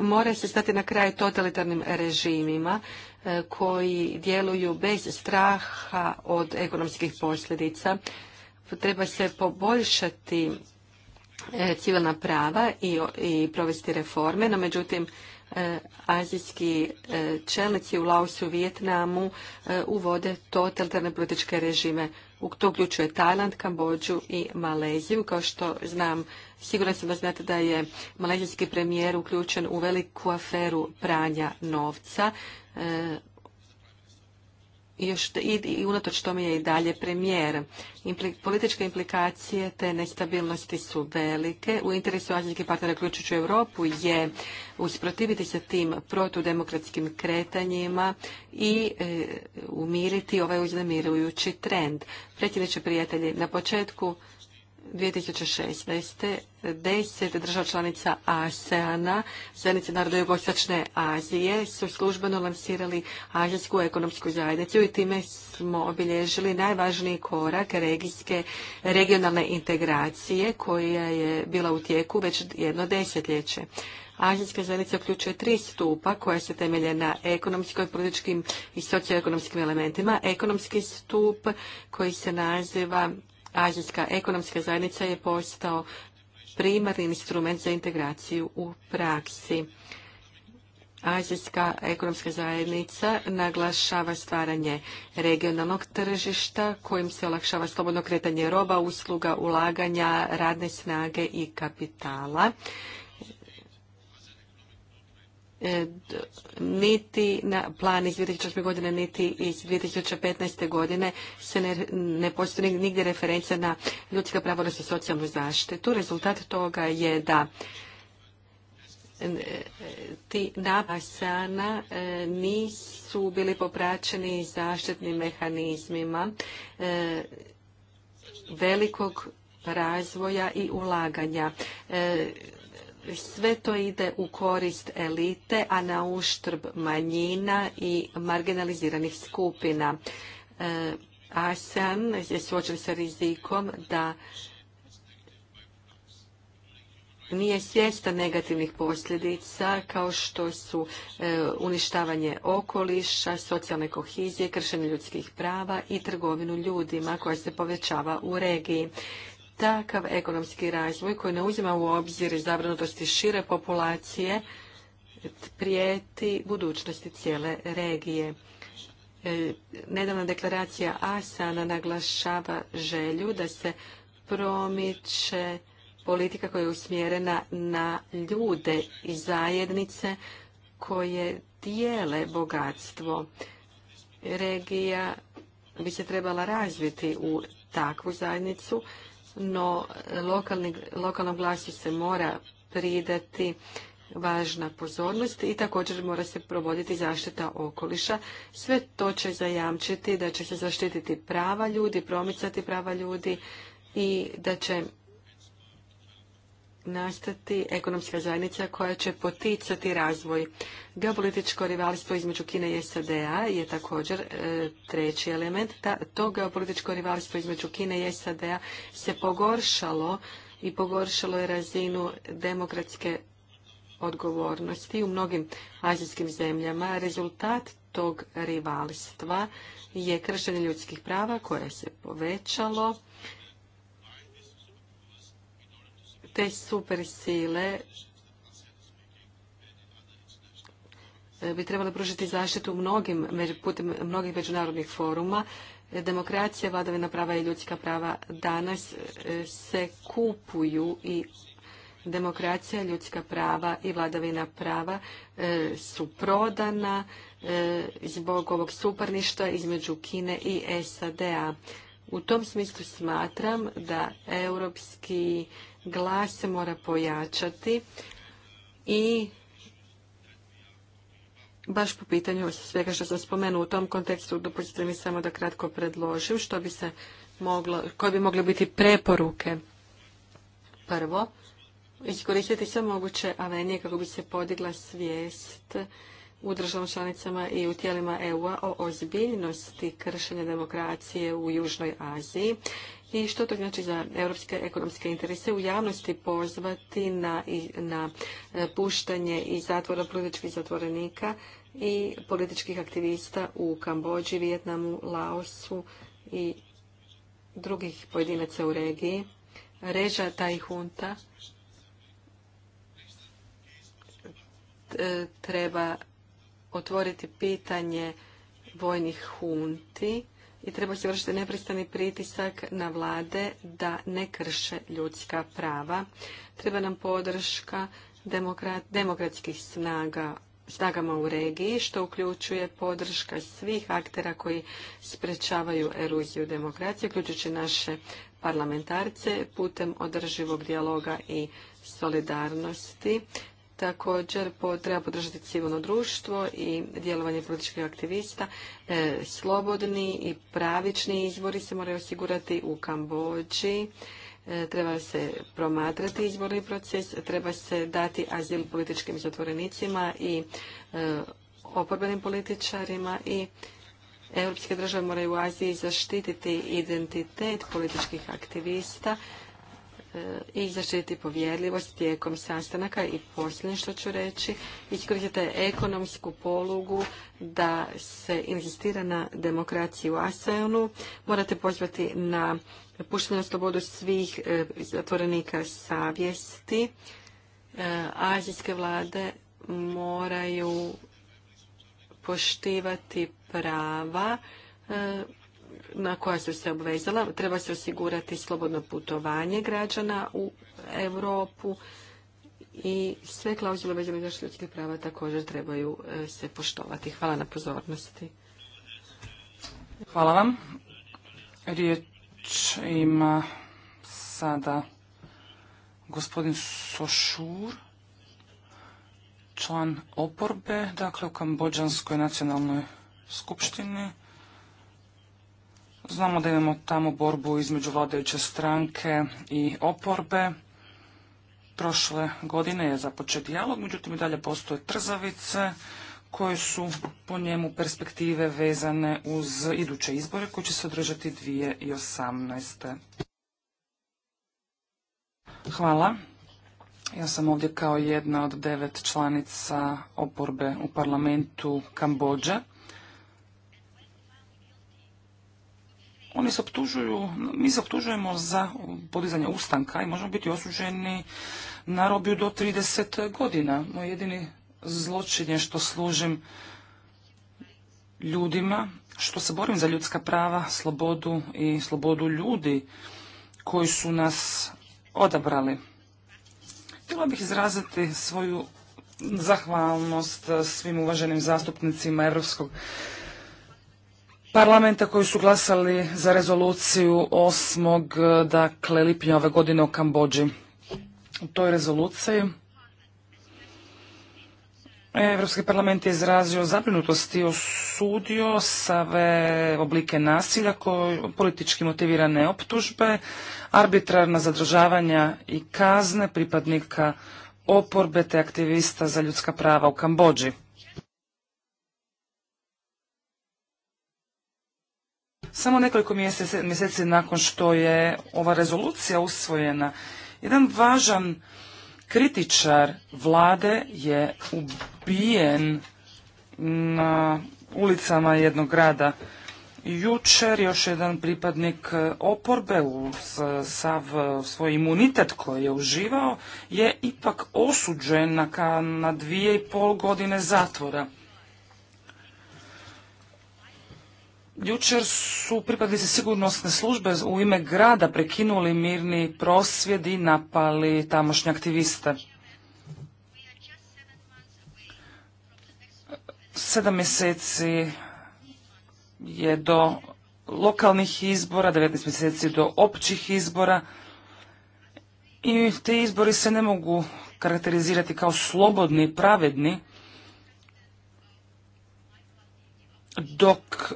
more, se stati na kraj totalitarnim režimima. E, koji djeluju bez straha od ekonomskih posljedica. Treba se poboljšati e, civilna prava i, provesti reforme, no međutim e, azijski čelnici u Laosu i Vijetnamu uvode totalitarne političke režime. To uključuje Tajland, Kambođu i Maleziju. Kao što znam, Sigurno sam da znate da je malezijski premijer uključen u veliku aferu pranja novca. E, i, unatoč tome je i dalje premijer. političke implikacije te nestabilnosti su velike. U interesu azijskih partnera uključujući Europu je usprotiviti se tim protudemokratskim kretanjima i e, umiriti ovaj uznemirujući trend. Predsjedniče prijatelji, na početku 2016. deset država članica ASEANA, zajednice naroda Jugoistočne Azije, su službeno lansirali Azijsku ekonomsku zajednicu i time smo obilježili najvažniji korak regijske, regionalne integracije koja je bila u tijeku već jedno desetljeće. Azijska zajednica uključuje tri stupa koja se temelje na ekonomskoj, političkim i socioekonomskim elementima. Ekonomski stup koji se naziva Azijska ekonomska zajednica je postao primarni instrument za integraciju u praksi. Azijska ekonomska zajednica naglašava stvaranje regionalnog tržišta kojim se olakšava slobodno kretanje roba, usluga, ulaganja, radne snage i kapitala. E, niti na plan iz 2008. godine, niti iz 2015. godine se ne, postoji nigdje referencija na ljudska prava, odnosno socijalnu zaštitu. Rezultat toga je da e, ti napasana e, nisu bili popraćeni zaštitnim mehanizmima velikog razvoja i ulaganja sve to ide u korist elite, a na uštrb manjina i marginaliziranih skupina. E, ASEAN je suočen sa rizikom da nije svjestan negativnih posljedica kao što su e, uništavanje okoliša, socijalne kohizije, kršenje ljudskih prava i trgovinu ljudima koja se povećava u regiji takav ekonomski razvoj koji ne uzima u obzir zabrinutosti šire populacije prijeti budućnosti cijele regije. E, nedavna deklaracija ASANA naglašava želju da se promiče politika koja je usmjerena na ljude i zajednice koje dijele bogatstvo. Regija bi se trebala razviti u takvu zajednicu no lokalnom glasu se mora pridati važna pozornost i također mora se provoditi zaštita okoliša. Sve to će zajamčiti da će se zaštititi prava ljudi, promicati prava ljudi i da će nastati ekonomska zajednica koja će poticati razvoj. Geopolitičko rivalstvo između Kine i SAD-a je također e, treći element. to geopolitičko rivalstvo između Kine i SAD-a se pogoršalo i pogoršalo je razinu demokratske odgovornosti u mnogim azijskim zemljama. Rezultat tog rivalstva je kršenje ljudskih prava koje se povećalo te supersile e, bi trebali pružiti zaštitu mnogim, putem mnogih međunarodnih foruma. Demokracija, vladavina prava i ljudska prava danas e, se kupuju i demokracija, ljudska prava i vladavina prava e, su prodana zbog ovog suparništva između Kine i SAD-a. U tom smislu smatram da europski glas se mora pojačati i baš po pitanju svega što sam spomenuo u tom kontekstu, dopustite mi samo da kratko predložim što bi se moglo, koje bi mogle biti preporuke. Prvo, iskoristiti sve moguće avenije kako bi se podigla svijest u državama članicama i u tijelima EU-a o ozbiljnosti kršenja demokracije u Južnoj Aziji i što to znači za europske ekonomske interese u javnosti pozvati na, e, puštanje i zatvora političkih zatvorenika i političkih aktivista u Kambođi, Vijetnamu, Laosu i drugih pojedinaca u regiji. Reža taj hunta e, treba otvoriti pitanje vojnih hunti i treba se vršiti nepristani pritisak na vlade da ne krše ljudska prava. Treba nam podrška demokratskih snaga snagama u regiji, što uključuje podrška svih aktera koji sprečavaju eruziju demokracije, uključujući naše parlamentarce putem održivog dijaloga i solidarnosti. Također treba podržati civilno društvo i djelovanje političkih aktivista. E, slobodni i pravični izbori se moraju osigurati u Kambođi. E, treba se promatrati izborni proces, treba se dati azil političkim zatvorenicima i e, oporbenim političarima i europske države moraju u Aziji zaštititi identitet političkih aktivista i zaštiti povjerljivost tijekom sastanaka i posljednje što ću reći, iskoristite ekonomsku polugu da se inzistira na demokraciju u ASEANu. Morate pozvati na puštenje na slobodu svih e, zatvorenika savjesti. E, azijske vlade moraju poštivati prava e, na koja su se obvezala. Treba se osigurati slobodno putovanje građana u Europu i sve klauzule vezane za ljudskih prava također trebaju e, se poštovati. Hvala na pozornosti. Hvala vam. Riječ ima sada gospodin Sošur, član oporbe, dakle u Kambođanskoj nacionalnoj skupštini. Znamo da imamo tamo borbu između vladajuće stranke i oporbe. Prošle godine je započet dijalog, međutim i dalje postoje trzavice koje su po njemu perspektive vezane uz iduće izbore koji će se održati 2018. Hvala. Ja sam ovdje kao jedna od devet članica oporbe u parlamentu Kambođe. Oni se optužuju, mi se optužujemo za podizanje ustanka i možemo biti osuđeni na robiju do 30 godina. Moj jedini zločin je što služim ljudima, što se borim za ljudska prava, slobodu i slobodu ljudi koji su nas odabrali. Htjela bih izraziti svoju zahvalnost svim uvaženim zastupnicima Europskog parlamenta koji su glasali za rezoluciju 8. dakle lipnja ove godine u Kambođi. U toj rezoluciji Evropski parlament je izrazio zabrinutost i osudio save oblike nasilja, koje, politički motivirane optužbe, arbitrarna zadržavanja i kazne pripadnika oporbe te aktivista za ljudska prava u Kambođi. samo nekoliko mjeseci, nakon što je ova rezolucija usvojena. Jedan važan kritičar vlade je ubijen na ulicama jednog grada. Jučer još jedan pripadnik oporbe uz sav svoj imunitet koji je uživao je ipak osuđen na dvije i pol godine zatvora. Jučer su pripadnici sigurnosne službe u ime grada prekinuli mirni prosvjed i napali tamošnje aktiviste. Sedam mjeseci je do lokalnih izbora, devetnaest mjeseci do općih izbora i te izbori se ne mogu karakterizirati kao slobodni i pravedni dok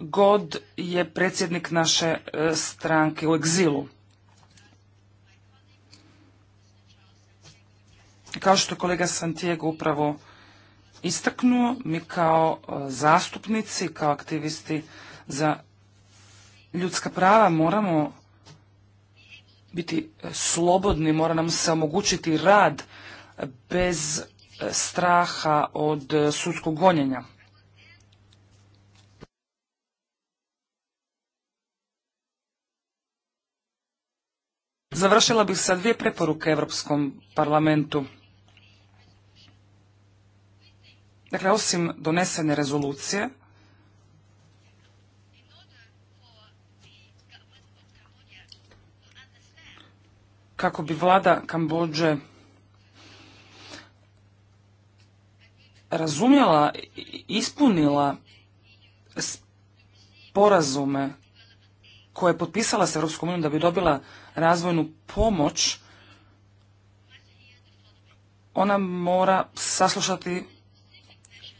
god je predsjednik naše e, stranke u egzilu. Kao što je kolega Santiago upravo istaknuo, mi kao e, zastupnici, kao aktivisti za ljudska prava moramo biti slobodni, mora nam se omogućiti rad bez e, straha od sudskog gonjenja. Završila bih sa dvije preporuke Europskom parlamentu. Dakle, osim donesene rezolucije, kako bi vlada Kambođe razumjela i ispunila sporazume koje je potpisala s Europskom unijom da bi dobila razvojnu pomoć, ona mora saslušati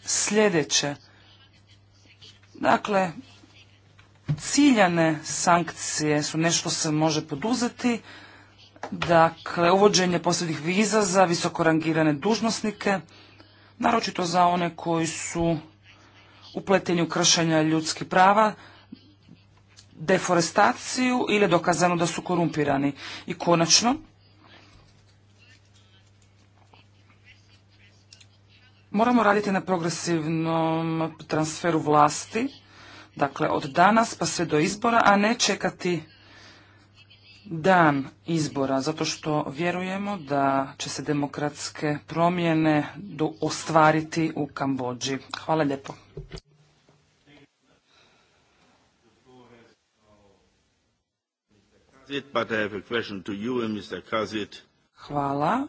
sljedeće. Dakle, ciljane sankcije su nešto se može poduzeti, dakle, uvođenje posebnih viza za visokorangirane dužnosnike, naročito za one koji su upleteni u kršenja ljudskih prava, deforestaciju ili je dokazano da su korumpirani. I konačno, moramo raditi na progresivnom transferu vlasti, dakle od danas pa sve do izbora, a ne čekati dan izbora, zato što vjerujemo da će se demokratske promjene ostvariti u Kambođi. Hvala lijepo. it, Hvala.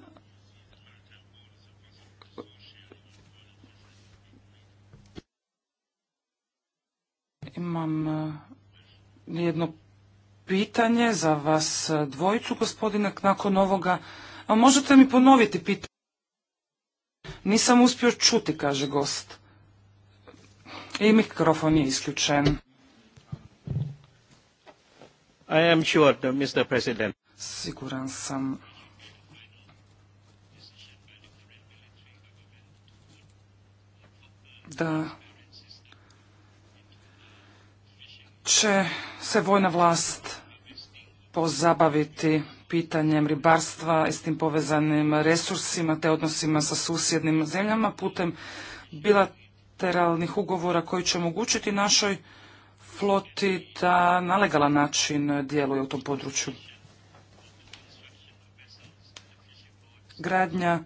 Imam e, jedno pitanje za vas dvojicu, gospodine, nakon ovoga. A možete mi ponoviti pitanje? Nisam uspio čuti, kaže gost. I mikrofon je isključen. Uh, Siguran sam da će se vojna vlast pozabaviti pitanjem ribarstva i s tim povezanim resursima te odnosima sa susjednim zemljama putem bilateralnih ugovora koji će omogućiti našoj floti da na legalan način djeluje u tom području. Gradnja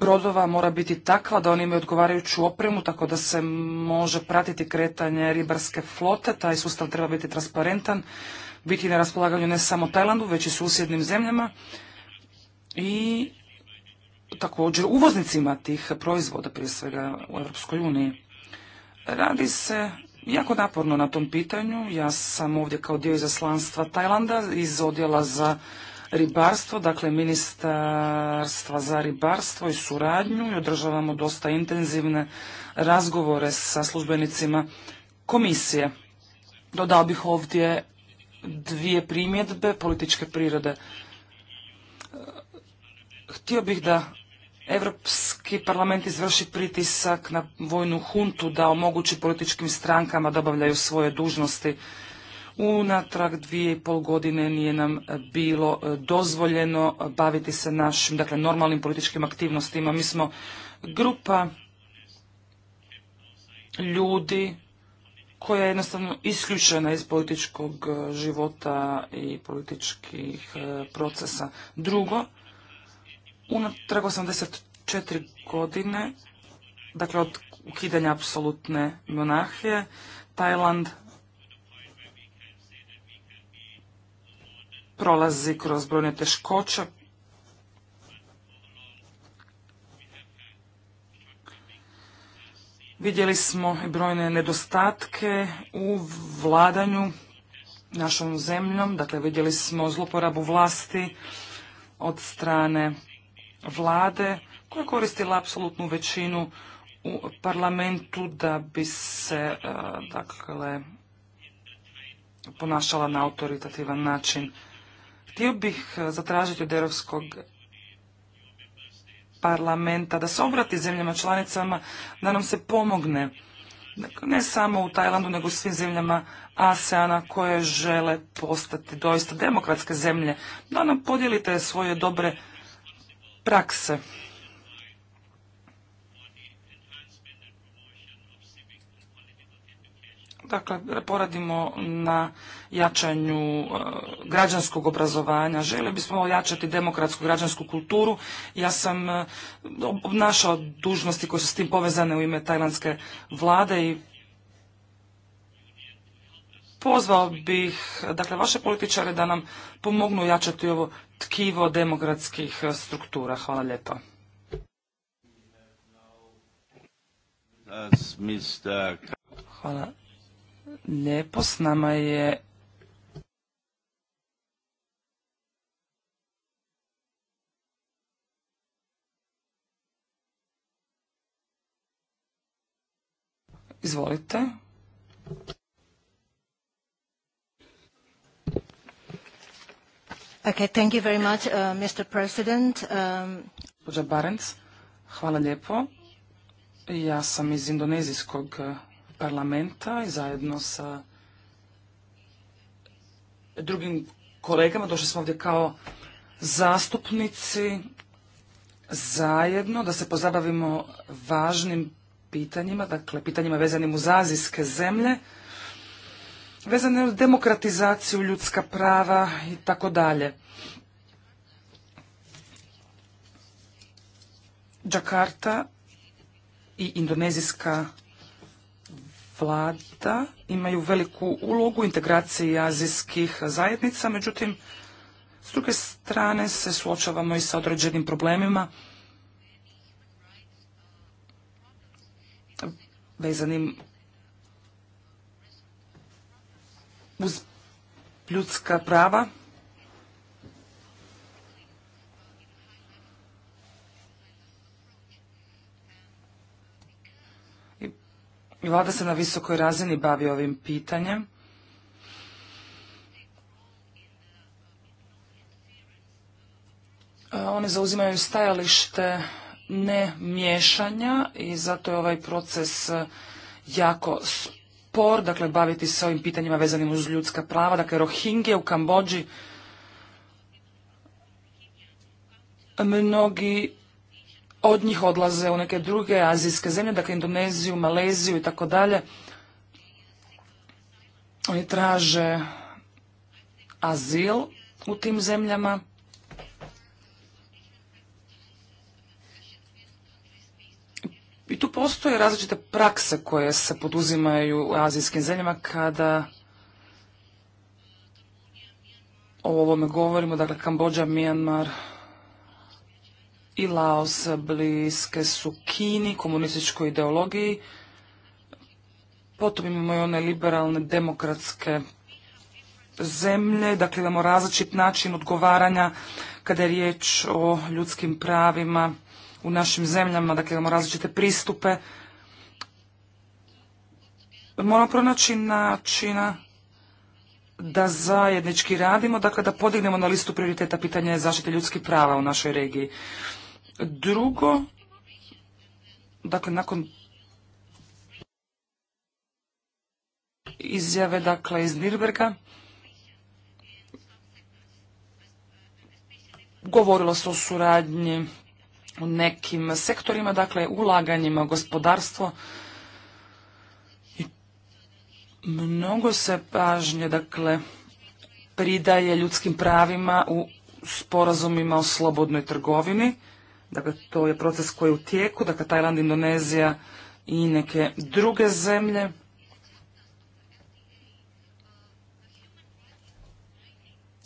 brodova mora biti takva da oni imaju odgovarajuću opremu tako da se može pratiti kretanje ribarske flote. Taj sustav treba biti transparentan, biti na raspolaganju ne samo Tajlandu, već i susjednim zemljama. I također uvoznicima tih proizvoda, prije svega u Europskoj uniji. Radi se jako naporno na tom pitanju. Ja sam ovdje kao dio izaslanstva Tajlanda iz odjela za ribarstvo, dakle ministarstva za ribarstvo i suradnju i održavamo dosta intenzivne razgovore sa službenicima komisije. Dodao bih ovdje dvije primjedbe političke prirode. Htio bih da Europski parlament izvrši pritisak na vojnu huntu da omogući političkim strankama da obavljaju svoje dužnosti. Unatrag dvije i pol godine nije nam bilo e, dozvoljeno baviti se našim, dakle, normalnim političkim aktivnostima. Mi smo grupa ljudi koja je jednostavno isključena iz političkog e, života i političkih e, procesa. Drugo, unatrag 84 godine, dakle od ukidanja apsolutne monarhije, Tajland prolazi kroz brojne teškoće. Vidjeli smo i brojne nedostatke u vladanju našom zemljom, dakle vidjeli smo zloporabu vlasti od strane vlade koja je koristila apsolutnu većinu u parlamentu da bi se e, dakle ponašala na autoritativan način. Htio bih e, zatražiti od Europskog parlamenta da se obrati zemljama članicama da nam se pomogne dakle, ne samo u Tajlandu nego u svim zemljama ASEANA koje žele postati doista demokratske zemlje da nam podijelite svoje dobre prakse. Dakle, poradimo na jačanju e, građanskog obrazovanja. Želi bismo jačati demokratsku građansku kulturu. Ja sam e, obnašao dužnosti koje su s tim povezane u ime tajlandske vlade i pozvao bih dakle, vaše političare da nam pomognu jačati ovo tkivo demokratskih e, struktura. Hvala lijepo. Hvala lijepo. S nama je Izvolite. Okay, thank you very much, uh, um, hvala lijepo. Ja sam iz indonezijskog uh, parlamenta i zajedno sa drugim kolegama došli smo ovdje kao zastupnici zajedno da se pozabavimo važnim pitanjima, dakle pitanjima vezanim uz azijske zemlje vezane uz demokratizaciju, ljudska prava i tako dalje. Jakarta i indonezijska vlada imaju veliku ulogu integraciji azijskih zajednica, međutim, s druge strane se suočavamo i sa određenim problemima vezanim uz ljudska prava. I vlada se na visokoj razini bavi ovim pitanjem. E, oni zauzimaju stajalište ne miješanja i zato je ovaj proces e, jako spor, dakle baviti se ovim pitanjima vezanim uz ljudska prava, dakle Rohingje u Kambođi. Mnogi od njih odlaze u neke druge azijske zemlje, dakle Indoneziju, Maleziju i tako dalje. Oni traže azil u tim zemljama. I tu postoje različite prakse koje se poduzimaju u azijskim zemljama kada o ovome govorimo, dakle Kambođa, Mijanmar i Laos bliske su Kini, komunističkoj ideologiji. Potom imamo i one liberalne demokratske zemlje, dakle imamo različit način odgovaranja kada je riječ o ljudskim pravima u našim zemljama, dakle imamo različite pristupe. Moramo pronaći načina da zajednički radimo, dakle da podignemo na listu prioriteta pitanje zaštite ljudskih prava u našoj regiji. Drugo, dakle nakon izjave dakle iz Nirberga, govorilo se o suradnji u nekim sektorima, dakle ulaganjima gospodarstvo. I mnogo se pažnje, dakle, pridaje ljudskim pravima u sporazumima o slobodnoj trgovini. Dakle, to je proces koji je u tijeku, dakle, Tajland, Indonezija i neke druge zemlje.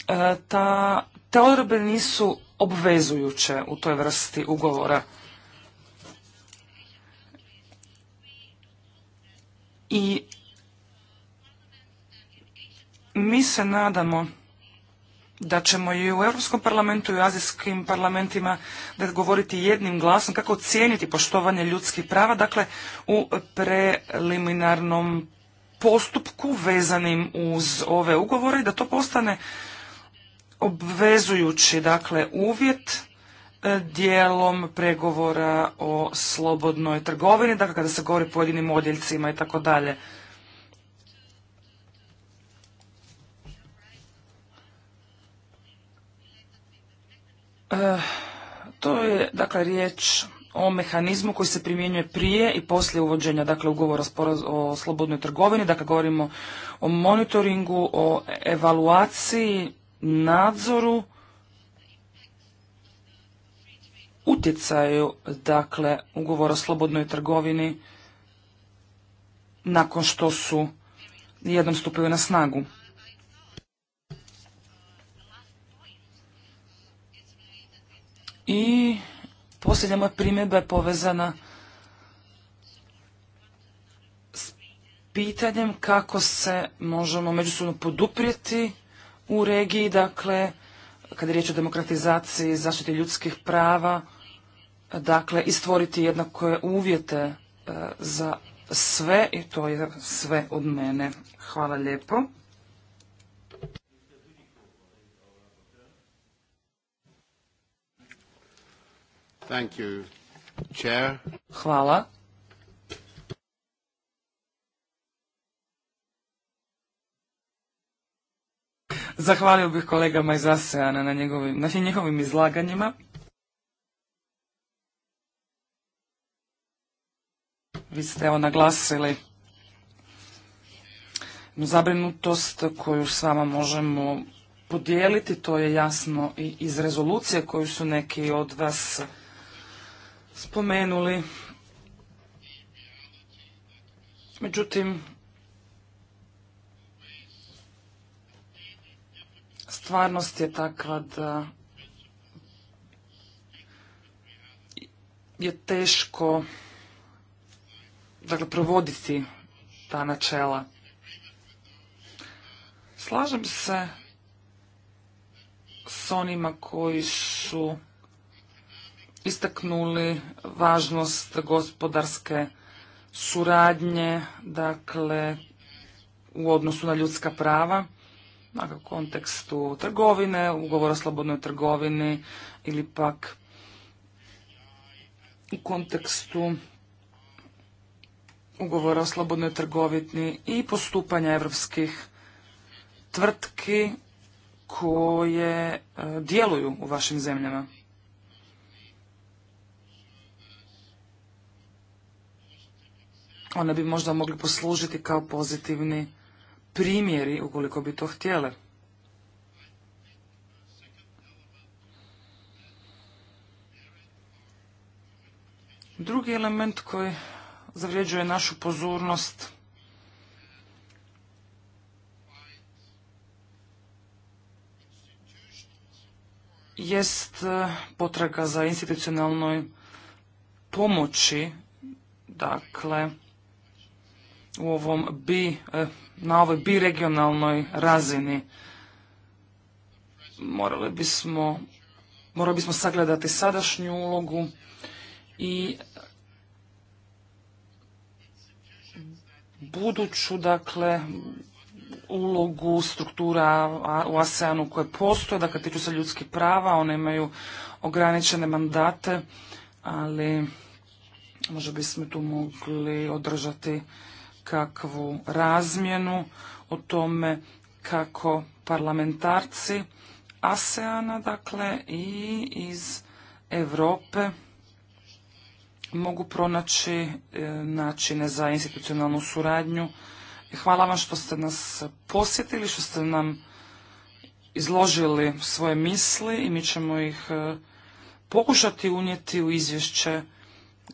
E, te odredbe nisu obvezujuće u toj vrsti ugovora. I mi se nadamo da ćemo i u Europskom parlamentu i u azijskim parlamentima da govoriti jednim glasom kako cijeniti poštovanje ljudskih prava, dakle u preliminarnom postupku vezanim uz ove ugovore i da to postane obvezujući dakle uvjet e, dijelom pregovora o slobodnoj trgovini, dakle kada se govori pojedinim odjeljcima i tako dalje. E, to je dakle riječ o mehanizmu koji se primjenjuje prije i poslije uvođenja dakle ugovora o slobodnoj trgovini, dakle govorimo o monitoringu, o evaluaciji nadzoru, utjecaju, dakle, ugovor o slobodnoj trgovini nakon što su jednom stupili na snagu. I posljednja moja primjedba je povezana s pitanjem kako se možemo međusobno poduprijeti u regiji, dakle, kad je riječ o demokratizaciji, zaštiti ljudskih prava, dakle, i stvoriti jednake uvjete e, za sve i to je sve od mene. Hvala lijepo. Thank you, chair. Hvala. Zahvalio bih kolegama iz ASEANA na njegovim, na njihovim izlaganjima. Vi ste evo naglasili zabrinutost koju s vama možemo podijeliti, to je jasno i iz rezolucije koju su neki od vas spomenuli. Međutim, stvarnost je takva da je teško dakle, provoditi ta načela. Slažem se s onima koji su istaknuli važnost gospodarske suradnje, dakle, u odnosu na ljudska prava dakle, u kontekstu trgovine, ugovora o slobodnoj trgovini ili pak u kontekstu ugovora o slobodnoj trgovini i postupanja evropskih tvrtki koje e, djeluju u vašim zemljama. One bi možda mogli poslužiti kao pozitivni primjeri ukoliko bi to htjele. Drugi element koji zavređuje našu pozornost jest e, potraga za institucionalnoj pomoći, dakle, u ovom bi, eh, na ovoj regionalnoj razini. Morali bismo, morali bismo sagledati sadašnju ulogu i buduću, dakle, ulogu struktura u ASEANu koje postoje, dakle, tiču se ljudskih prava, one imaju ograničene mandate, ali možda bismo tu mogli održati kakvu razmjenu o tome kako parlamentarci ASEANA, dakle, i iz Europe mogu pronaći e, načine za institucionalnu suradnju. Hvala vam što ste nas posjetili, što ste nam izložili svoje misli i mi ćemo ih e, pokušati unijeti u izvješće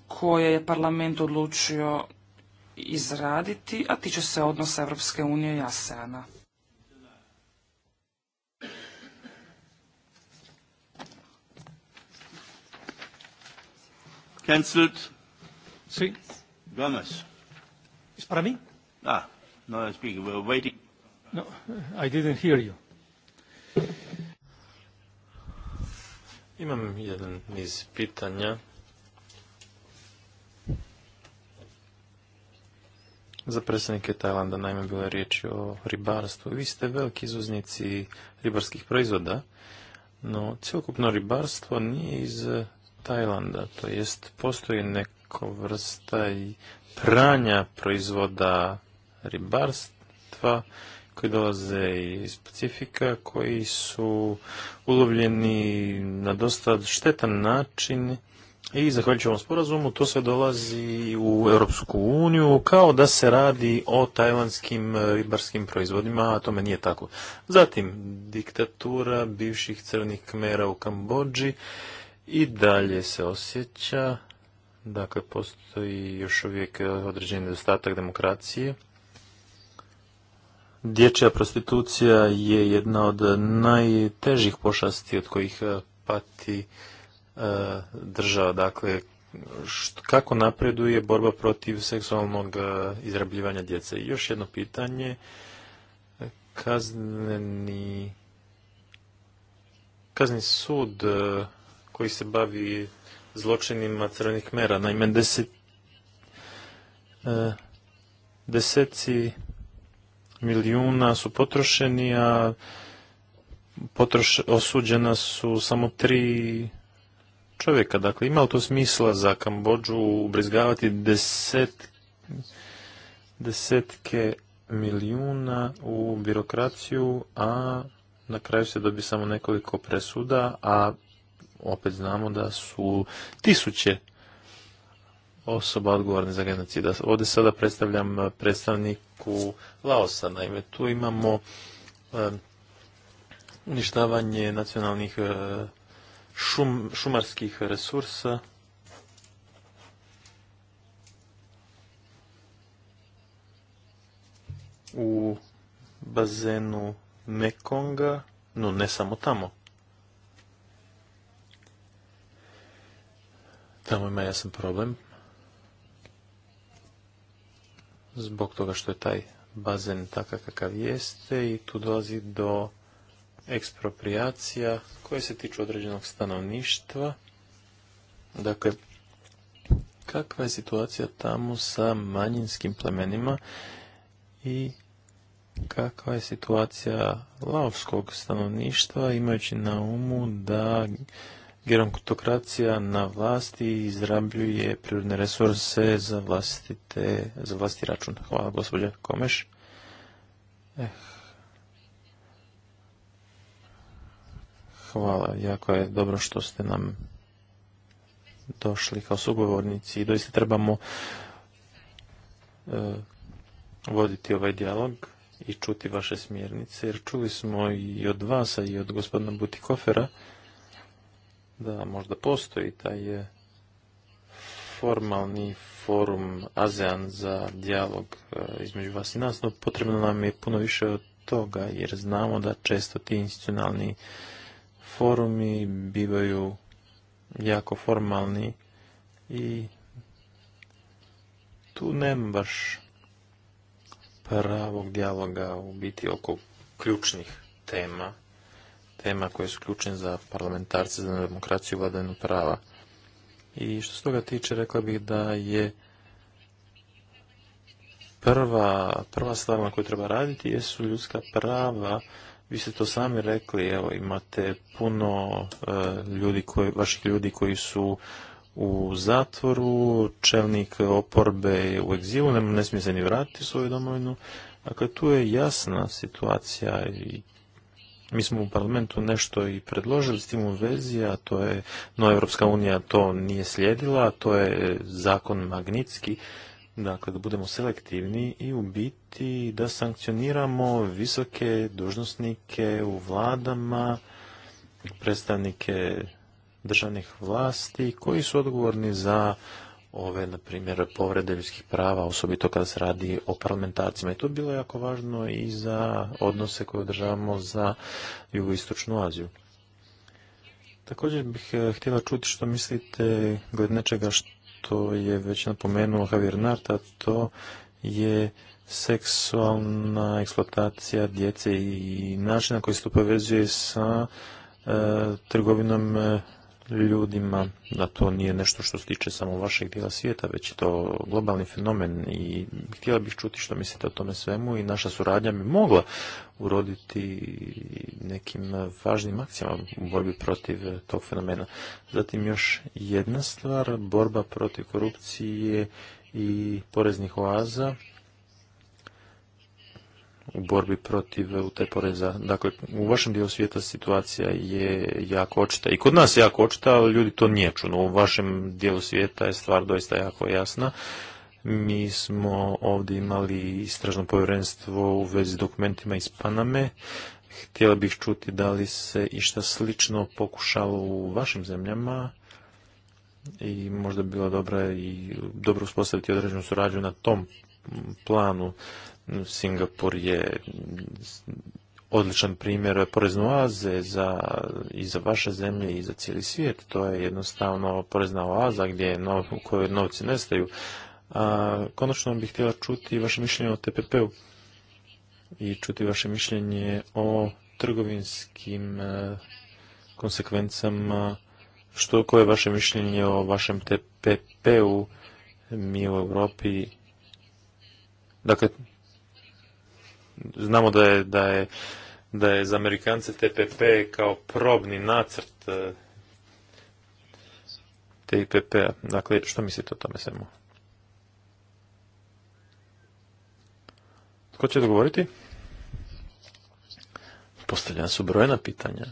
koje je parlament odlučio izraditi, a tiče se odnosa Evropske unije i ASEANA. Cancelled. Sí. Gomez. Is para mí? Ah, no, I speak. We're waiting. No, I didn't hear you. Imam jedan iz pitanja za predstavnike Tajlanda. Naime, bilo je riječ o ribarstvu. Vi ste veliki izvoznici ribarskih proizvoda, no cijelokupno ribarstvo nije iz Tajlanda, to jest postoji neko vrsta i pranja proizvoda ribarstva koji dolaze iz Pacifika, koji su ulovljeni na dosta štetan način i zahvaljujući ovom sporazumu to se dolazi u Europsku uniju kao da se radi o tajvanskim e, ribarskim proizvodima, a tome nije tako. Zatim, diktatura bivših crvenih kmera u Kambodži i dalje se osjeća, dakle postoji još uvijek e, određeni nedostatak demokracije. Dječja prostitucija je jedna od najtežih pošasti od kojih e, pati E, država, dakle kako napreduje borba protiv seksualnog e, izrabljivanja djece. I još jedno pitanje, kazneni, kazni sud e, koji se bavi zločinima crvenih mera, naime deset, deseci milijuna su potrošeni, a osuđena su samo tri čovjeka. Dakle, ima li to smisla za Kambođu ubrizgavati deset, desetke milijuna u birokraciju, a na kraju se dobi samo nekoliko presuda, a opet znamo da su tisuće osoba odgovorne za genocida. Ovdje sada predstavljam predstavniku Laosa. Naime, tu imamo eh, uništavanje nacionalnih eh, šum, šumarskih resursa. U bazenu Mekonga, no ne samo tamo. Tamo ima jasan problem. Zbog toga što je taj bazen takav kakav jeste i tu dolazi do ekspropriacija koje se tiču određenog stanovništva. Dakle, kakva je situacija tamo sa manjinskim plemenima i kakva je situacija laovskog stanovništva imajući na umu da gerontokracija na vlasti izrabljuje prirodne resurse za, vlastite, za vlasti račun. Hvala gospođa Komeš. Eh, hvala. Jako je dobro što ste nam došli kao sugovornici i doista trebamo e, voditi ovaj dijalog i čuti vaše smjernice, jer čuli smo i od vas, i od gospodina Butikofera, da možda postoji taj e, formalni forum ASEAN za dijalog e, između vas i nas, no potrebno nam je puno više od toga, jer znamo da često ti institucionalni forumi bivaju jako formalni i tu nema baš pravog dijaloga u biti oko ključnih tema, tema koje su ključne za parlamentarce, za demokraciju i vladavinu prava. I što se toga tiče, rekla bih da je prva, prva stvar na koju treba raditi jesu ljudska prava vi ste to sami rekli, evo imate puno e, ljudi koji, vaših ljudi koji su u zatvoru, čelnik oporbe u egzilu, ne, ne smije se ni vratiti u svoju domovinu. Dakle, tu je jasna situacija i mi smo u parlamentu nešto i predložili s tim u vezi, a to je, no Evropska unija to nije slijedila, a to je zakon magnitski, dakle da budemo selektivni i u biti i da sankcioniramo visoke dužnosnike u vladama, predstavnike državnih vlasti koji su odgovorni za ove, na primjer, povrede ljudskih prava, osobito kada se radi o parlamentarcima. I to je bilo jako važno i za odnose koje održavamo za jugoistočnu Aziju. Također bih eh, htjela čuti što mislite glede nečega što je već napomenuo Javier Narta, to je seksualna eksploatacija djece i način na koji se to povezuje sa e, trgovinom e, ljudima, da to nije nešto što se tiče samo vašeg dijela svijeta, već je to globalni fenomen i htjela bih čuti što mislite o tome svemu i naša suradnja bi mogla uroditi nekim važnim akcijama u borbi protiv tog fenomena. Zatim još jedna stvar, borba protiv korupcije i poreznih oaza u borbi protiv te poreza. Dakle, u vašem dijelu svijeta situacija je jako očita. I kod nas je jako očita, ali ljudi to nije čuno. u vašem dijelu svijeta je stvar doista jako jasna. Mi smo ovdje imali istražno povjerenstvo u vezi s dokumentima iz Paname. Htjela bih čuti da li se išta slično pokušalo u vašim zemljama i možda bi bilo dobro i dobro uspostaviti određenu suradnju na tom planu. Singapur je odličan primjer porezne oaze za, i za vaše zemlje i za cijeli svijet. To je jednostavno porezna oaza gdje u kojoj novci nestaju. A, konačno bih htjela čuti vaše mišljenje o TPP-u i čuti vaše mišljenje o trgovinskim e, konsekvencama. Što koje je vaše mišljenje o vašem TPP-u mi u Europi? Dakle, znamo da je, da je, da je za Amerikance TPP kao probni nacrt e, TPP-a. Dakle, što mislite o tome svemu? Tko će odgovoriti? Postavljena su brojna pitanja.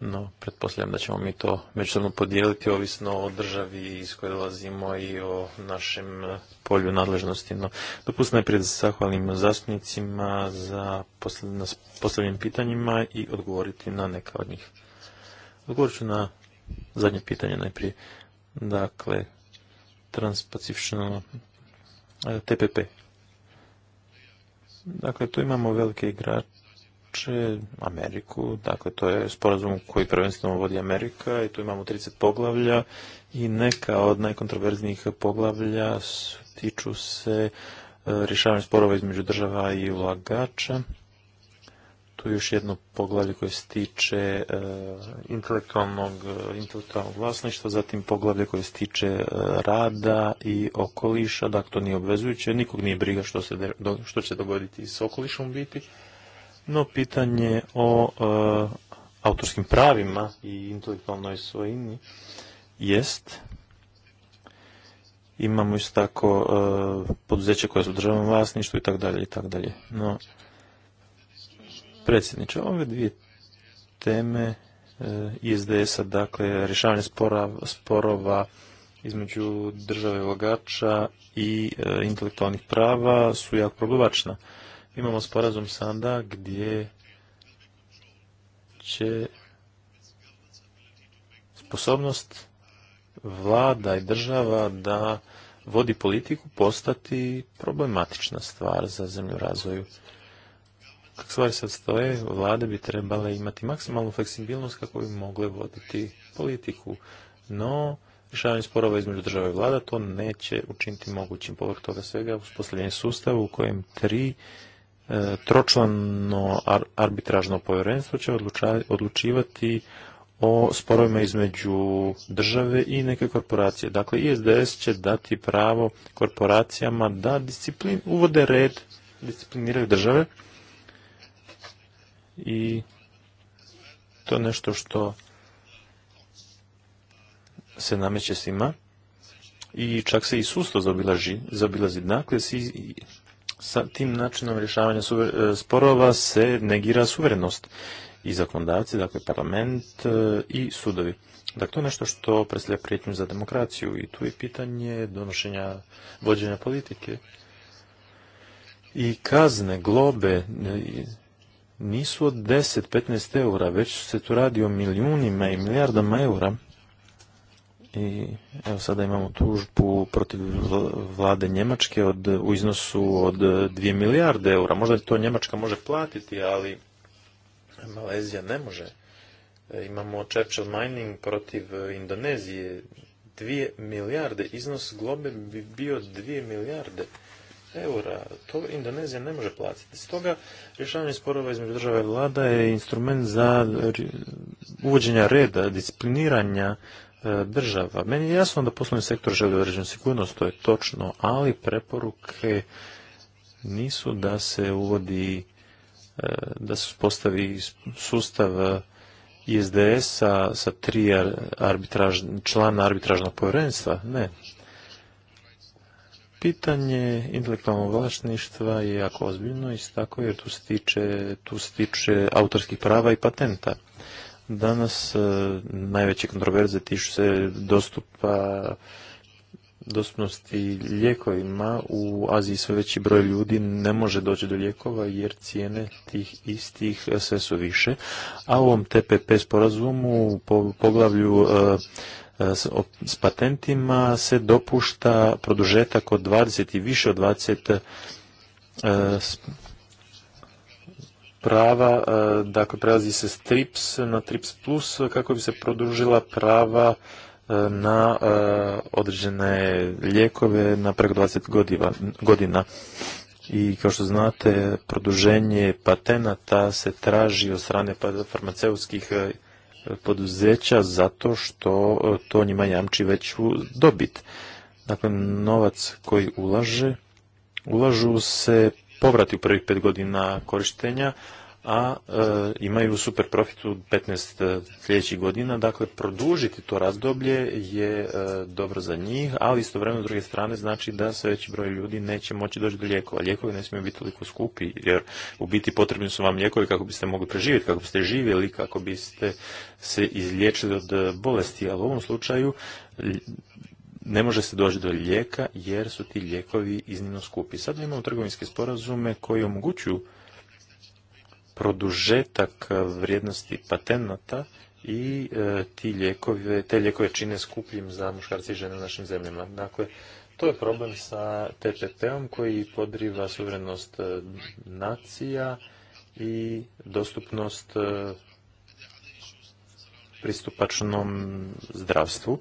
No, pretpostavljam da ćemo mi to međusobno podijeliti ovisno o državi iz koje dolazimo i o našem eh, polju nadležnosti. No, dopustite najprije da se zahvalim zastupnicima za postavljenim pitanjima i odgovoriti na neka od njih. Odgovorit ću na zadnje pitanje najprije. Dakle, transpacifično eh, TPP. Dakle, tu imamo velike igrače Ameriku, dakle to je sporazum koji prvenstveno vodi Amerika i tu imamo 30 poglavlja i neka od najkontroverznijih poglavlja tiču se e, rješavanja sporova između država i ulagača. Tu je još jedno poglavlje koje se tiče e, intelektualnog, e, intelektualnog vlasništva, zatim poglavlje koje se tiče rada i okoliša, dakle to nije obvezujuće, nikog nije briga što, se, što će dogoditi s okolišom biti. No, pitanje o e, autorskim pravima i intelektualnoj svojini jest. Imamo isto tako e, poduzeće koje su u državnom i tako dalje i tako dalje. No, predsjedniče, ove dvije teme e, ISDS-a, dakle, rješavanje spora, sporova između države ulagača i e, intelektualnih prava su jako problematična imamo sporazum sada gdje će sposobnost vlada i država da vodi politiku postati problematična stvar za zemlju razvoju. Kako stvari sad stoje, vlade bi trebale imati maksimalnu fleksibilnost kako bi mogle voditi politiku. No, rješavanje sporova između države i vlada to neće učiniti mogućim. Povrh toga svega uspostavljanje sustava u kojem tri E, tročlano arbitražno povjerenstvo će odlučivati o sporovima između države i neke korporacije. Dakle, ISDS će dati pravo korporacijama da disciplin, uvode red, discipliniraju države i to je nešto što se nameće svima i čak se i susto zabilazi. Dakle, sa tim načinom rješavanja e, sporova se negira suverenost i zakonodavci, dakle parlament e, i sudovi. Dakle, to je nešto što predstavlja prijetnju za demokraciju i tu je pitanje donošenja vođenja politike. I kazne, globe, e, nisu od 10-15 eura, već se tu radi o milijunima i milijardama eura. I evo sada imamo tužbu protiv vlade Njemačke od, u iznosu od 2 e, milijarde eura. Možda to Njemačka može platiti, ali Malezija ne može. E, imamo Churchill Mining protiv e, Indonezije. 2 milijarde, iznos globe bi bio 2 milijarde eura. To Indonezija ne može platiti. Stoga, rješavanje sporova između države vlada je instrument za uvođenja reda, discipliniranja E, država. Meni je jasno da poslovni sektor želi određenu sigurnost, to je točno, ali preporuke nisu da se uvodi, e, da se postavi sustav ISDS-a sa tri člana arbitražnog povjerenstva. Ne. Pitanje intelektualnog vlasništva je jako ozbiljno i tako jer tu tu se tiče autorskih prava i patenta. Danas e, najveće kontroverze tiču se dostupa dostupnosti lijekovima. U Aziji sve veći broj ljudi ne može doći do lijekova jer cijene tih istih sve su više. A u ovom TPP sporazumu u po, poglavlju e, e, s, patentima se dopušta produžetak od 20 i više od 20 prava, e, dakle prelazi se s TRIPS na TRIPS plus kako bi se produžila prava e, na e, određene lijekove na preko 20 godina. I kao što znate, produženje patenata se traži od strane pa-, farmaceutskih poduzeća zato što to njima jamči veću dobit. Dakle, novac koji ulaže, ulažu se povrati u prvih pet godina korištenja, a e, imaju super profit u 15 e, sljedećih godina. Dakle, produžiti to razdoblje je e, dobro za njih, ali istovremeno s druge strane znači da sve veći broj ljudi neće moći doći do lijekova. Lijekovi ne smiju biti toliko skupi, jer u biti potrebni su vam lijekovi kako biste mogli preživjeti, kako biste živjeli, kako biste se izliječili od bolesti, ali u ovom slučaju ne može se doći do lijeka jer su ti lijekovi iznimno skupi. Sada imamo trgovinske sporazume koji omogućuju produžetak vrijednosti patenata i e, ti lijekovi, te lijekove čine skupljim za muškarce i žene u našim zemljama. Dakle, to je problem sa TPP-om koji podriva suverenost e, nacija i dostupnost e, pristupačnom zdravstvu.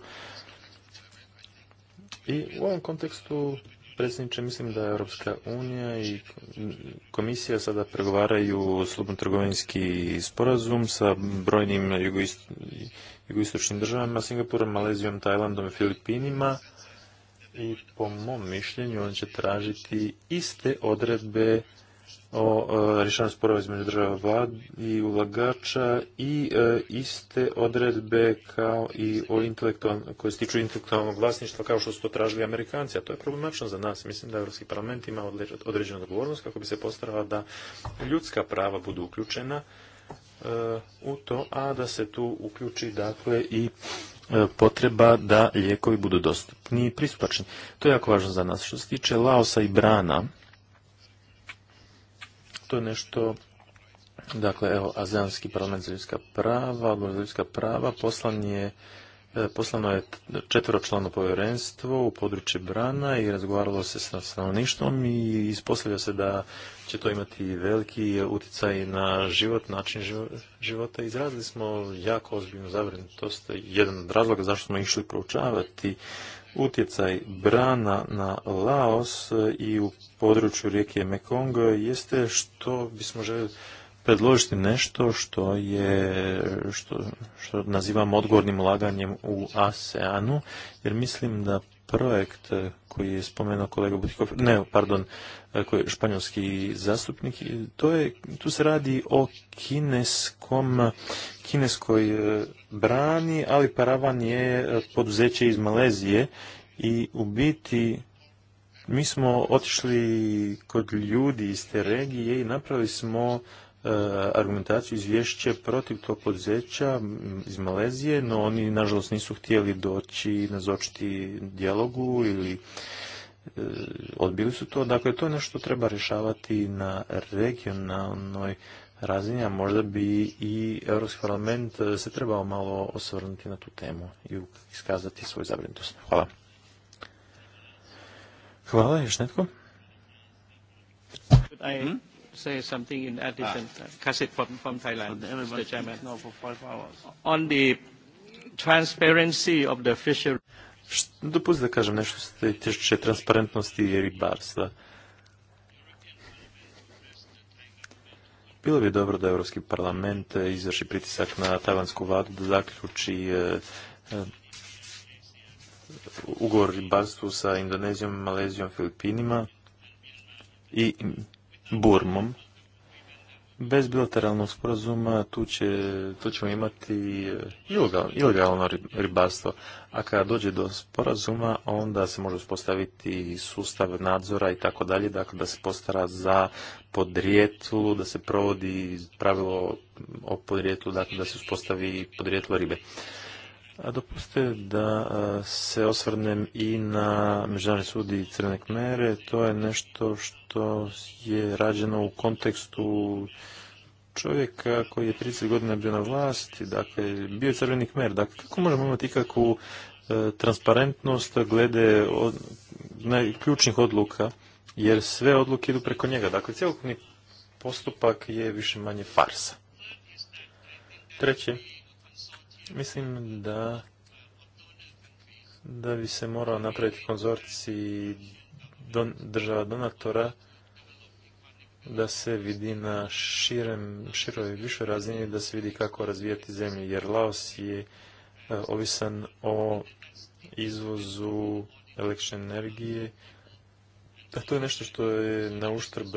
I u ovom kontekstu, predsjedniče, mislim da je Europska unija i komisija sada pregovaraju slobodno trgovinski sporazum sa brojnim jugoistočnim državama, Singapurom, Malezijom, Tajlandom i Filipinima. I po mom mišljenju on će tražiti iste odredbe o rješavanju sporova između država vlad i ulagača i e, iste odredbe kao i o koje se tiču intelektualnog vlasništva kao što su to tražili Amerikanci, a to je problematično za nas. Mislim da Europski parlament ima određenu odgovornost kako bi se postarala da ljudska prava budu uključena e, u to, a da se tu uključi dakle i e, potreba da lijekovi budu dostupni i pristupačni. To je jako važno za nas. Što se tiče Laosa i Brana, to je nešto Dakle, evo, Azijanski parlament za ljudska prava, odbor za ljudska prava, poslan je, e, poslano je člano povjerenstvo u područje Brana i razgovaralo se sa stanovništvom i ispostavlja se da će to imati veliki utjecaj na život, način života. Izrazili smo jako ozbiljnu zabrinutost. Jedan od razloga zašto smo išli proučavati utjecaj Brana na Laos i u području rijeke Mekong jeste što bismo željeli predložiti nešto što je što, što nazivamo odgovornim ulaganjem u ASEANu jer mislim da projekt koji je spomenuo kolega Butikov, ne, pardon, koji španjolski zastupnik, to je, tu se radi o kineskom, kineskoj e, brani, ali paravan je e, poduzeće iz Malezije i u biti mi smo otišli kod ljudi iz te regije i napravili smo e, argumentaciju izvješće protiv tog poduzeća iz Malezije, no oni nažalost nisu htjeli doći nazočiti dijalogu ili e, odbili su to. Dakle, to je nešto treba rješavati na regionalnoj razini, a možda bi i Europski parlament e, se trebao malo osvrnuti na tu temu i iskazati svoju zabrinutost. Hvala. Hvala, još netko? Hmm? say something in addition, ah. from, from Thailand, Mr. Chairman. No, for five hours. On the transparency of the fishery. Dopustite da kažem nešto što se tiče transparentnosti i ribarstva. Bilo bi dobro da Europski parlament izvrši pritisak na tajvansku vladu da zaključi e, e, ugovor ribarstvu sa Indonezijom, Malezijom, Filipinima i Burmom. Bez bilateralnog sporazuma tu, će, tu ćemo imati e, ilegalno ribarstvo, a kada dođe do sporazuma onda se može uspostaviti sustav nadzora i tako dalje, dakle da se postara za podrijetlu, da se provodi pravilo o podrijetlu, dakle da se uspostavi podrijetlo ribe. A dopustite da se osvrnem i na Međunarodni sud i Crne Kmere. To je nešto što je rađeno u kontekstu čovjeka koji je 30 godina bio na vlasti, dakle, bio je Crveni Kmer. Dakle, kako možemo imati ikakvu e, transparentnost glede od, ključnih odluka, jer sve odluke idu preko njega. Dakle, cjelokupni postupak je više manje farsa. Treće, Mislim da da bi se morao napraviti konzorci država donatora da se vidi na širem, široj i višoj razini da se vidi kako razvijati zemlje. jer Laos je e, ovisan o izvozu električne energije. to je nešto što je na uštrb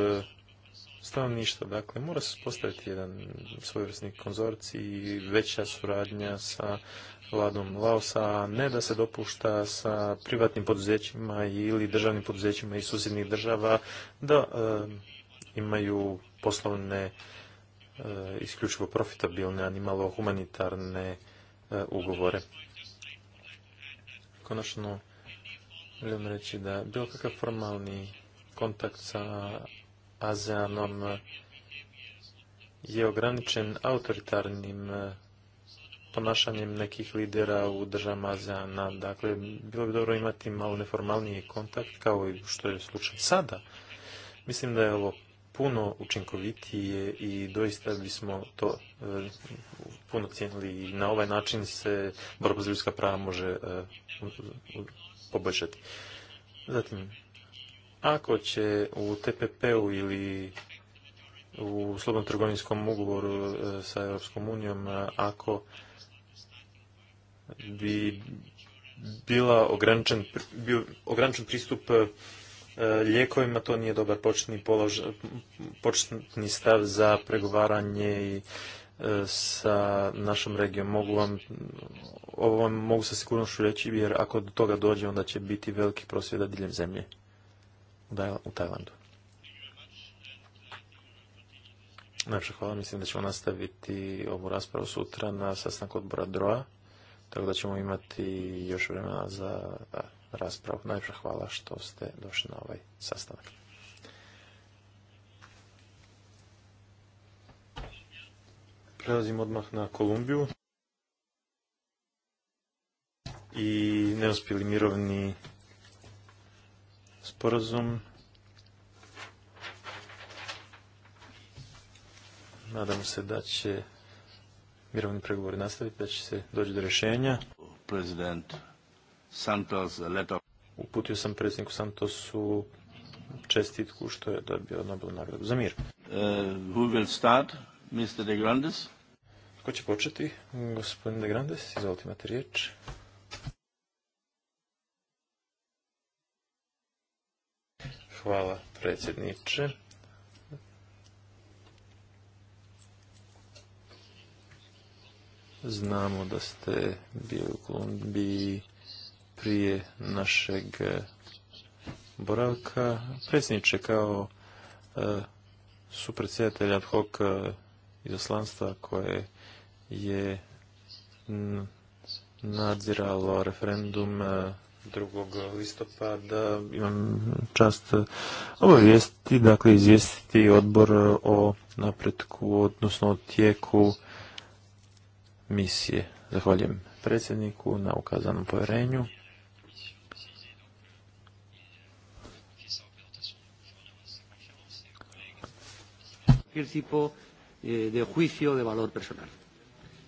stanovništva. Dakle, mora se postaviti jedan svojevrsni konzorci i veća suradnja sa vladom Laosa, ne da se dopušta sa privatnim poduzećima ili državnim poduzećima iz susjednih država da eh, imaju poslovne eh, isključivo profitabilne, a nimalo humanitarne eh, ugovore. Konačno, želim reći da bilo kakav formalni kontakt sa Azeanom je ograničen autoritarnim eh, ponašanjem nekih lidera u državama ASEANA. Dakle, bilo bi dobro imati malo neformalniji kontakt kao i što je slučaj sada. Mislim da je ovo puno učinkovitije i doista bismo to eh, puno cijenili i na ovaj način se borba za ljudska prava može eh, poboljšati. Zatim, ako će u TPP-u ili u slobodnom trgovinskom ugovoru e, sa Europskom unijom, e, ako bi bila ograničen, bio ograničen pristup e, lijekovima, to nije dobar početni, polož, početni stav za pregovaranje i sa našom regijom. Mogu vam, ovo vam mogu sa sigurnošću reći, jer ako do toga dođe, onda će biti veliki prosvjeda diljem zemlje u Tajlandu. Najprej hvala, mislim da ćemo nastaviti ovu raspravu sutra na sastanku odbora DROA, tako da ćemo imati još vremena za raspravu. Najprej hvala što ste došli na ovaj sastanak. Prelazimo odmah na Kolumbiju i neuspjeli mirovni sporazum. Nadam se da će mirovni pregovori nastaviti, da će se doći do rješenja. Santos, leto. Uputio sam predsjedniku Santosu čestitku što je dobio Nobelu nagradu za mir. Uh, who will start? Mr. De Grandes? Ko će početi? Gospodin De Grandes, izvolite imate riječ. Hvala predsjedniče. Znamo da ste bili u Kolumbiji prije našeg e, boravka. Predsjedniče, kao su e, supredsjedatelj ad hoc e, izoslanstva koje je nadziralo referendum 2. listopada imam čast obavijestiti, dakle izvijestiti odbor o napretku, odnosno o tijeku misije. Zahvaljujem predsjedniku na ukazanom povjerenju. tipo eh, de juicio de valor personal.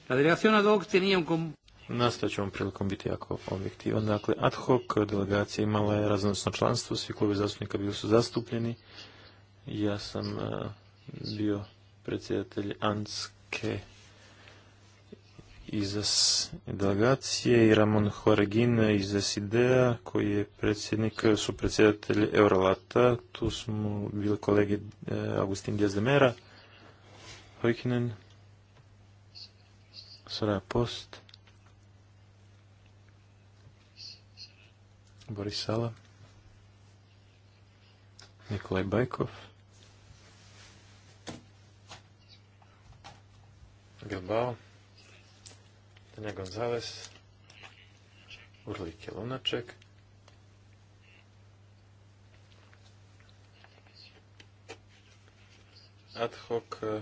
La delegación ad hoc tenía un Nastojat ćemo prilikom biti jako objektivan. Dakle, ad hoc delegacija imala je raznosno članstvo, svi klubi zastupnika bili su zastupljeni. Ja sam e, bio predsjedatelj Anske iz delegacije i Ramon Horegin iz SID-a koji je predsjednik, su predsjedatelj Eurolata. Tu smo bili kolege e, Agustin Diaz de Hojkinen, Post, Boris Sala, Nikolaj Bajkov, Gilbao Tanja Gonzalez, Urlike Lunaček, ad hoc e,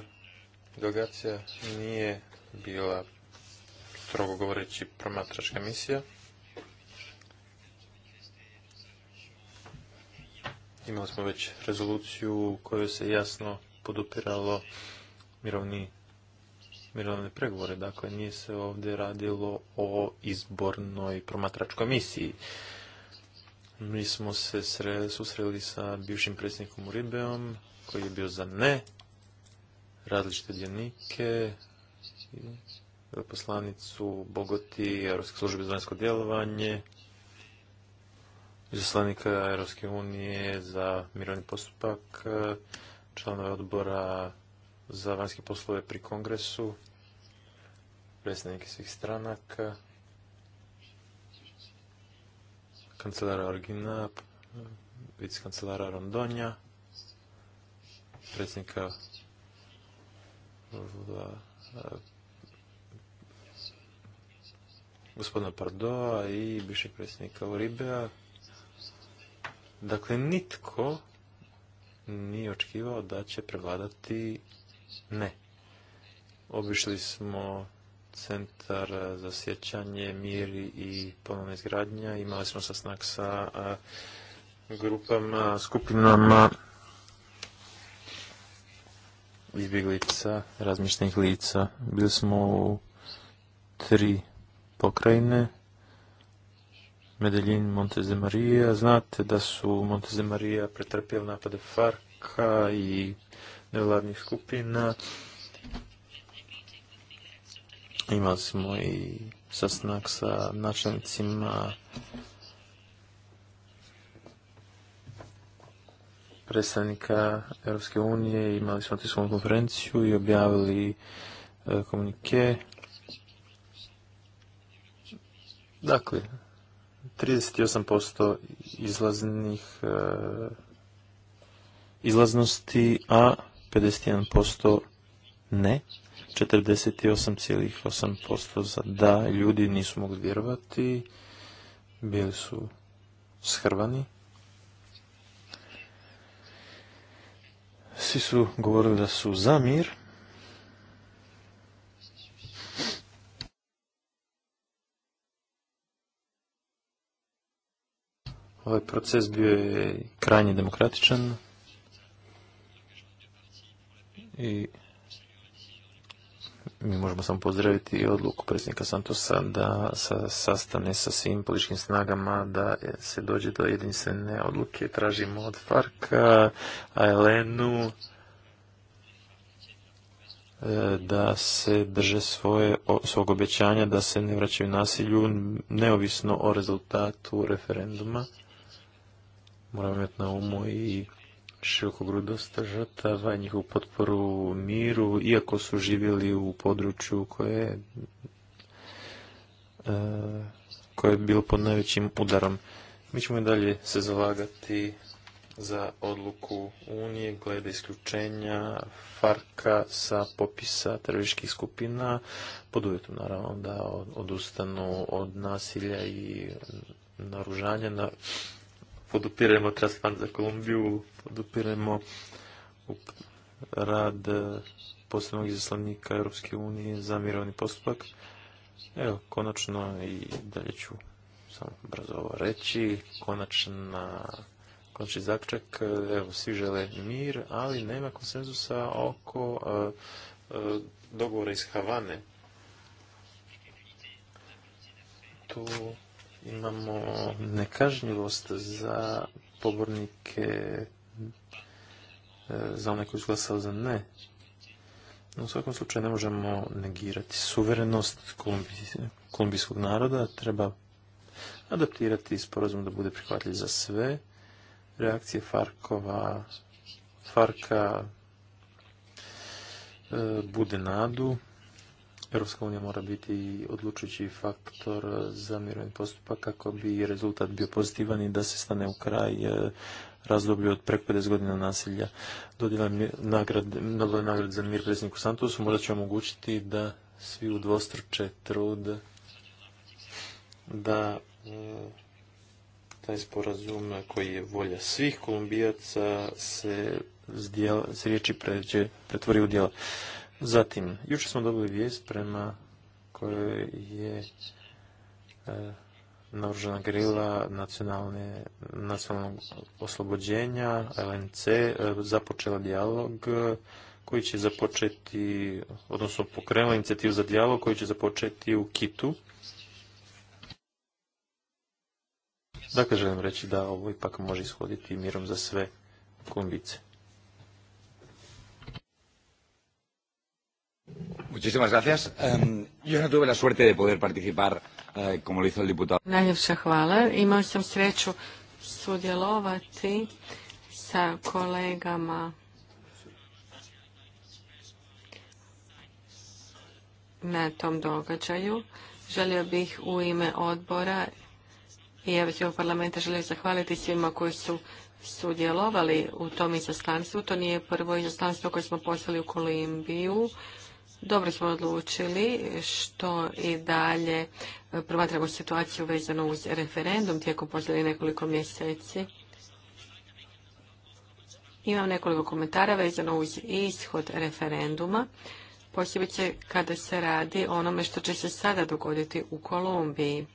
delegacija nije bila strogo govoreći promatračka misija. Imali smo već rezoluciju u kojoj se jasno podupiralo mirovni mirovne pregovore. Dakle, nije se ovdje radilo o izbornoj promatračkoj misiji. Mi smo se susreli sa bivšim predsjednikom Uribeom, koji je bio za ne, različite djenike, poslanicu Bogoti, Europske službe za vanjsko djelovanje, izaslanika Europske unije za mirovni postupak, članove odbora za vanjske poslove pri kongresu, predstavnike svih stranaka, kancelara Orgina, vicekancelara Rondonja, predsjednika gospodina Pardoa i bivšeg predsjednika Uribea, Dakle, nitko nije očekivao da će prevladati ne. Obišli smo centar za sjećanje, mir i ponovna izgradnja. Imali smo sasnak sa grupama, skupinama izbjeglica, razmišljenih lica. Bili smo u tri pokrajine, Medellin, Montezemaria. Znate da su Montezemaria pretrpjeli napade Farka i nevladnih skupina. Imali smo i sastanak sa načelnicima predstavnika Europske unije, imali smo tiskovnu konferenciju i objavili e, komunike. Dakle, 38% izlaznih e, izlaznosti, a 51% ne. 48,8% za da. Ljudi nisu mogli vjerovati. Bili su shrvani. Svi su govorili da su za mir. Ovaj proces bio je krajnje demokratičan i mi možemo samo pozdraviti odluku predsjednika Santosa da sa, sastane sa svim političkim snagama da se dođe do jedinstvene odluke. Tražimo od Farka, a e, da se drže svoje, svog obećanja da se ne vraćaju nasilju neovisno o rezultatu referenduma moramo imati na umu i širokogrudost žrtava, njihovu potporu miru, iako su živjeli u području koje, e, koje je bilo pod najvećim udarom. Mi ćemo i dalje se zalagati za odluku Unije glede isključenja Farka sa popisa terorističkih skupina, pod uvjetom naravno da odustanu od nasilja i naružanja na podupiremo Transplant za Kolumbiju, podupiremo rad e, posebnog izaslanika Europske unije za mirovni postupak. Evo, konačno i dalje ću samo brzo ovo reći. Konačna, konačni zaključak, e, evo, svi žele mir, ali nema konsenzusa oko e, e dogovora iz Havane. Tu imamo nekažnjivost za pobornike e, za one koji su glasali za ne. u svakom slučaju ne možemo negirati suverenost kolumbijskog naroda, treba adaptirati sporazum da bude prihvatljiv za sve. Reakcije Farkova, Farka e, bude nadu Europska unija mora biti odlučujući faktor za mirovni postupak kako bi rezultat bio pozitivan i da se stane u kraj e, razdoblju od preko 50 godina nasilja. Dodjela nagrade, nagrad za mir predsjedniku Santosu možda će omogućiti da svi udvostruče trud da e, taj sporazum koji je volja svih kolumbijaca se s riječi pretvori u djela. Zatim, jučer smo dobili vijest prema kojoj je e, grila nacionalnog oslobođenja, LNC, e, započela dijalog e, koji će započeti, odnosno pokrenula inicijativu za dijalog koji će započeti u Kitu. Dakle, želim reći da ovo ipak može ishoditi mirom za sve kumbice. Muchísimas gracias. tuve la suerte de poder participar eh, como lo hizo el diputado. Najljepša hvala. Imao sam sreću sudjelovati sa kolegama na tom događaju. Želio bih u ime odbora i Evropskog parlamenta želio zahvaliti svima koji su sudjelovali u tom izaslanstvu. To nije prvo izaslanstvo koje smo poslali u Kolumbiju. Dobro smo odlučili što i dalje e, promatramo situaciju vezano uz referendum tijekom posljednjih nekoliko mjeseci. Imam nekoliko komentara vezano uz ishod referenduma, posebice kada se radi o onome što će se sada dogoditi u Kolumbiji.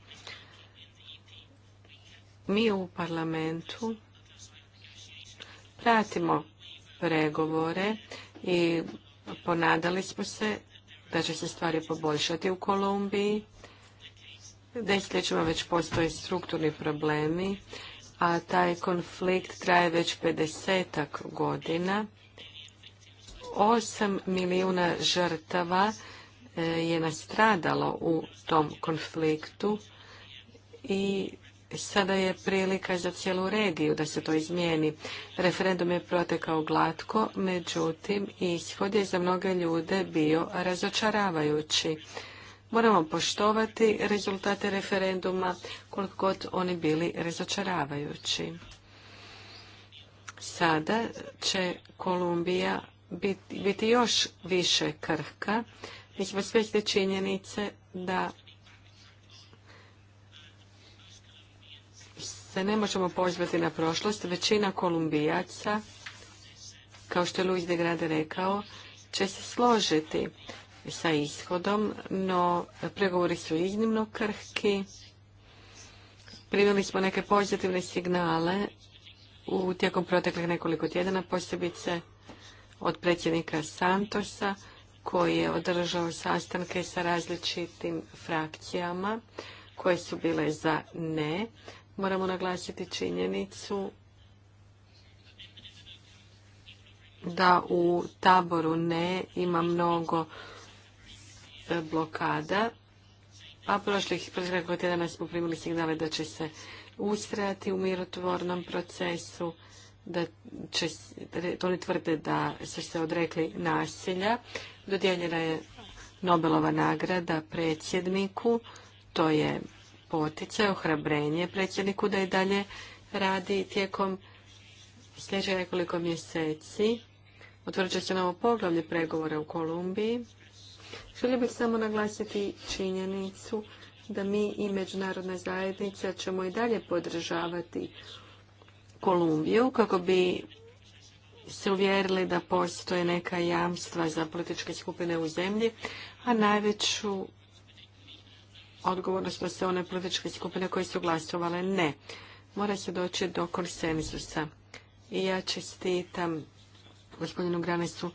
Mi u parlamentu pratimo pregovore i Ponadali smo se da će se stvari poboljšati u Kolumbiji. Desetljećima već postoje strukturni problemi, a taj konflikt traje već 50 godina. Osam milijuna žrtava eh, je nastradalo u tom konfliktu i Sada je prilika za cijelu regiju da se to izmijeni. Referendum je protekao glatko, međutim, ishod je za mnoge ljude bio razočaravajući. Moramo poštovati rezultate referenduma, koliko god oni bili razočaravajući. Sada će Kolumbija biti, još više krhka. Mi smo svjesni činjenice da Da ne možemo pozvati na prošlost. Većina kolumbijaca, kao što je Luis de Grade rekao, će se složiti sa ishodom, no pregovori su iznimno krhki. Primili smo neke pozitivne signale u tijekom proteklih nekoliko tjedana, posebice od predsjednika Santosa, koji je održao sastanke sa različitim frakcijama koje su bile za ne moramo naglasiti činjenicu da u taboru ne ima mnogo e, blokada, a prošlih nekoliko tjedana smo primili signale da će se ustrajati u mirotvornom procesu, da će, oni tvrde da su se odrekli nasilja. Dodijeljena je Nobelova nagrada predsjedniku, to je poticaj, ohrabrenje predsjedniku da i dalje radi tijekom sljedećih nekoliko mjeseci. će se novo poglavlje pregovora u Kolumbiji. Želio bih samo naglasiti činjenicu da mi i međunarodna zajednica ćemo i dalje podržavati Kolumbiju kako bi se uvjerili da postoje neka jamstva za političke skupine u zemlji, a najveću odgovorno smo se one političke skupine koje su glasovale ne. Mora se doći do konsenzusa. I ja čestitam gospodinu Granesu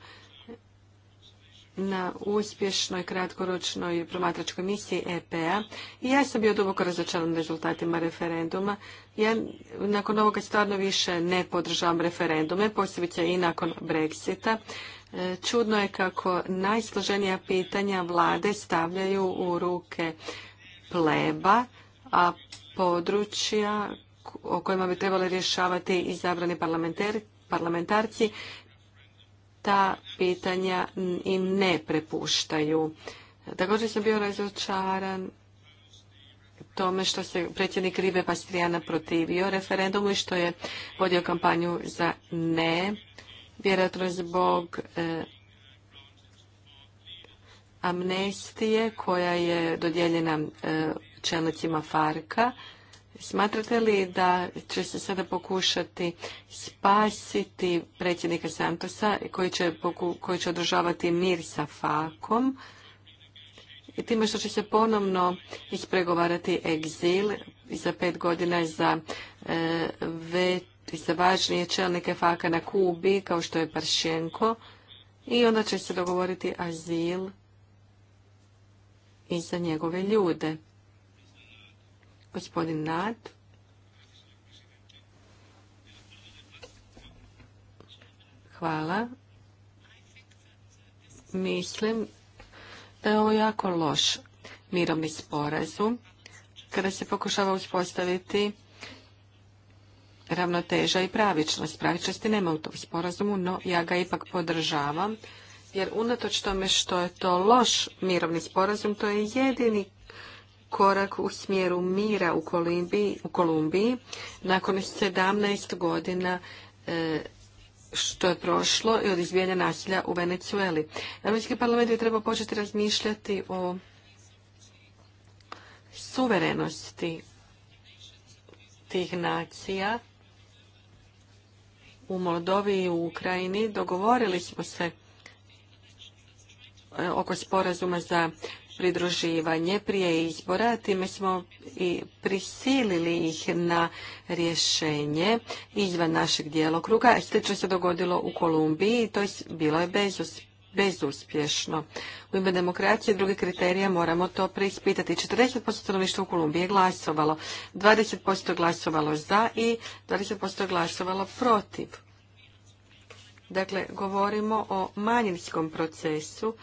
na uspješnoj kratkoročnoj promatračkoj misiji EPA i ja sam bio duboko razočaran rezultatima referenduma. Ja nakon ovoga stvarno više ne podržavam referendume, posebice i nakon Brexita. E, čudno je kako najsloženija pitanja vlade stavljaju u ruke pleba, a područja o kojima bi trebali rješavati izabrani parlamentarci, ta pitanja im ne prepuštaju. Također sam bio razočaran tome što se predsjednik Ribe Pastrijana protivio referendumu i što je vodio kampanju za ne, vjerojatno zbog e, amnestije koja je dodijeljena e, čelnicima Farka. Smatrate li da će se sada pokušati spasiti predsjednika Santosa koji će, koji će održavati mir sa Fakom i time što će se ponovno ispregovarati egzil za pet godina za, e, za važnije čelnike Faka na Kubi kao što je Paršenko i onda će se dogovoriti azil i za njegove ljude. Gospodin Nad. Hvala. Mislim da je ovo jako loš mirovni sporazum kada se pokušava uspostaviti ravnoteža i pravičnost. Pravičnosti nema u tom sporazumu, no ja ga ipak podržavam jer unatoč tome što je to loš mirovni sporazum, to je jedini korak u smjeru mira u Kolumbiji, u Kolumbiji nakon 17 godina e, što je prošlo i od izbijanja nasilja u Venecueli. Europski parlament je trebao početi razmišljati o suverenosti tih nacija u Moldovi i u Ukrajini. Dogovorili smo se E, oko sporazuma za pridruživanje prije izbora, time smo i prisilili ih na rješenje izvan našeg djelokruga. Slično se dogodilo u Kolumbiji i to je bilo je bezuspješno U ime demokracije i drugih kriterija moramo to preispitati. 40% stanovništva u Kolumbiji je glasovalo, 20% glasovalo za i 20% glasovalo protiv. Dakle, govorimo o manjinskom procesu.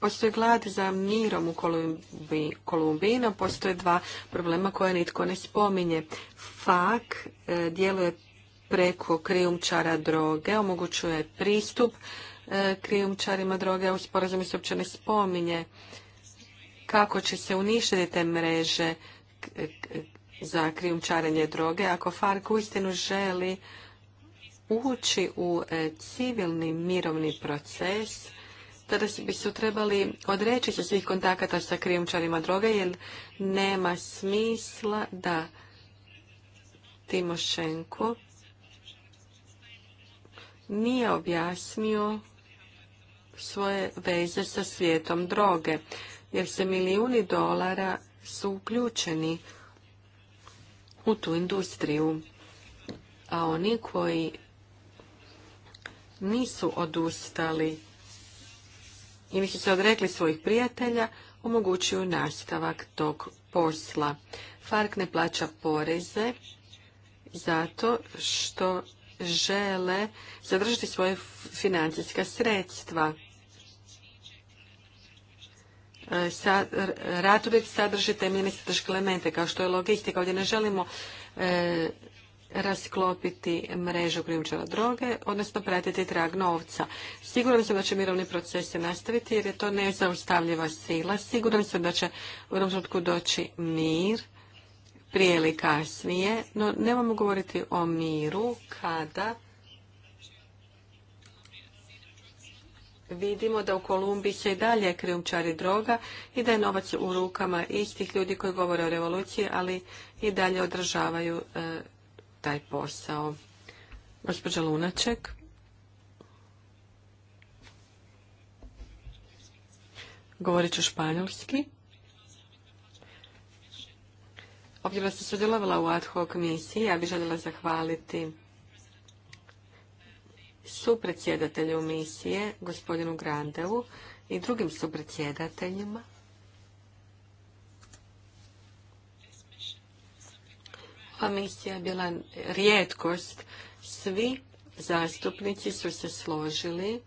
Postoji glad za mirom u Kolumbiji, no postoje dva problema koje nitko ne spominje. FAK e, djeluje preko krijumčara droge, omogućuje pristup e, krijumčarima droge, a u sporazumu se uopće ne spominje kako će se uništiti te mreže e, za krijumčarenje droge. Ako FARC istinu želi ući u e, civilni mirovni proces, tada bi su trebali odreći se svih kontakata sa krijumčarima droge, jer nema smisla da Timošenko nije objasnio svoje veze sa svijetom droge, jer se milijuni dolara su uključeni u tu industriju. A oni koji nisu odustali i nisu se odrekli svojih prijatelja, omogućuju nastavak tog posla. Fark ne plaća poreze zato što žele zadržati svoje financijska sredstva. E, sa, rad uvijek sadrži temeljne strateške elemente, kao što je logistika. Ovdje ne želimo e, rasklopiti mrežu krijumčara droge, odnosno pratiti trag novca. Siguran sam da će mirovni proces se nastaviti jer je to nezaustavljiva sila. Siguran sam da će u jednom trenutku doći mir prije ili kasnije, no nemamo govoriti o miru kada vidimo da u Kolumbiji se i dalje krijumčari droga i da je novac u rukama istih ljudi koji govore o revoluciji, ali i dalje održavaju e, taj posao. Gospođa Lunaček. Govorit ću španjolski. Obzirom sam sudjelovala u ad hoc misiji, ja bih željela zahvaliti supredsjedatelju misije, gospodinu Grandevu i drugim supredsjedateljima Amisija je bila rijetkost. Svi zastupnici su se složili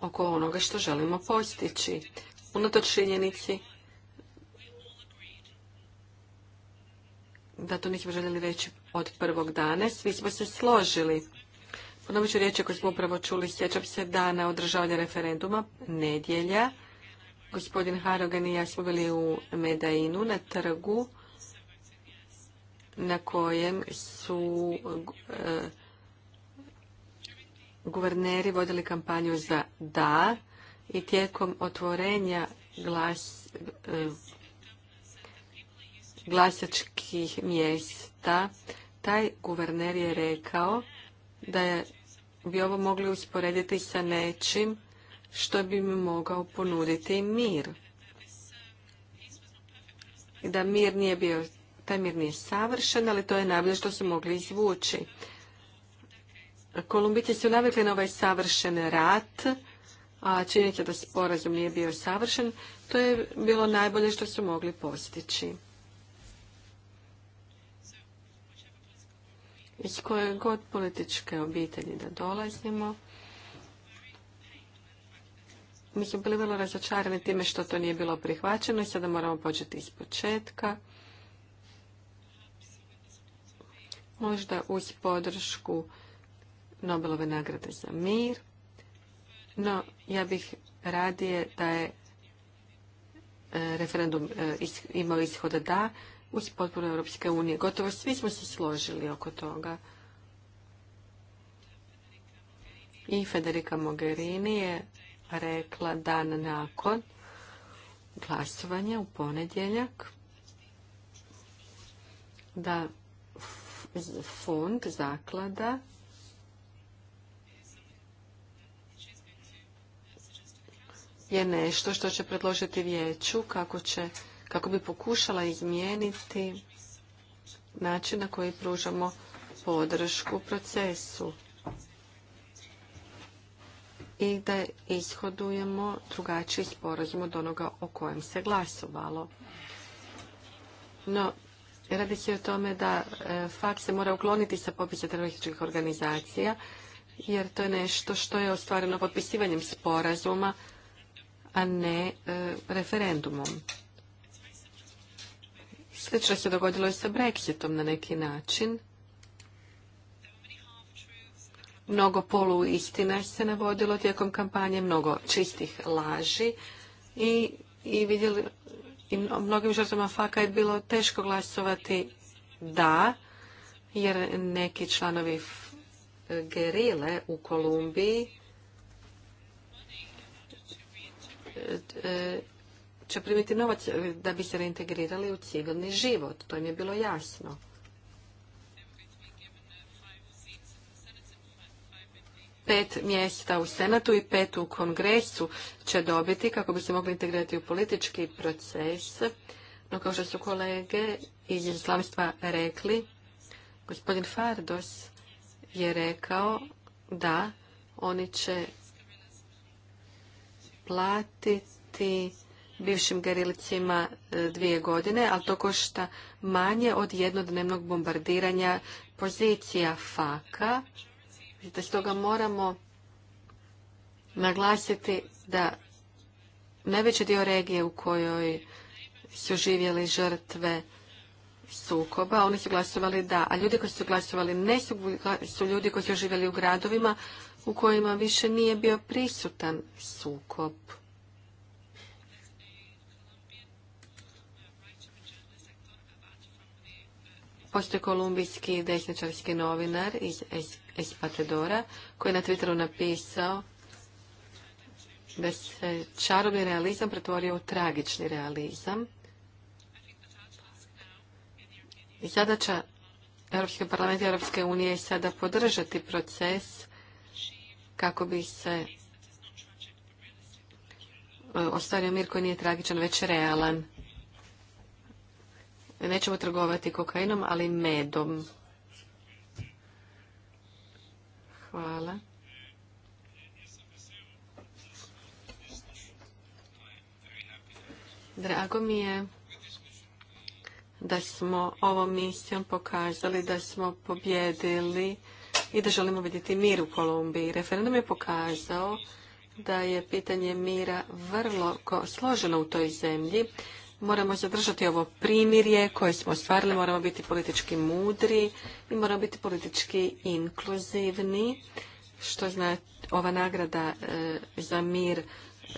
oko onoga što želimo postići. Unatoč činjenici da to nismo željeli reći od prvog dana, svi smo se složili. Ponovit ću riječi koje smo upravo čuli, sjećam se dana održavanja referenduma, nedjelja, Gospodin Harogan i ja smo bili u Medainu na trgu na kojem su e, guverneri vodili kampanju za da i tijekom otvorenja e, glasačkih mjesta taj guverner je rekao da bi ovo mogli usporediti sa nečim što bi mi mogao ponuditi mir. Da mir nije bio, taj mir nije savršen, ali to je najbolje što su mogli izvući. Kolumbici su navikli na ovaj savršen rat, a činjenica da sporazum nije bio savršen, to je bilo najbolje što su mogli postići. Iz koje god političke obitelji da dolazimo, mi smo bili vrlo razočarani time što to nije bilo prihvaćeno i sada moramo početi iz početka. Možda uz podršku Nobelove nagrade za mir. No, ja bih radije da je e, referendum e, imao ishoda da uz potporu Europske unije. Gotovo svi smo se složili oko toga. I Federica Mogherini je rekla dan nakon glasovanja u ponedjeljak da fond, zaklada je nešto što će predložiti vijeću kako, će, kako bi pokušala izmijeniti način na koji pružamo podršku procesu i da ishodujemo drugačiji sporazum od onoga o kojem se glasovalo. No, radi se o tome da e, FAK se mora ukloniti sa popisa terorističkih organizacija, jer to je nešto što je ostvareno potpisivanjem sporazuma, a ne e, referendumom. Slično se dogodilo i sa Brexitom na neki način. Mnogo poluistina se navodilo tijekom kampanje, mnogo čistih laži i, vidjeli, i mnogim žrtvama faka je bilo teško glasovati da, jer neki članovi gerile u Kolumbiji e, će primiti novac da bi se reintegrirali u civilni život. To im je bilo jasno. pet mjesta u Senatu i pet u Kongresu će dobiti kako bi se mogli integrirati u politički proces. No kao što su kolege iz islamstva rekli, gospodin Fardos je rekao da oni će platiti bivšim gerilicima e, dvije godine, ali to košta manje od jednodnevnog bombardiranja pozicija FAKA te stoga moramo naglasiti da najveći dio regije u kojoj su živjeli žrtve sukoba, oni su glasovali da, a ljudi koji su glasovali ne su, ljudi koji su živjeli u gradovima u kojima više nije bio prisutan sukob. Postoji kolumbijski desničarski novinar iz iz koji je na Twitteru napisao da se čarobni realizam pretvorio u tragični realizam. I zadaća Europske parlamenta i Europske unije je sada podržati proces kako bi se e, ostvario mir koji nije tragičan, već realan. Nećemo trgovati kokainom, ali medom. Hvala. Drago mi je da smo ovom misijom pokazali da smo pobjedili i da želimo vidjeti mir u Kolumbiji. Referendum je pokazao da je pitanje mira vrlo složeno u toj zemlji Moramo zadržati ovo primirje koje smo ostvarili, moramo biti politički mudri i moramo biti politički inkluzivni, što zna, ova nagrada e, za mir e,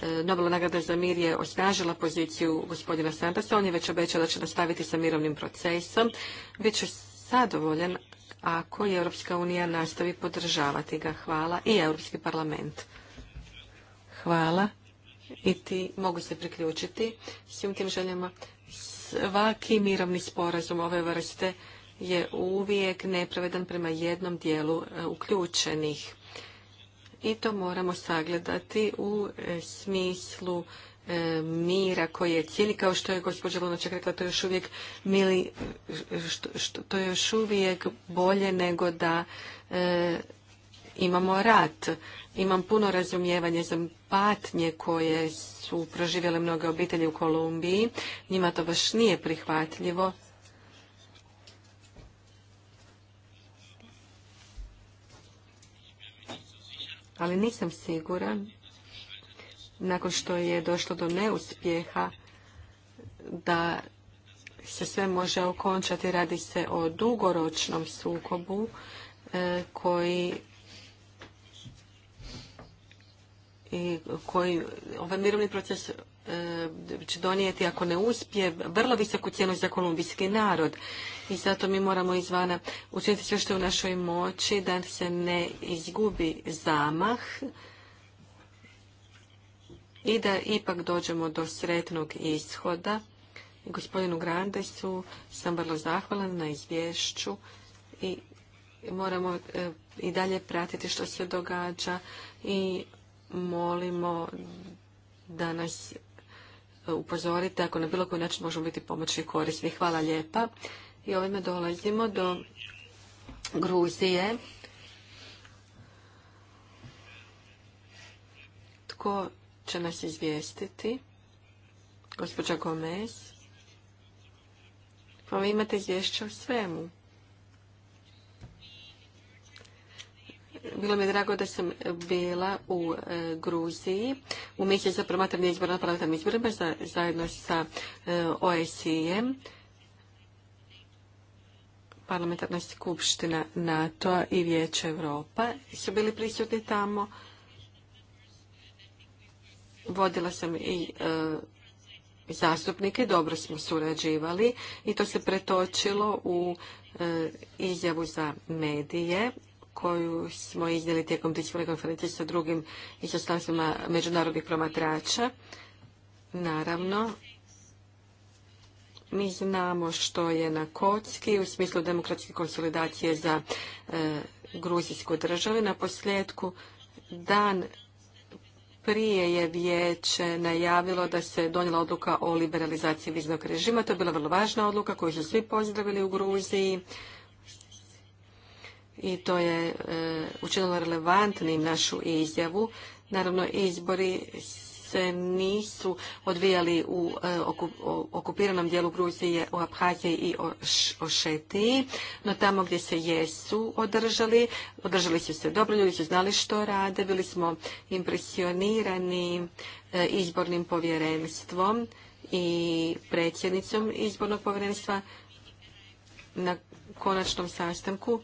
Nobelova nagrada za mir je osnažila poziciju gospodina Sandersa. On je već obećao da će nastaviti sa mirovnim procesom. ću zadovoljan ako je Europska unija nastavi podržavati ga. Hvala i Europski parlament. Hvala i ti mogu se priključiti svim tim željama. Svaki mirovni sporazum ove vrste je uvijek nepravedan prema jednom dijelu e, uključenih. I to moramo sagledati u e, smislu e, mira koji je cijeli, kao što je gospođa Lunaček rekla, to je još uvijek mili, to je još uvijek bolje nego da imamo rat. Imam puno razumijevanja za patnje koje su proživjele mnoge obitelji u Kolumbiji. Njima to baš nije prihvatljivo. Ali nisam siguran, nakon što je došlo do neuspjeha, da se sve može okončati. Radi se o dugoročnom sukobu e, koji i koji ovaj mirovni proces e, će donijeti ako ne uspije vrlo visoku cijenu za kolumbijski narod i zato mi moramo izvana učiniti sve što je u našoj moći da se ne izgubi zamah i da ipak dođemo do sretnog ishoda. Gospodinu Grandesu sam vrlo zahvalan na izvješću i moramo e, i dalje pratiti što se događa i molimo da nas e, upozorite ako na bilo koji način možemo biti pomoćni korisni. Hvala lijepa. I ovime dolazimo do Gruzije. Tko će nas izvijestiti? Gospođa Gomez. Pa vi imate izvješće o svemu. bilo mi je drago da sam bila u e, Gruziji u misiji za promatranje izbora na izborima zajedno sa osce OSI-em parlamentarna skupština nato i Vijeće Europa su bili prisutni tamo. Vodila sam i e, zastupnike, dobro smo surađivali i to se pretočilo u e, izjavu za medije koju smo iznijeli tijekom tiskovne konferencije sa drugim izaslanstvima međunarodnih promatrača. Naravno, mi znamo što je na kocki u smislu demokratske konsolidacije za e, gruzijsku državu. Na posljedku, dan prije je vijeće najavilo da se donijela odluka o liberalizaciji viznog režima. To je bila vrlo važna odluka koju su svi pozdravili u Gruziji i to je e, učinilo relevantnim našu izjavu. Naravno, izbori se nisu odvijali u e, okupiranom dijelu Gruzije, u Abhaziji i Ošetiji, no tamo gdje se jesu održali, održali su se dobro, ljudi su znali što rade, bili smo impresionirani e, izbornim povjerenstvom i predsjednicom izbornog povjerenstva na konačnom sastanku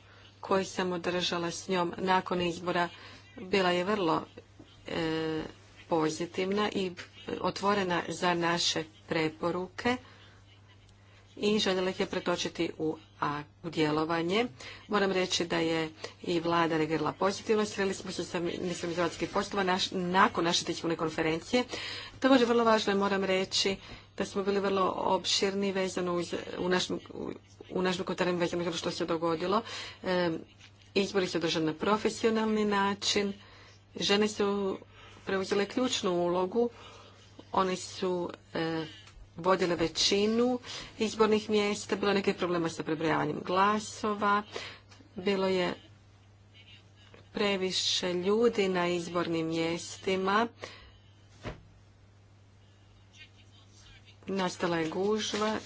koji sam održala s njom nakon izbora bila je vrlo e, pozitivna i otvorena za naše preporuke i željela ih je pretočiti u, a, djelovanje. Moram reći da je i vlada regirala pozitivno. Sreli smo se sa mislim iz poslova nakon naše tiskovne konferencije. Također vrlo važno je, moram reći, da smo bili vrlo opširni vezano u našem u vezano ono što se dogodilo. E, izbori su održani na profesionalni način. Žene su preuzele ključnu ulogu. One su e, vodile većinu izbornih mjesta. Bilo je nekih problema sa prebrojavanjem glasova. Bilo je previše ljudi na izbornim mjestima. nastala je gužva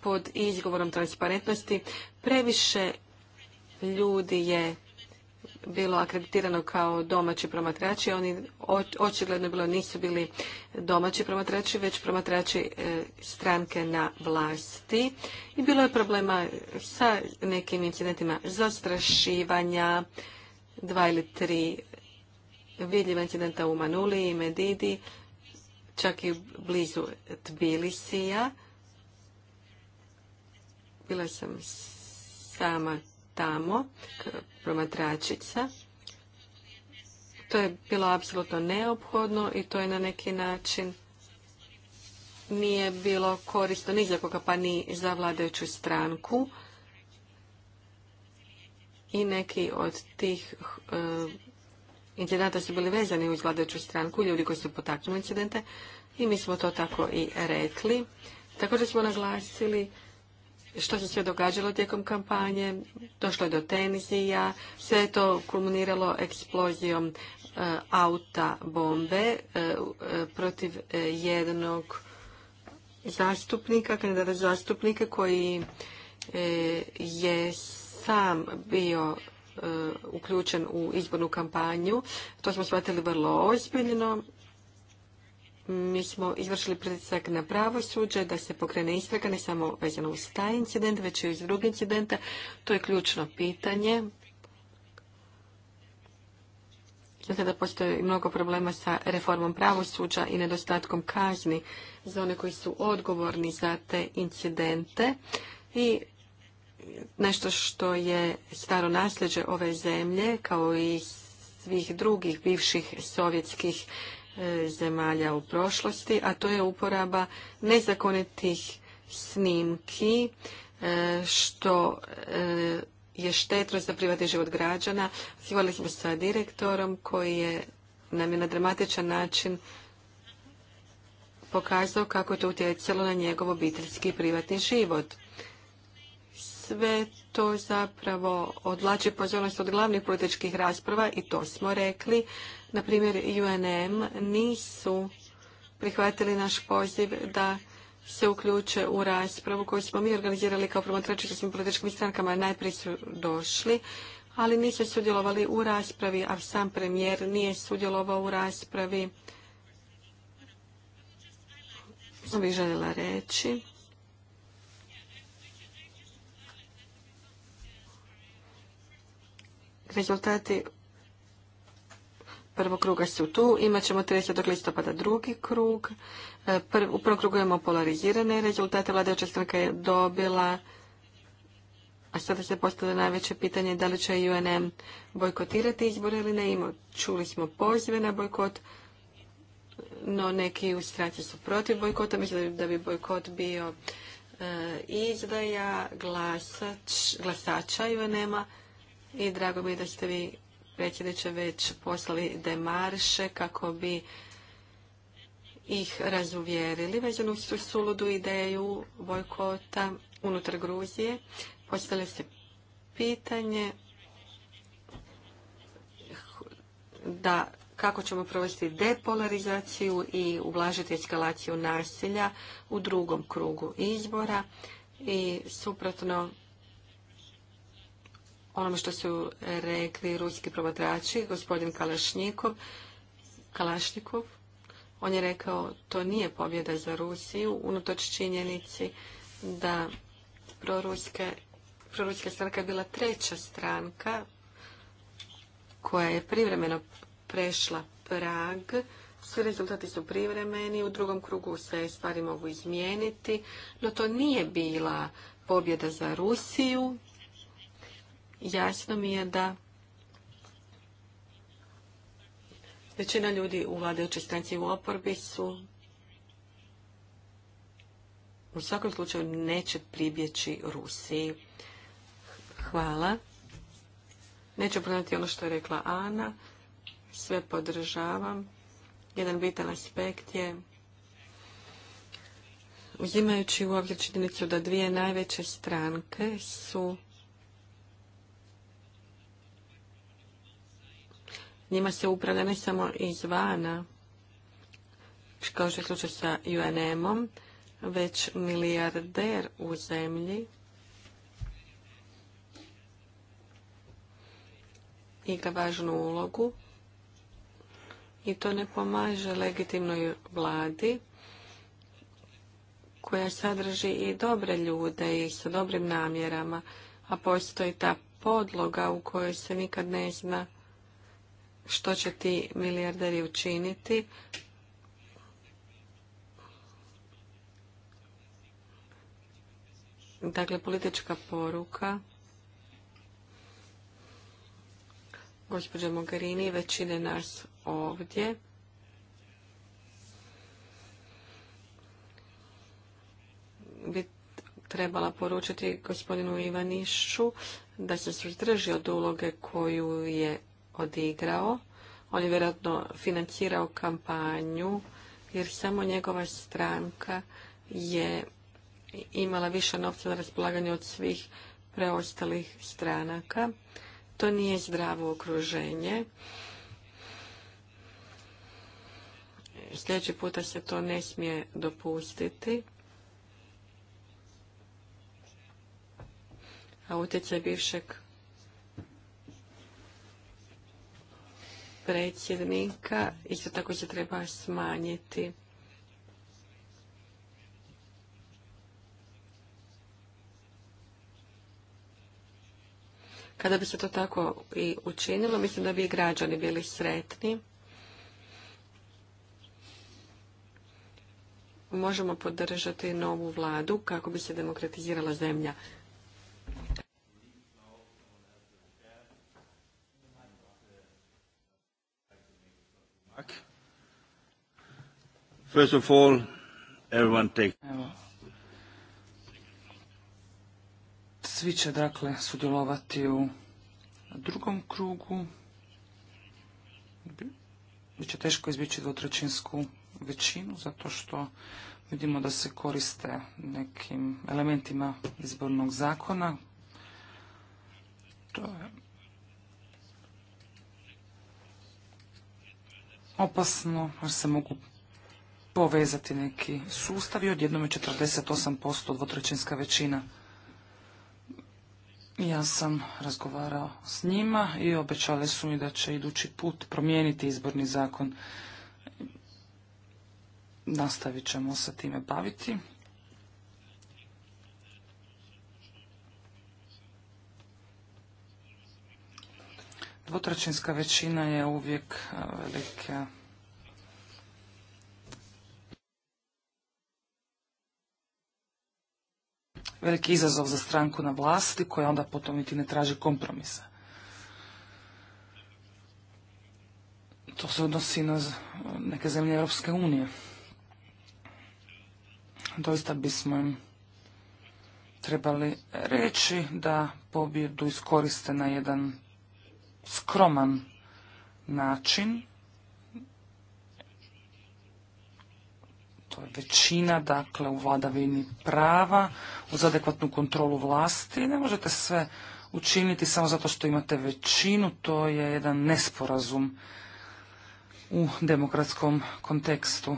pod izgovorom transparentnosti. Previše ljudi je bilo akreditirano kao domaći promatrači. Oni očigledno bilo nisu bili domaći promatrači, već promatrači e, stranke na vlasti. I bilo je problema sa nekim incidentima zastrašivanja, dva ili tri vidljiva incidenta u Manuli i Medidi čak i blizu Tbilisija. Bila sam sama tamo, promatračica. To je bilo apsolutno neophodno i to je na neki način nije bilo korisno ni za koga pa ni za vladajuću stranku i neki od tih e, Incidenta su bili vezani uz vladajuću stranku, ljudi koji su potaknuli incidente i mi smo to tako i rekli. Također smo naglasili što se sve događalo tijekom kampanje, došlo je do tenizija, sve je to kulminiralo eksplozijom e, auta bombe e, e, protiv jednog zastupnika, kandidata zastupnika koji je sam bio E, uključen u izbornu kampanju. To smo shvatili vrlo ozbiljno. Mi smo izvršili pritisak na pravosuđe da se pokrene istraga ne samo vezano uz taj incident, već i uz drugi incidenta. To je ključno pitanje. Znate da postoji mnogo problema sa reformom pravosuđa i nedostatkom kazni za one koji su odgovorni za te incidente. I nešto što je staro nasljeđe ove zemlje, kao i svih drugih bivših sovjetskih e, zemalja u prošlosti, a to je uporaba nezakonitih snimki, e, što e, je štetno za privatni život građana. Hvala smo sa direktorom koji je nam je na dramatičan način pokazao kako je to utjecalo na njegov obiteljski i privatni život sve to zapravo odvlači pozornost od glavnih političkih rasprava i to smo rekli. Na primjer, UNM nisu prihvatili naš poziv da se uključe u raspravu koju smo mi organizirali kao promotrači sa svim političkim strankama. Najprije su došli, ali nisu sudjelovali u raspravi, a sam premijer nije sudjelovao u raspravi. Što bih željela reći? Rezultati prvog kruga su tu. Imaćemo 30. listopada drugi krug. E, u prvom krugu imamo polarizirane rezultate. Vlada stranka je dobila a sada se postavlja najveće pitanje da li će UNM bojkotirati izbore ili ne. čuli smo pozive na bojkot, no neki u stranci su protiv bojkota. Mislim da bi bojkot bio e, izdaja glasača UNM-a i drago mi je da ste vi predsjedniče već poslali demarše kako bi ih razuvjerili vezano uz suludu ideju bojkota unutar Gruzije. Postavlja se pitanje da kako ćemo provesti depolarizaciju i ublažiti eskalaciju nasilja u drugom krugu izbora i suprotno onome što su rekli ruski promatrači, gospodin Kalašnikov, on je rekao to nije pobjeda za Rusiju, unatoč činjenici da proruska, stranka je bila treća stranka koja je privremeno prešla prag. Svi rezultati su privremeni, u drugom krugu se stvari mogu izmijeniti, no to nije bila pobjeda za Rusiju, Jasno mi je da većina ljudi u vladajućoj stranci u oporbi su u svakom slučaju neće pribjeći Rusiji. Hvala. Neću ponavljati ono što je rekla Ana. Sve podržavam. Jedan bitan aspekt je uzimajući u obzir činjenicu da dvije najveće stranke su Njima se upravlja ne samo izvana, kao što je slučaj sa UNM-om, već milijarder u zemlji igra važnu ulogu i to ne pomaže legitimnoj vladi koja sadrži i dobre ljude i sa dobrim namjerama, a postoji ta podloga u kojoj se nikad ne zna što će ti milijarderi učiniti. Dakle, politička poruka gospođe Mogherini i većine nas ovdje. Bi trebala poručiti gospodinu Ivanišu da se suzdrži od uloge koju je odigrao. On je vjerojatno financirao kampanju jer samo njegova stranka je imala više novca na raspolaganju od svih preostalih stranaka. To nije zdravo okruženje. Sljedeći puta se to ne smije dopustiti. A utjecaj bivšeg predsjednika isto tako se treba smanjiti. Kada bi se to tako i učinilo, mislim da bi i građani bili sretni. Možemo podržati novu vladu kako bi se demokratizirala zemlja. First of everyone take... Svi će dakle sudjelovati u drugom krugu. Biće teško izbjeći dvotrećinsku većinu zato što vidimo da se koriste nekim elementima izbornog zakona. To je opasno jer se mogu povezati neki sustav i odjednom je 48% dvotrećinska većina. Ja sam razgovarao s njima i obećali su mi da će idući put promijeniti izborni zakon. Nastavit ćemo se time baviti. Dvotrećinska većina je uvijek velika veliki izazov za stranku na vlasti koja onda potom niti ne traži kompromisa. To se odnosi na neke zemlje Europske unije. Doista bismo im trebali reći da pobjedu iskoriste na jedan skroman način to je većina, dakle u vladavini prava, uz adekvatnu kontrolu vlasti. Ne možete sve učiniti samo zato što imate većinu, to je jedan nesporazum u demokratskom kontekstu.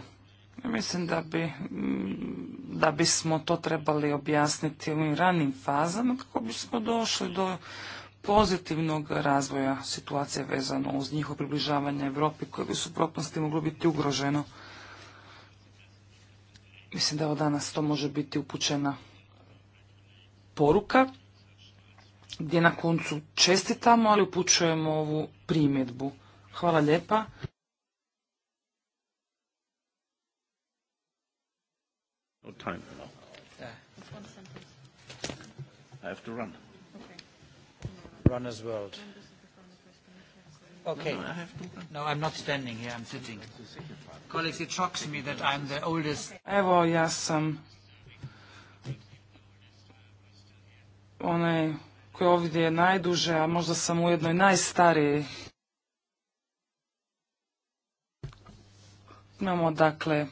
Mislim da bi mm, da bismo to trebali objasniti u ranim fazama kako bismo došli do pozitivnog razvoja situacije vezano uz njihovo približavanje Europi koje bi u suprotnosti moglo biti ugroženo. Mislim da od danas to može biti upućena poruka gdje na koncu čestitamo, ali upućujemo ovu primjedbu. Hvala lijepa. Okay. No, I'm not standing here, I'm sitting. Colleagues, it shocks me that I'm the oldest. Evo, ja sam onaj koji ovdje je najduže, a možda sam ujedno i najstariji. Imamo dakle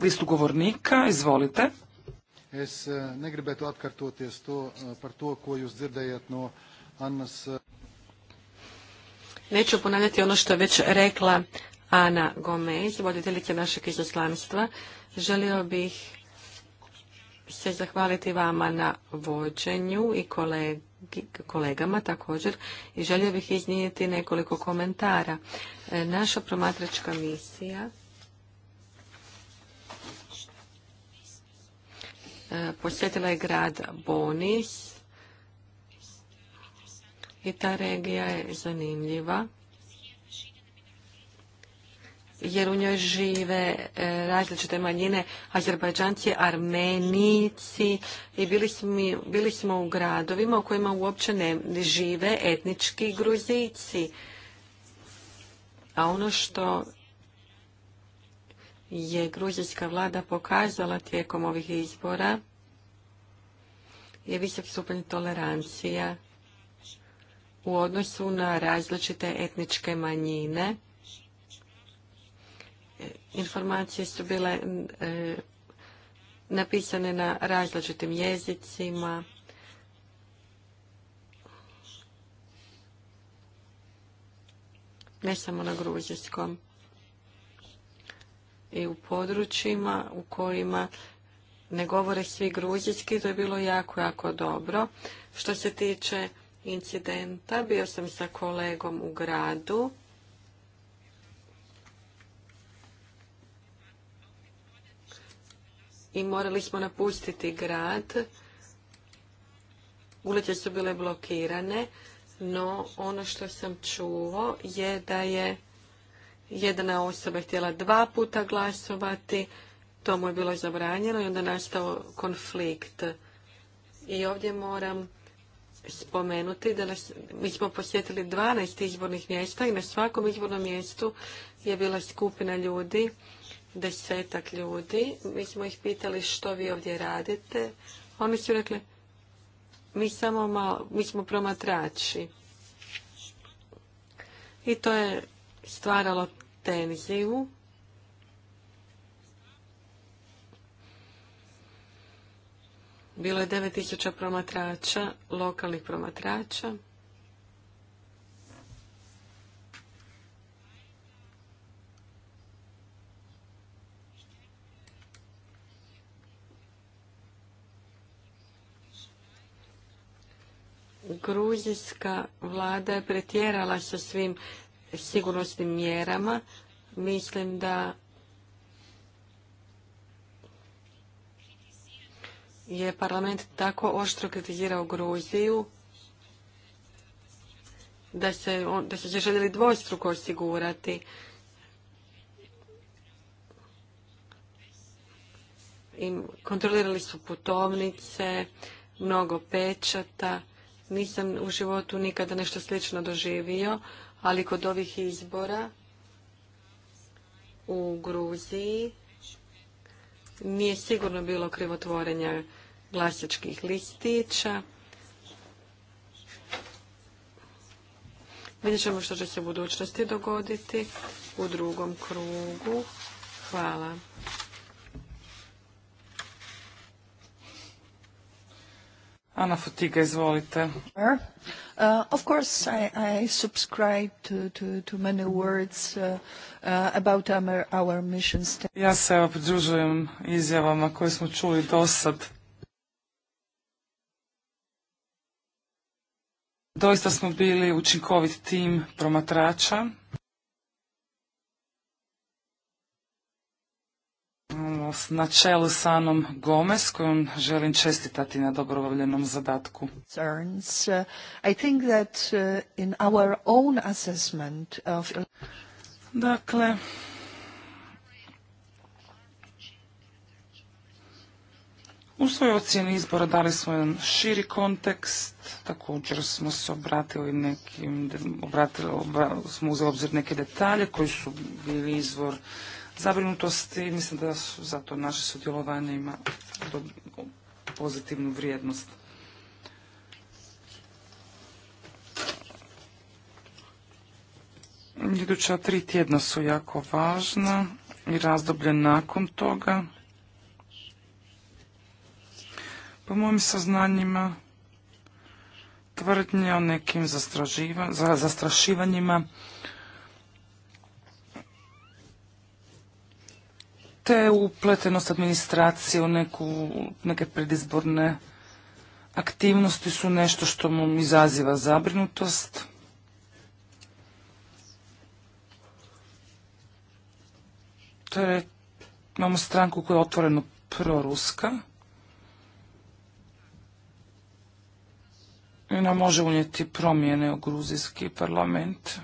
listu govornika, izvolite. Es eh, negribētu atkartoties to eh, par to, ko jūs dzirdējat no Annas eh, Neću ponavljati ono što je već rekla Ana Gomez, voditeljica našeg izoslanstva. Želio bih se zahvaliti vama na vođenju i kolegama također i želio bih iznijeti nekoliko komentara. E, naša promatračka misija e, posjetila je grad Bonis i ta regija je zanimljiva jer u njoj žive e, različite manjine, Azerbajdžanci, Armenici i bili smo, bili smo u gradovima u kojima uopće ne žive etnički Gruzici. A ono što je gruzijska vlada pokazala tijekom ovih izbora je visok stupanj tolerancija u odnosu na različite etničke manjine. Informacije su bile e, napisane na različitim jezicima. Ne samo na gruzijskom. I u područjima u kojima ne govore svi gruzijski, to je bilo jako, jako dobro. Što se tiče incidenta. Bio sam sa kolegom u gradu. I morali smo napustiti grad. Ulice su bile blokirane, no ono što sam čuo je da je jedna osoba htjela dva puta glasovati, to mu je bilo zabranjeno i onda nastao konflikt. I ovdje moram spomenuti da nas, mi smo posjetili 12 izbornih mjesta i na svakom izbornom mjestu je bila skupina ljudi, desetak ljudi. Mi smo ih pitali što vi ovdje radite. Oni su rekli, mi samo malo, mi smo promatrači. I to je stvaralo tenziju Bilo je 9000 promatrača, lokalnih promatrača. Gruzijska vlada je pretjerala sa svim sigurnosnim mjerama. Mislim da je parlament tako oštro kritizirao Gruziju da se, da se željeli dvojstruko osigurati. kontrolirali su putovnice, mnogo pečata. Nisam u životu nikada nešto slično doživio, ali kod ovih izbora u Gruziji nije sigurno bilo krivotvorenja glasačkih listića. Vidjet ćemo što će se u budućnosti dogoditi u drugom krugu. Hvala. Ana Fotiga, izvolite. Uh, of course, I, I subscribe to, to, many words uh, uh, about our, our mission. Ja se pridružujem izjavama koje smo čuli do sad. Doista smo bili učinkovit tim promatrača. Ono, na čelu sa Anom Gomez, kojom želim čestitati na dobrovoljenom zadatku. Dakle, U svojoj ocjeni izbora dali smo jedan širi kontekst, također smo se obratili nekim, obratili, smo uzeli obzir neke detalje koji su bili izvor zabrinutosti. i Mislim da su zato naše sudjelovanje ima pozitivnu vrijednost. Iduća tri tjedna su jako važna i razdoblje nakon toga. Po mojim saznanjima, tvrdnje o nekim zastrašivanjima, te upletenost administracije u neku, neke predizborne aktivnosti su nešto što mu izaziva zabrinutost. To je, imamo stranku koja je otvoreno proruska. ona može unijeti promjene u gruzijski parlament.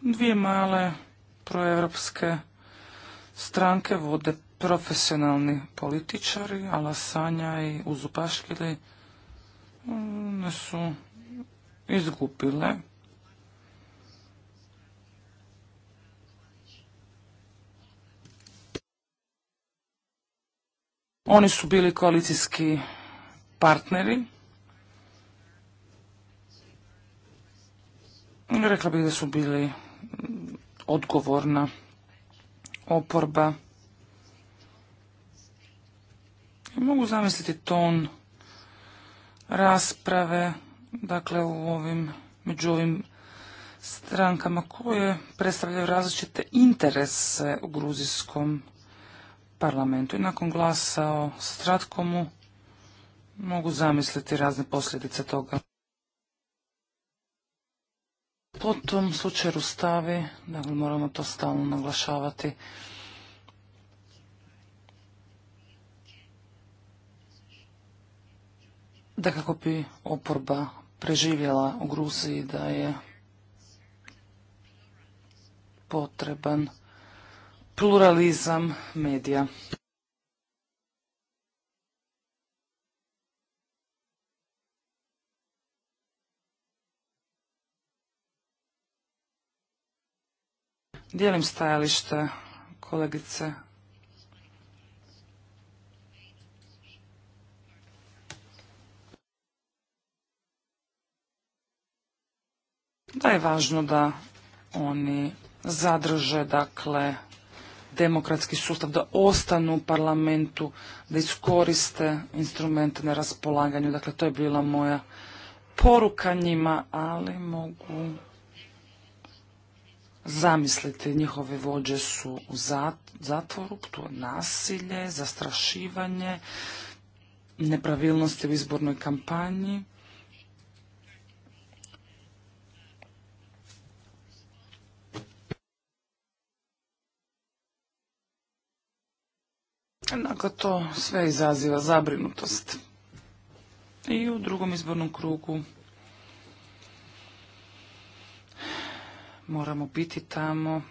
Dvije male proevropske stranke vode profesionalni političari, Alasanja i Uzupaškili, ne su izgupile. Oni su bili koalicijski partneri Rekla bih da su bili odgovorna oporba. Mogu zamisliti ton rasprave, dakle u ovim, među ovim strankama koje predstavljaju različite interese u gruzijskom parlamentu. I nakon glasa o Stratkomu mogu zamisliti razne posljedice toga. Potom, tom slučaju da li moramo to stalno naglašavati. Da kako bi oporba preživjela u Gruziji da je potreban pluralizam medija. Dijelim stajalište kolegice da je važno da oni zadrže dakle demokratski sustav, da ostanu u parlamentu, da iskoriste instrumente na raspolaganju. Dakle, to je bila moja poruka njima, ali mogu Zamislite, Njihove vođe su u zatvoru, to je nasilje, zastrašivanje, nepravilnosti u izbornoj kampanji. Jednako to sve izaziva zabrinutost. I u drugom izbornom krugu moramo biti tamo.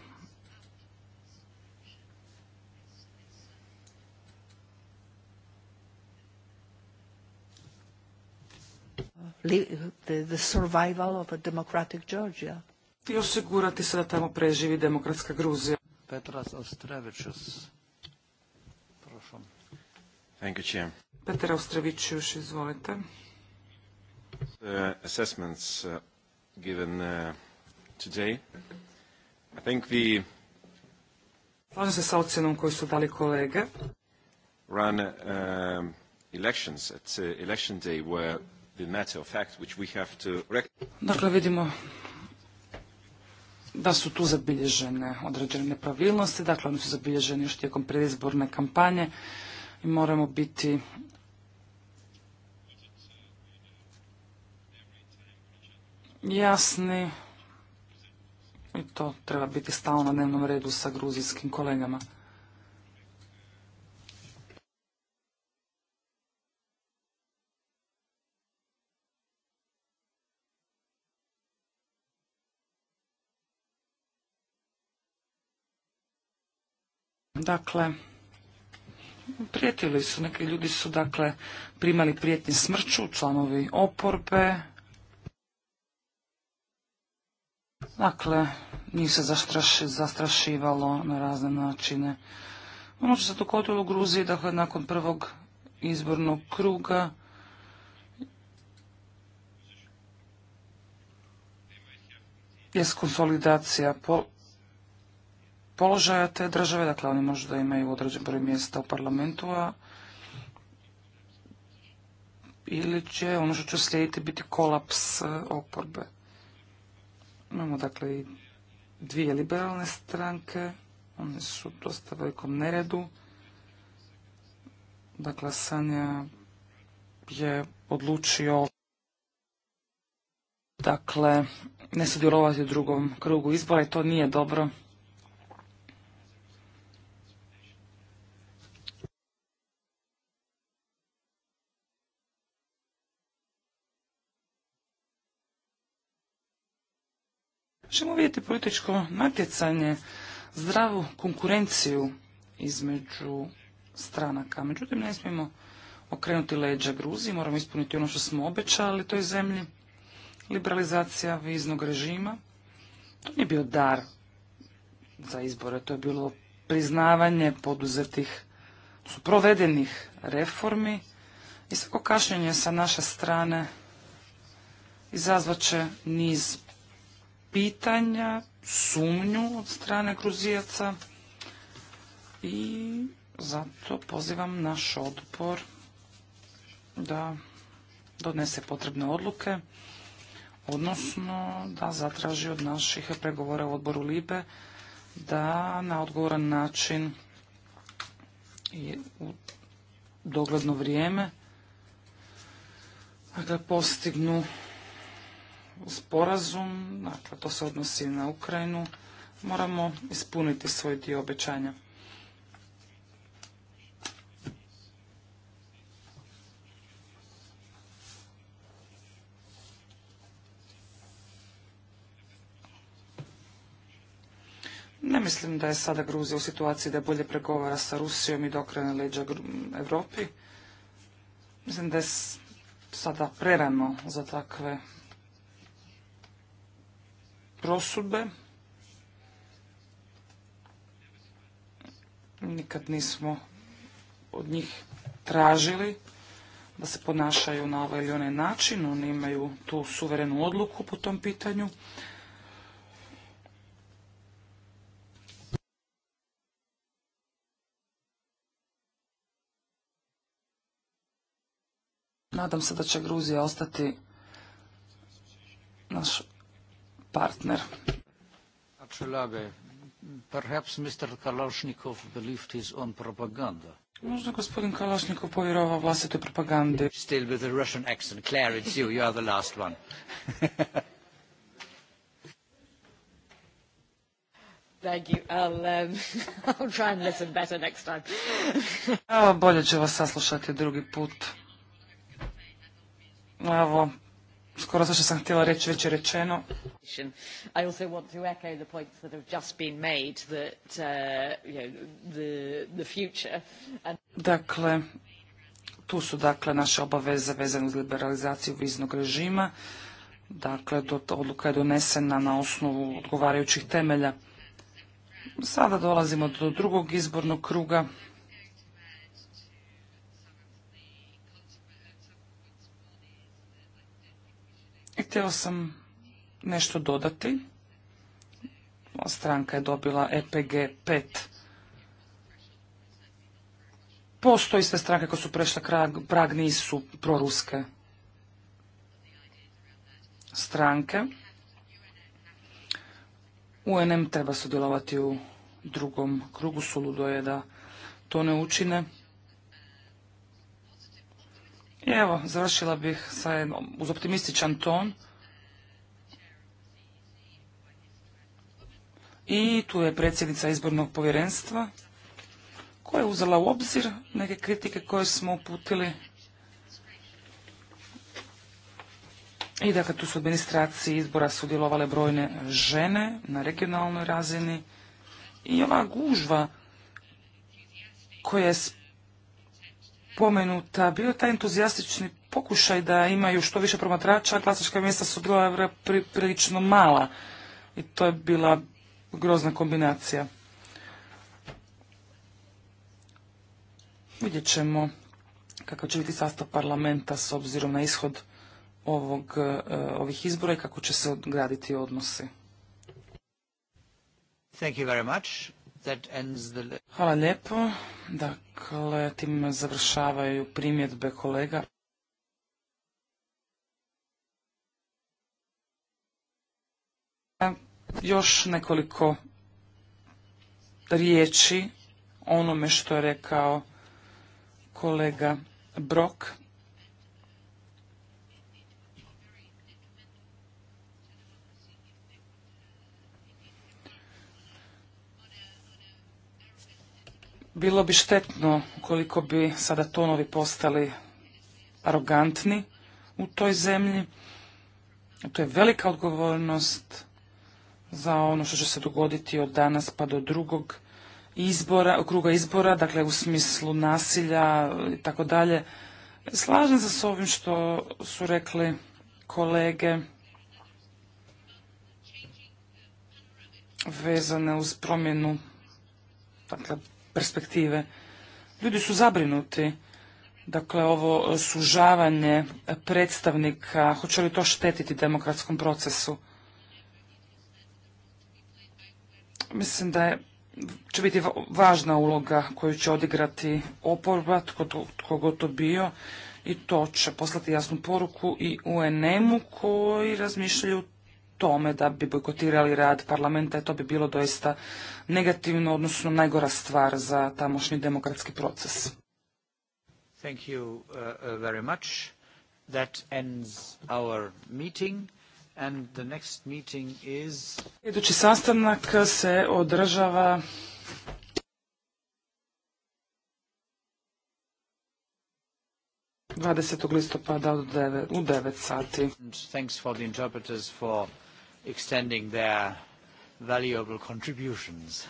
The, survival of a democratic Georgia. I osigurati se da tamo preživi demokratska Gruzija. Petras Ostrevičus. Prošom. Thank you, Chair. Petar Ostrevičus, izvolite. The assessments uh, given uh, today. I think the Slažem se sa ocjenom koju su dali kolege. Run um, elections at uh, election day were the matter of fact which we have to Dakle vidimo da su tu zabilježene određene nepravilnosti, dakle oni su zabilježeni još tijekom predizborne kampanje i moramo biti jasni i to treba biti stalno na dnevnom redu sa gruzijskim kolegama. Dakle, prijetili su, neki ljudi su dakle primali prijetnji smrću, članovi oporbe, Dakle, njih se zastrašivalo na razne načine. Ono što se dogodilo u Gruziji, dakle, nakon prvog izbornog kruga, je konsolidacija položaja te države, dakle oni možda imaju određen broj mjesta u parlamentu, a ili će ono što će slijediti biti kolaps e, oporbe. Imamo dakle i dvije liberalne stranke, one su dosta velikom neredu. Dakle, Sanja je odlučio dakle, ne sudjelovati u drugom krugu izbora i to nije dobro. ćemo vidjeti političko natjecanje, zdravu konkurenciju između stranaka. Međutim, ne smijemo okrenuti leđa Gruziji, moramo ispuniti ono što smo obećali toj zemlji. Liberalizacija viznog režima, to nije bio dar za izbore, to je bilo priznavanje poduzetih, su provedenih reformi i svako kašnjenje sa naše strane izazvaće će niz pitanja, sumnju od strane Gruzijaca i zato pozivam naš odbor da donese potrebne odluke, odnosno da zatraži od naših pregovora u odboru Libe da na odgovoran način i u dogledno vrijeme dakle, postignu sporazum, dakle to se odnosi na Ukrajinu, moramo ispuniti svoj dio obećanja. Ne mislim da je sada Gruzija u situaciji da bolje pregovara sa Rusijom i dokrene leđa Europi. Mislim da je sada prerano za takve prosudbe. Nikad nismo od njih tražili da se ponašaju na ovaj ili onaj način. Oni imaju tu suverenu odluku po tom pitanju. Nadam se da će Gruzija ostati naš partner. Perhaps Mr. Kalashnikov his own propaganda. Možda gospodin Kalašnikov povjerova vlastitoj propagandi. Still with the Russian accent. Claire, it's you. You are the last one. Thank you. I'll, um, I'll try and listen better next time. Evo, bolje ću vas saslušati drugi put. Evo, skoro sve što sam htjela reći već je rečeno. Dakle, tu su dakle naše obaveze vezane uz liberalizaciju viznog režima. Dakle, odluka je donesena na osnovu odgovarajućih temelja. Sada dolazimo do drugog izbornog kruga. htio sam nešto dodati. Stranka je dobila EPG 5. Postoji sve stranke koje su prešle prag nisu proruske stranke. UNM treba sudjelovati u drugom krugu, suludo je da to ne učine. I evo, završila bih sa jednom, uz optimističan ton. I tu je predsjednica izbornog povjerenstva koja je uzela u obzir neke kritike koje smo uputili. I dakle, tu su administraciji izbora sudjelovale brojne žene na regionalnoj razini. I ova gužva koja je Pomenuta, bio je taj entuzijastični pokušaj da imaju što više promatrača, klasička mjesta su bila prilično mala i to je bila grozna kombinacija. Vidjet ćemo kakav će biti sastav parlamenta s obzirom na ishod ovog, e, ovih izbora i kako će se odgraditi odnosi. Thank you Hvala lijepo. Dakle, tim završavaju primjedbe kolega. Još nekoliko riječi onome što je rekao kolega Brok. Bilo bi štetno ukoliko bi sada tonovi postali arogantni u toj zemlji. To je velika odgovornost za ono što će se dogoditi od danas pa do drugog izbora, kruga izbora, dakle u smislu nasilja i tako dalje. Slažem se s ovim što su rekli kolege vezane uz promjenu dakle, perspektive. Ljudi su zabrinuti. Dakle, ovo sužavanje predstavnika, hoće li to štetiti demokratskom procesu? Mislim da je, će biti važna uloga koju će odigrati oporba, tko, god to bio, i to će poslati jasnu poruku i UNM-u koji razmišljaju tome da bi bojkotirali rad parlamenta i to bi bilo doista negativno, odnosno najgora stvar za tamošnji demokratski proces. Thank you uh, uh, very much. That ends our meeting. And the next meeting is... Idući sastanak se održava dvadeset listopada u 9 sati. Thanks for for the interpreters extending their valuable contributions.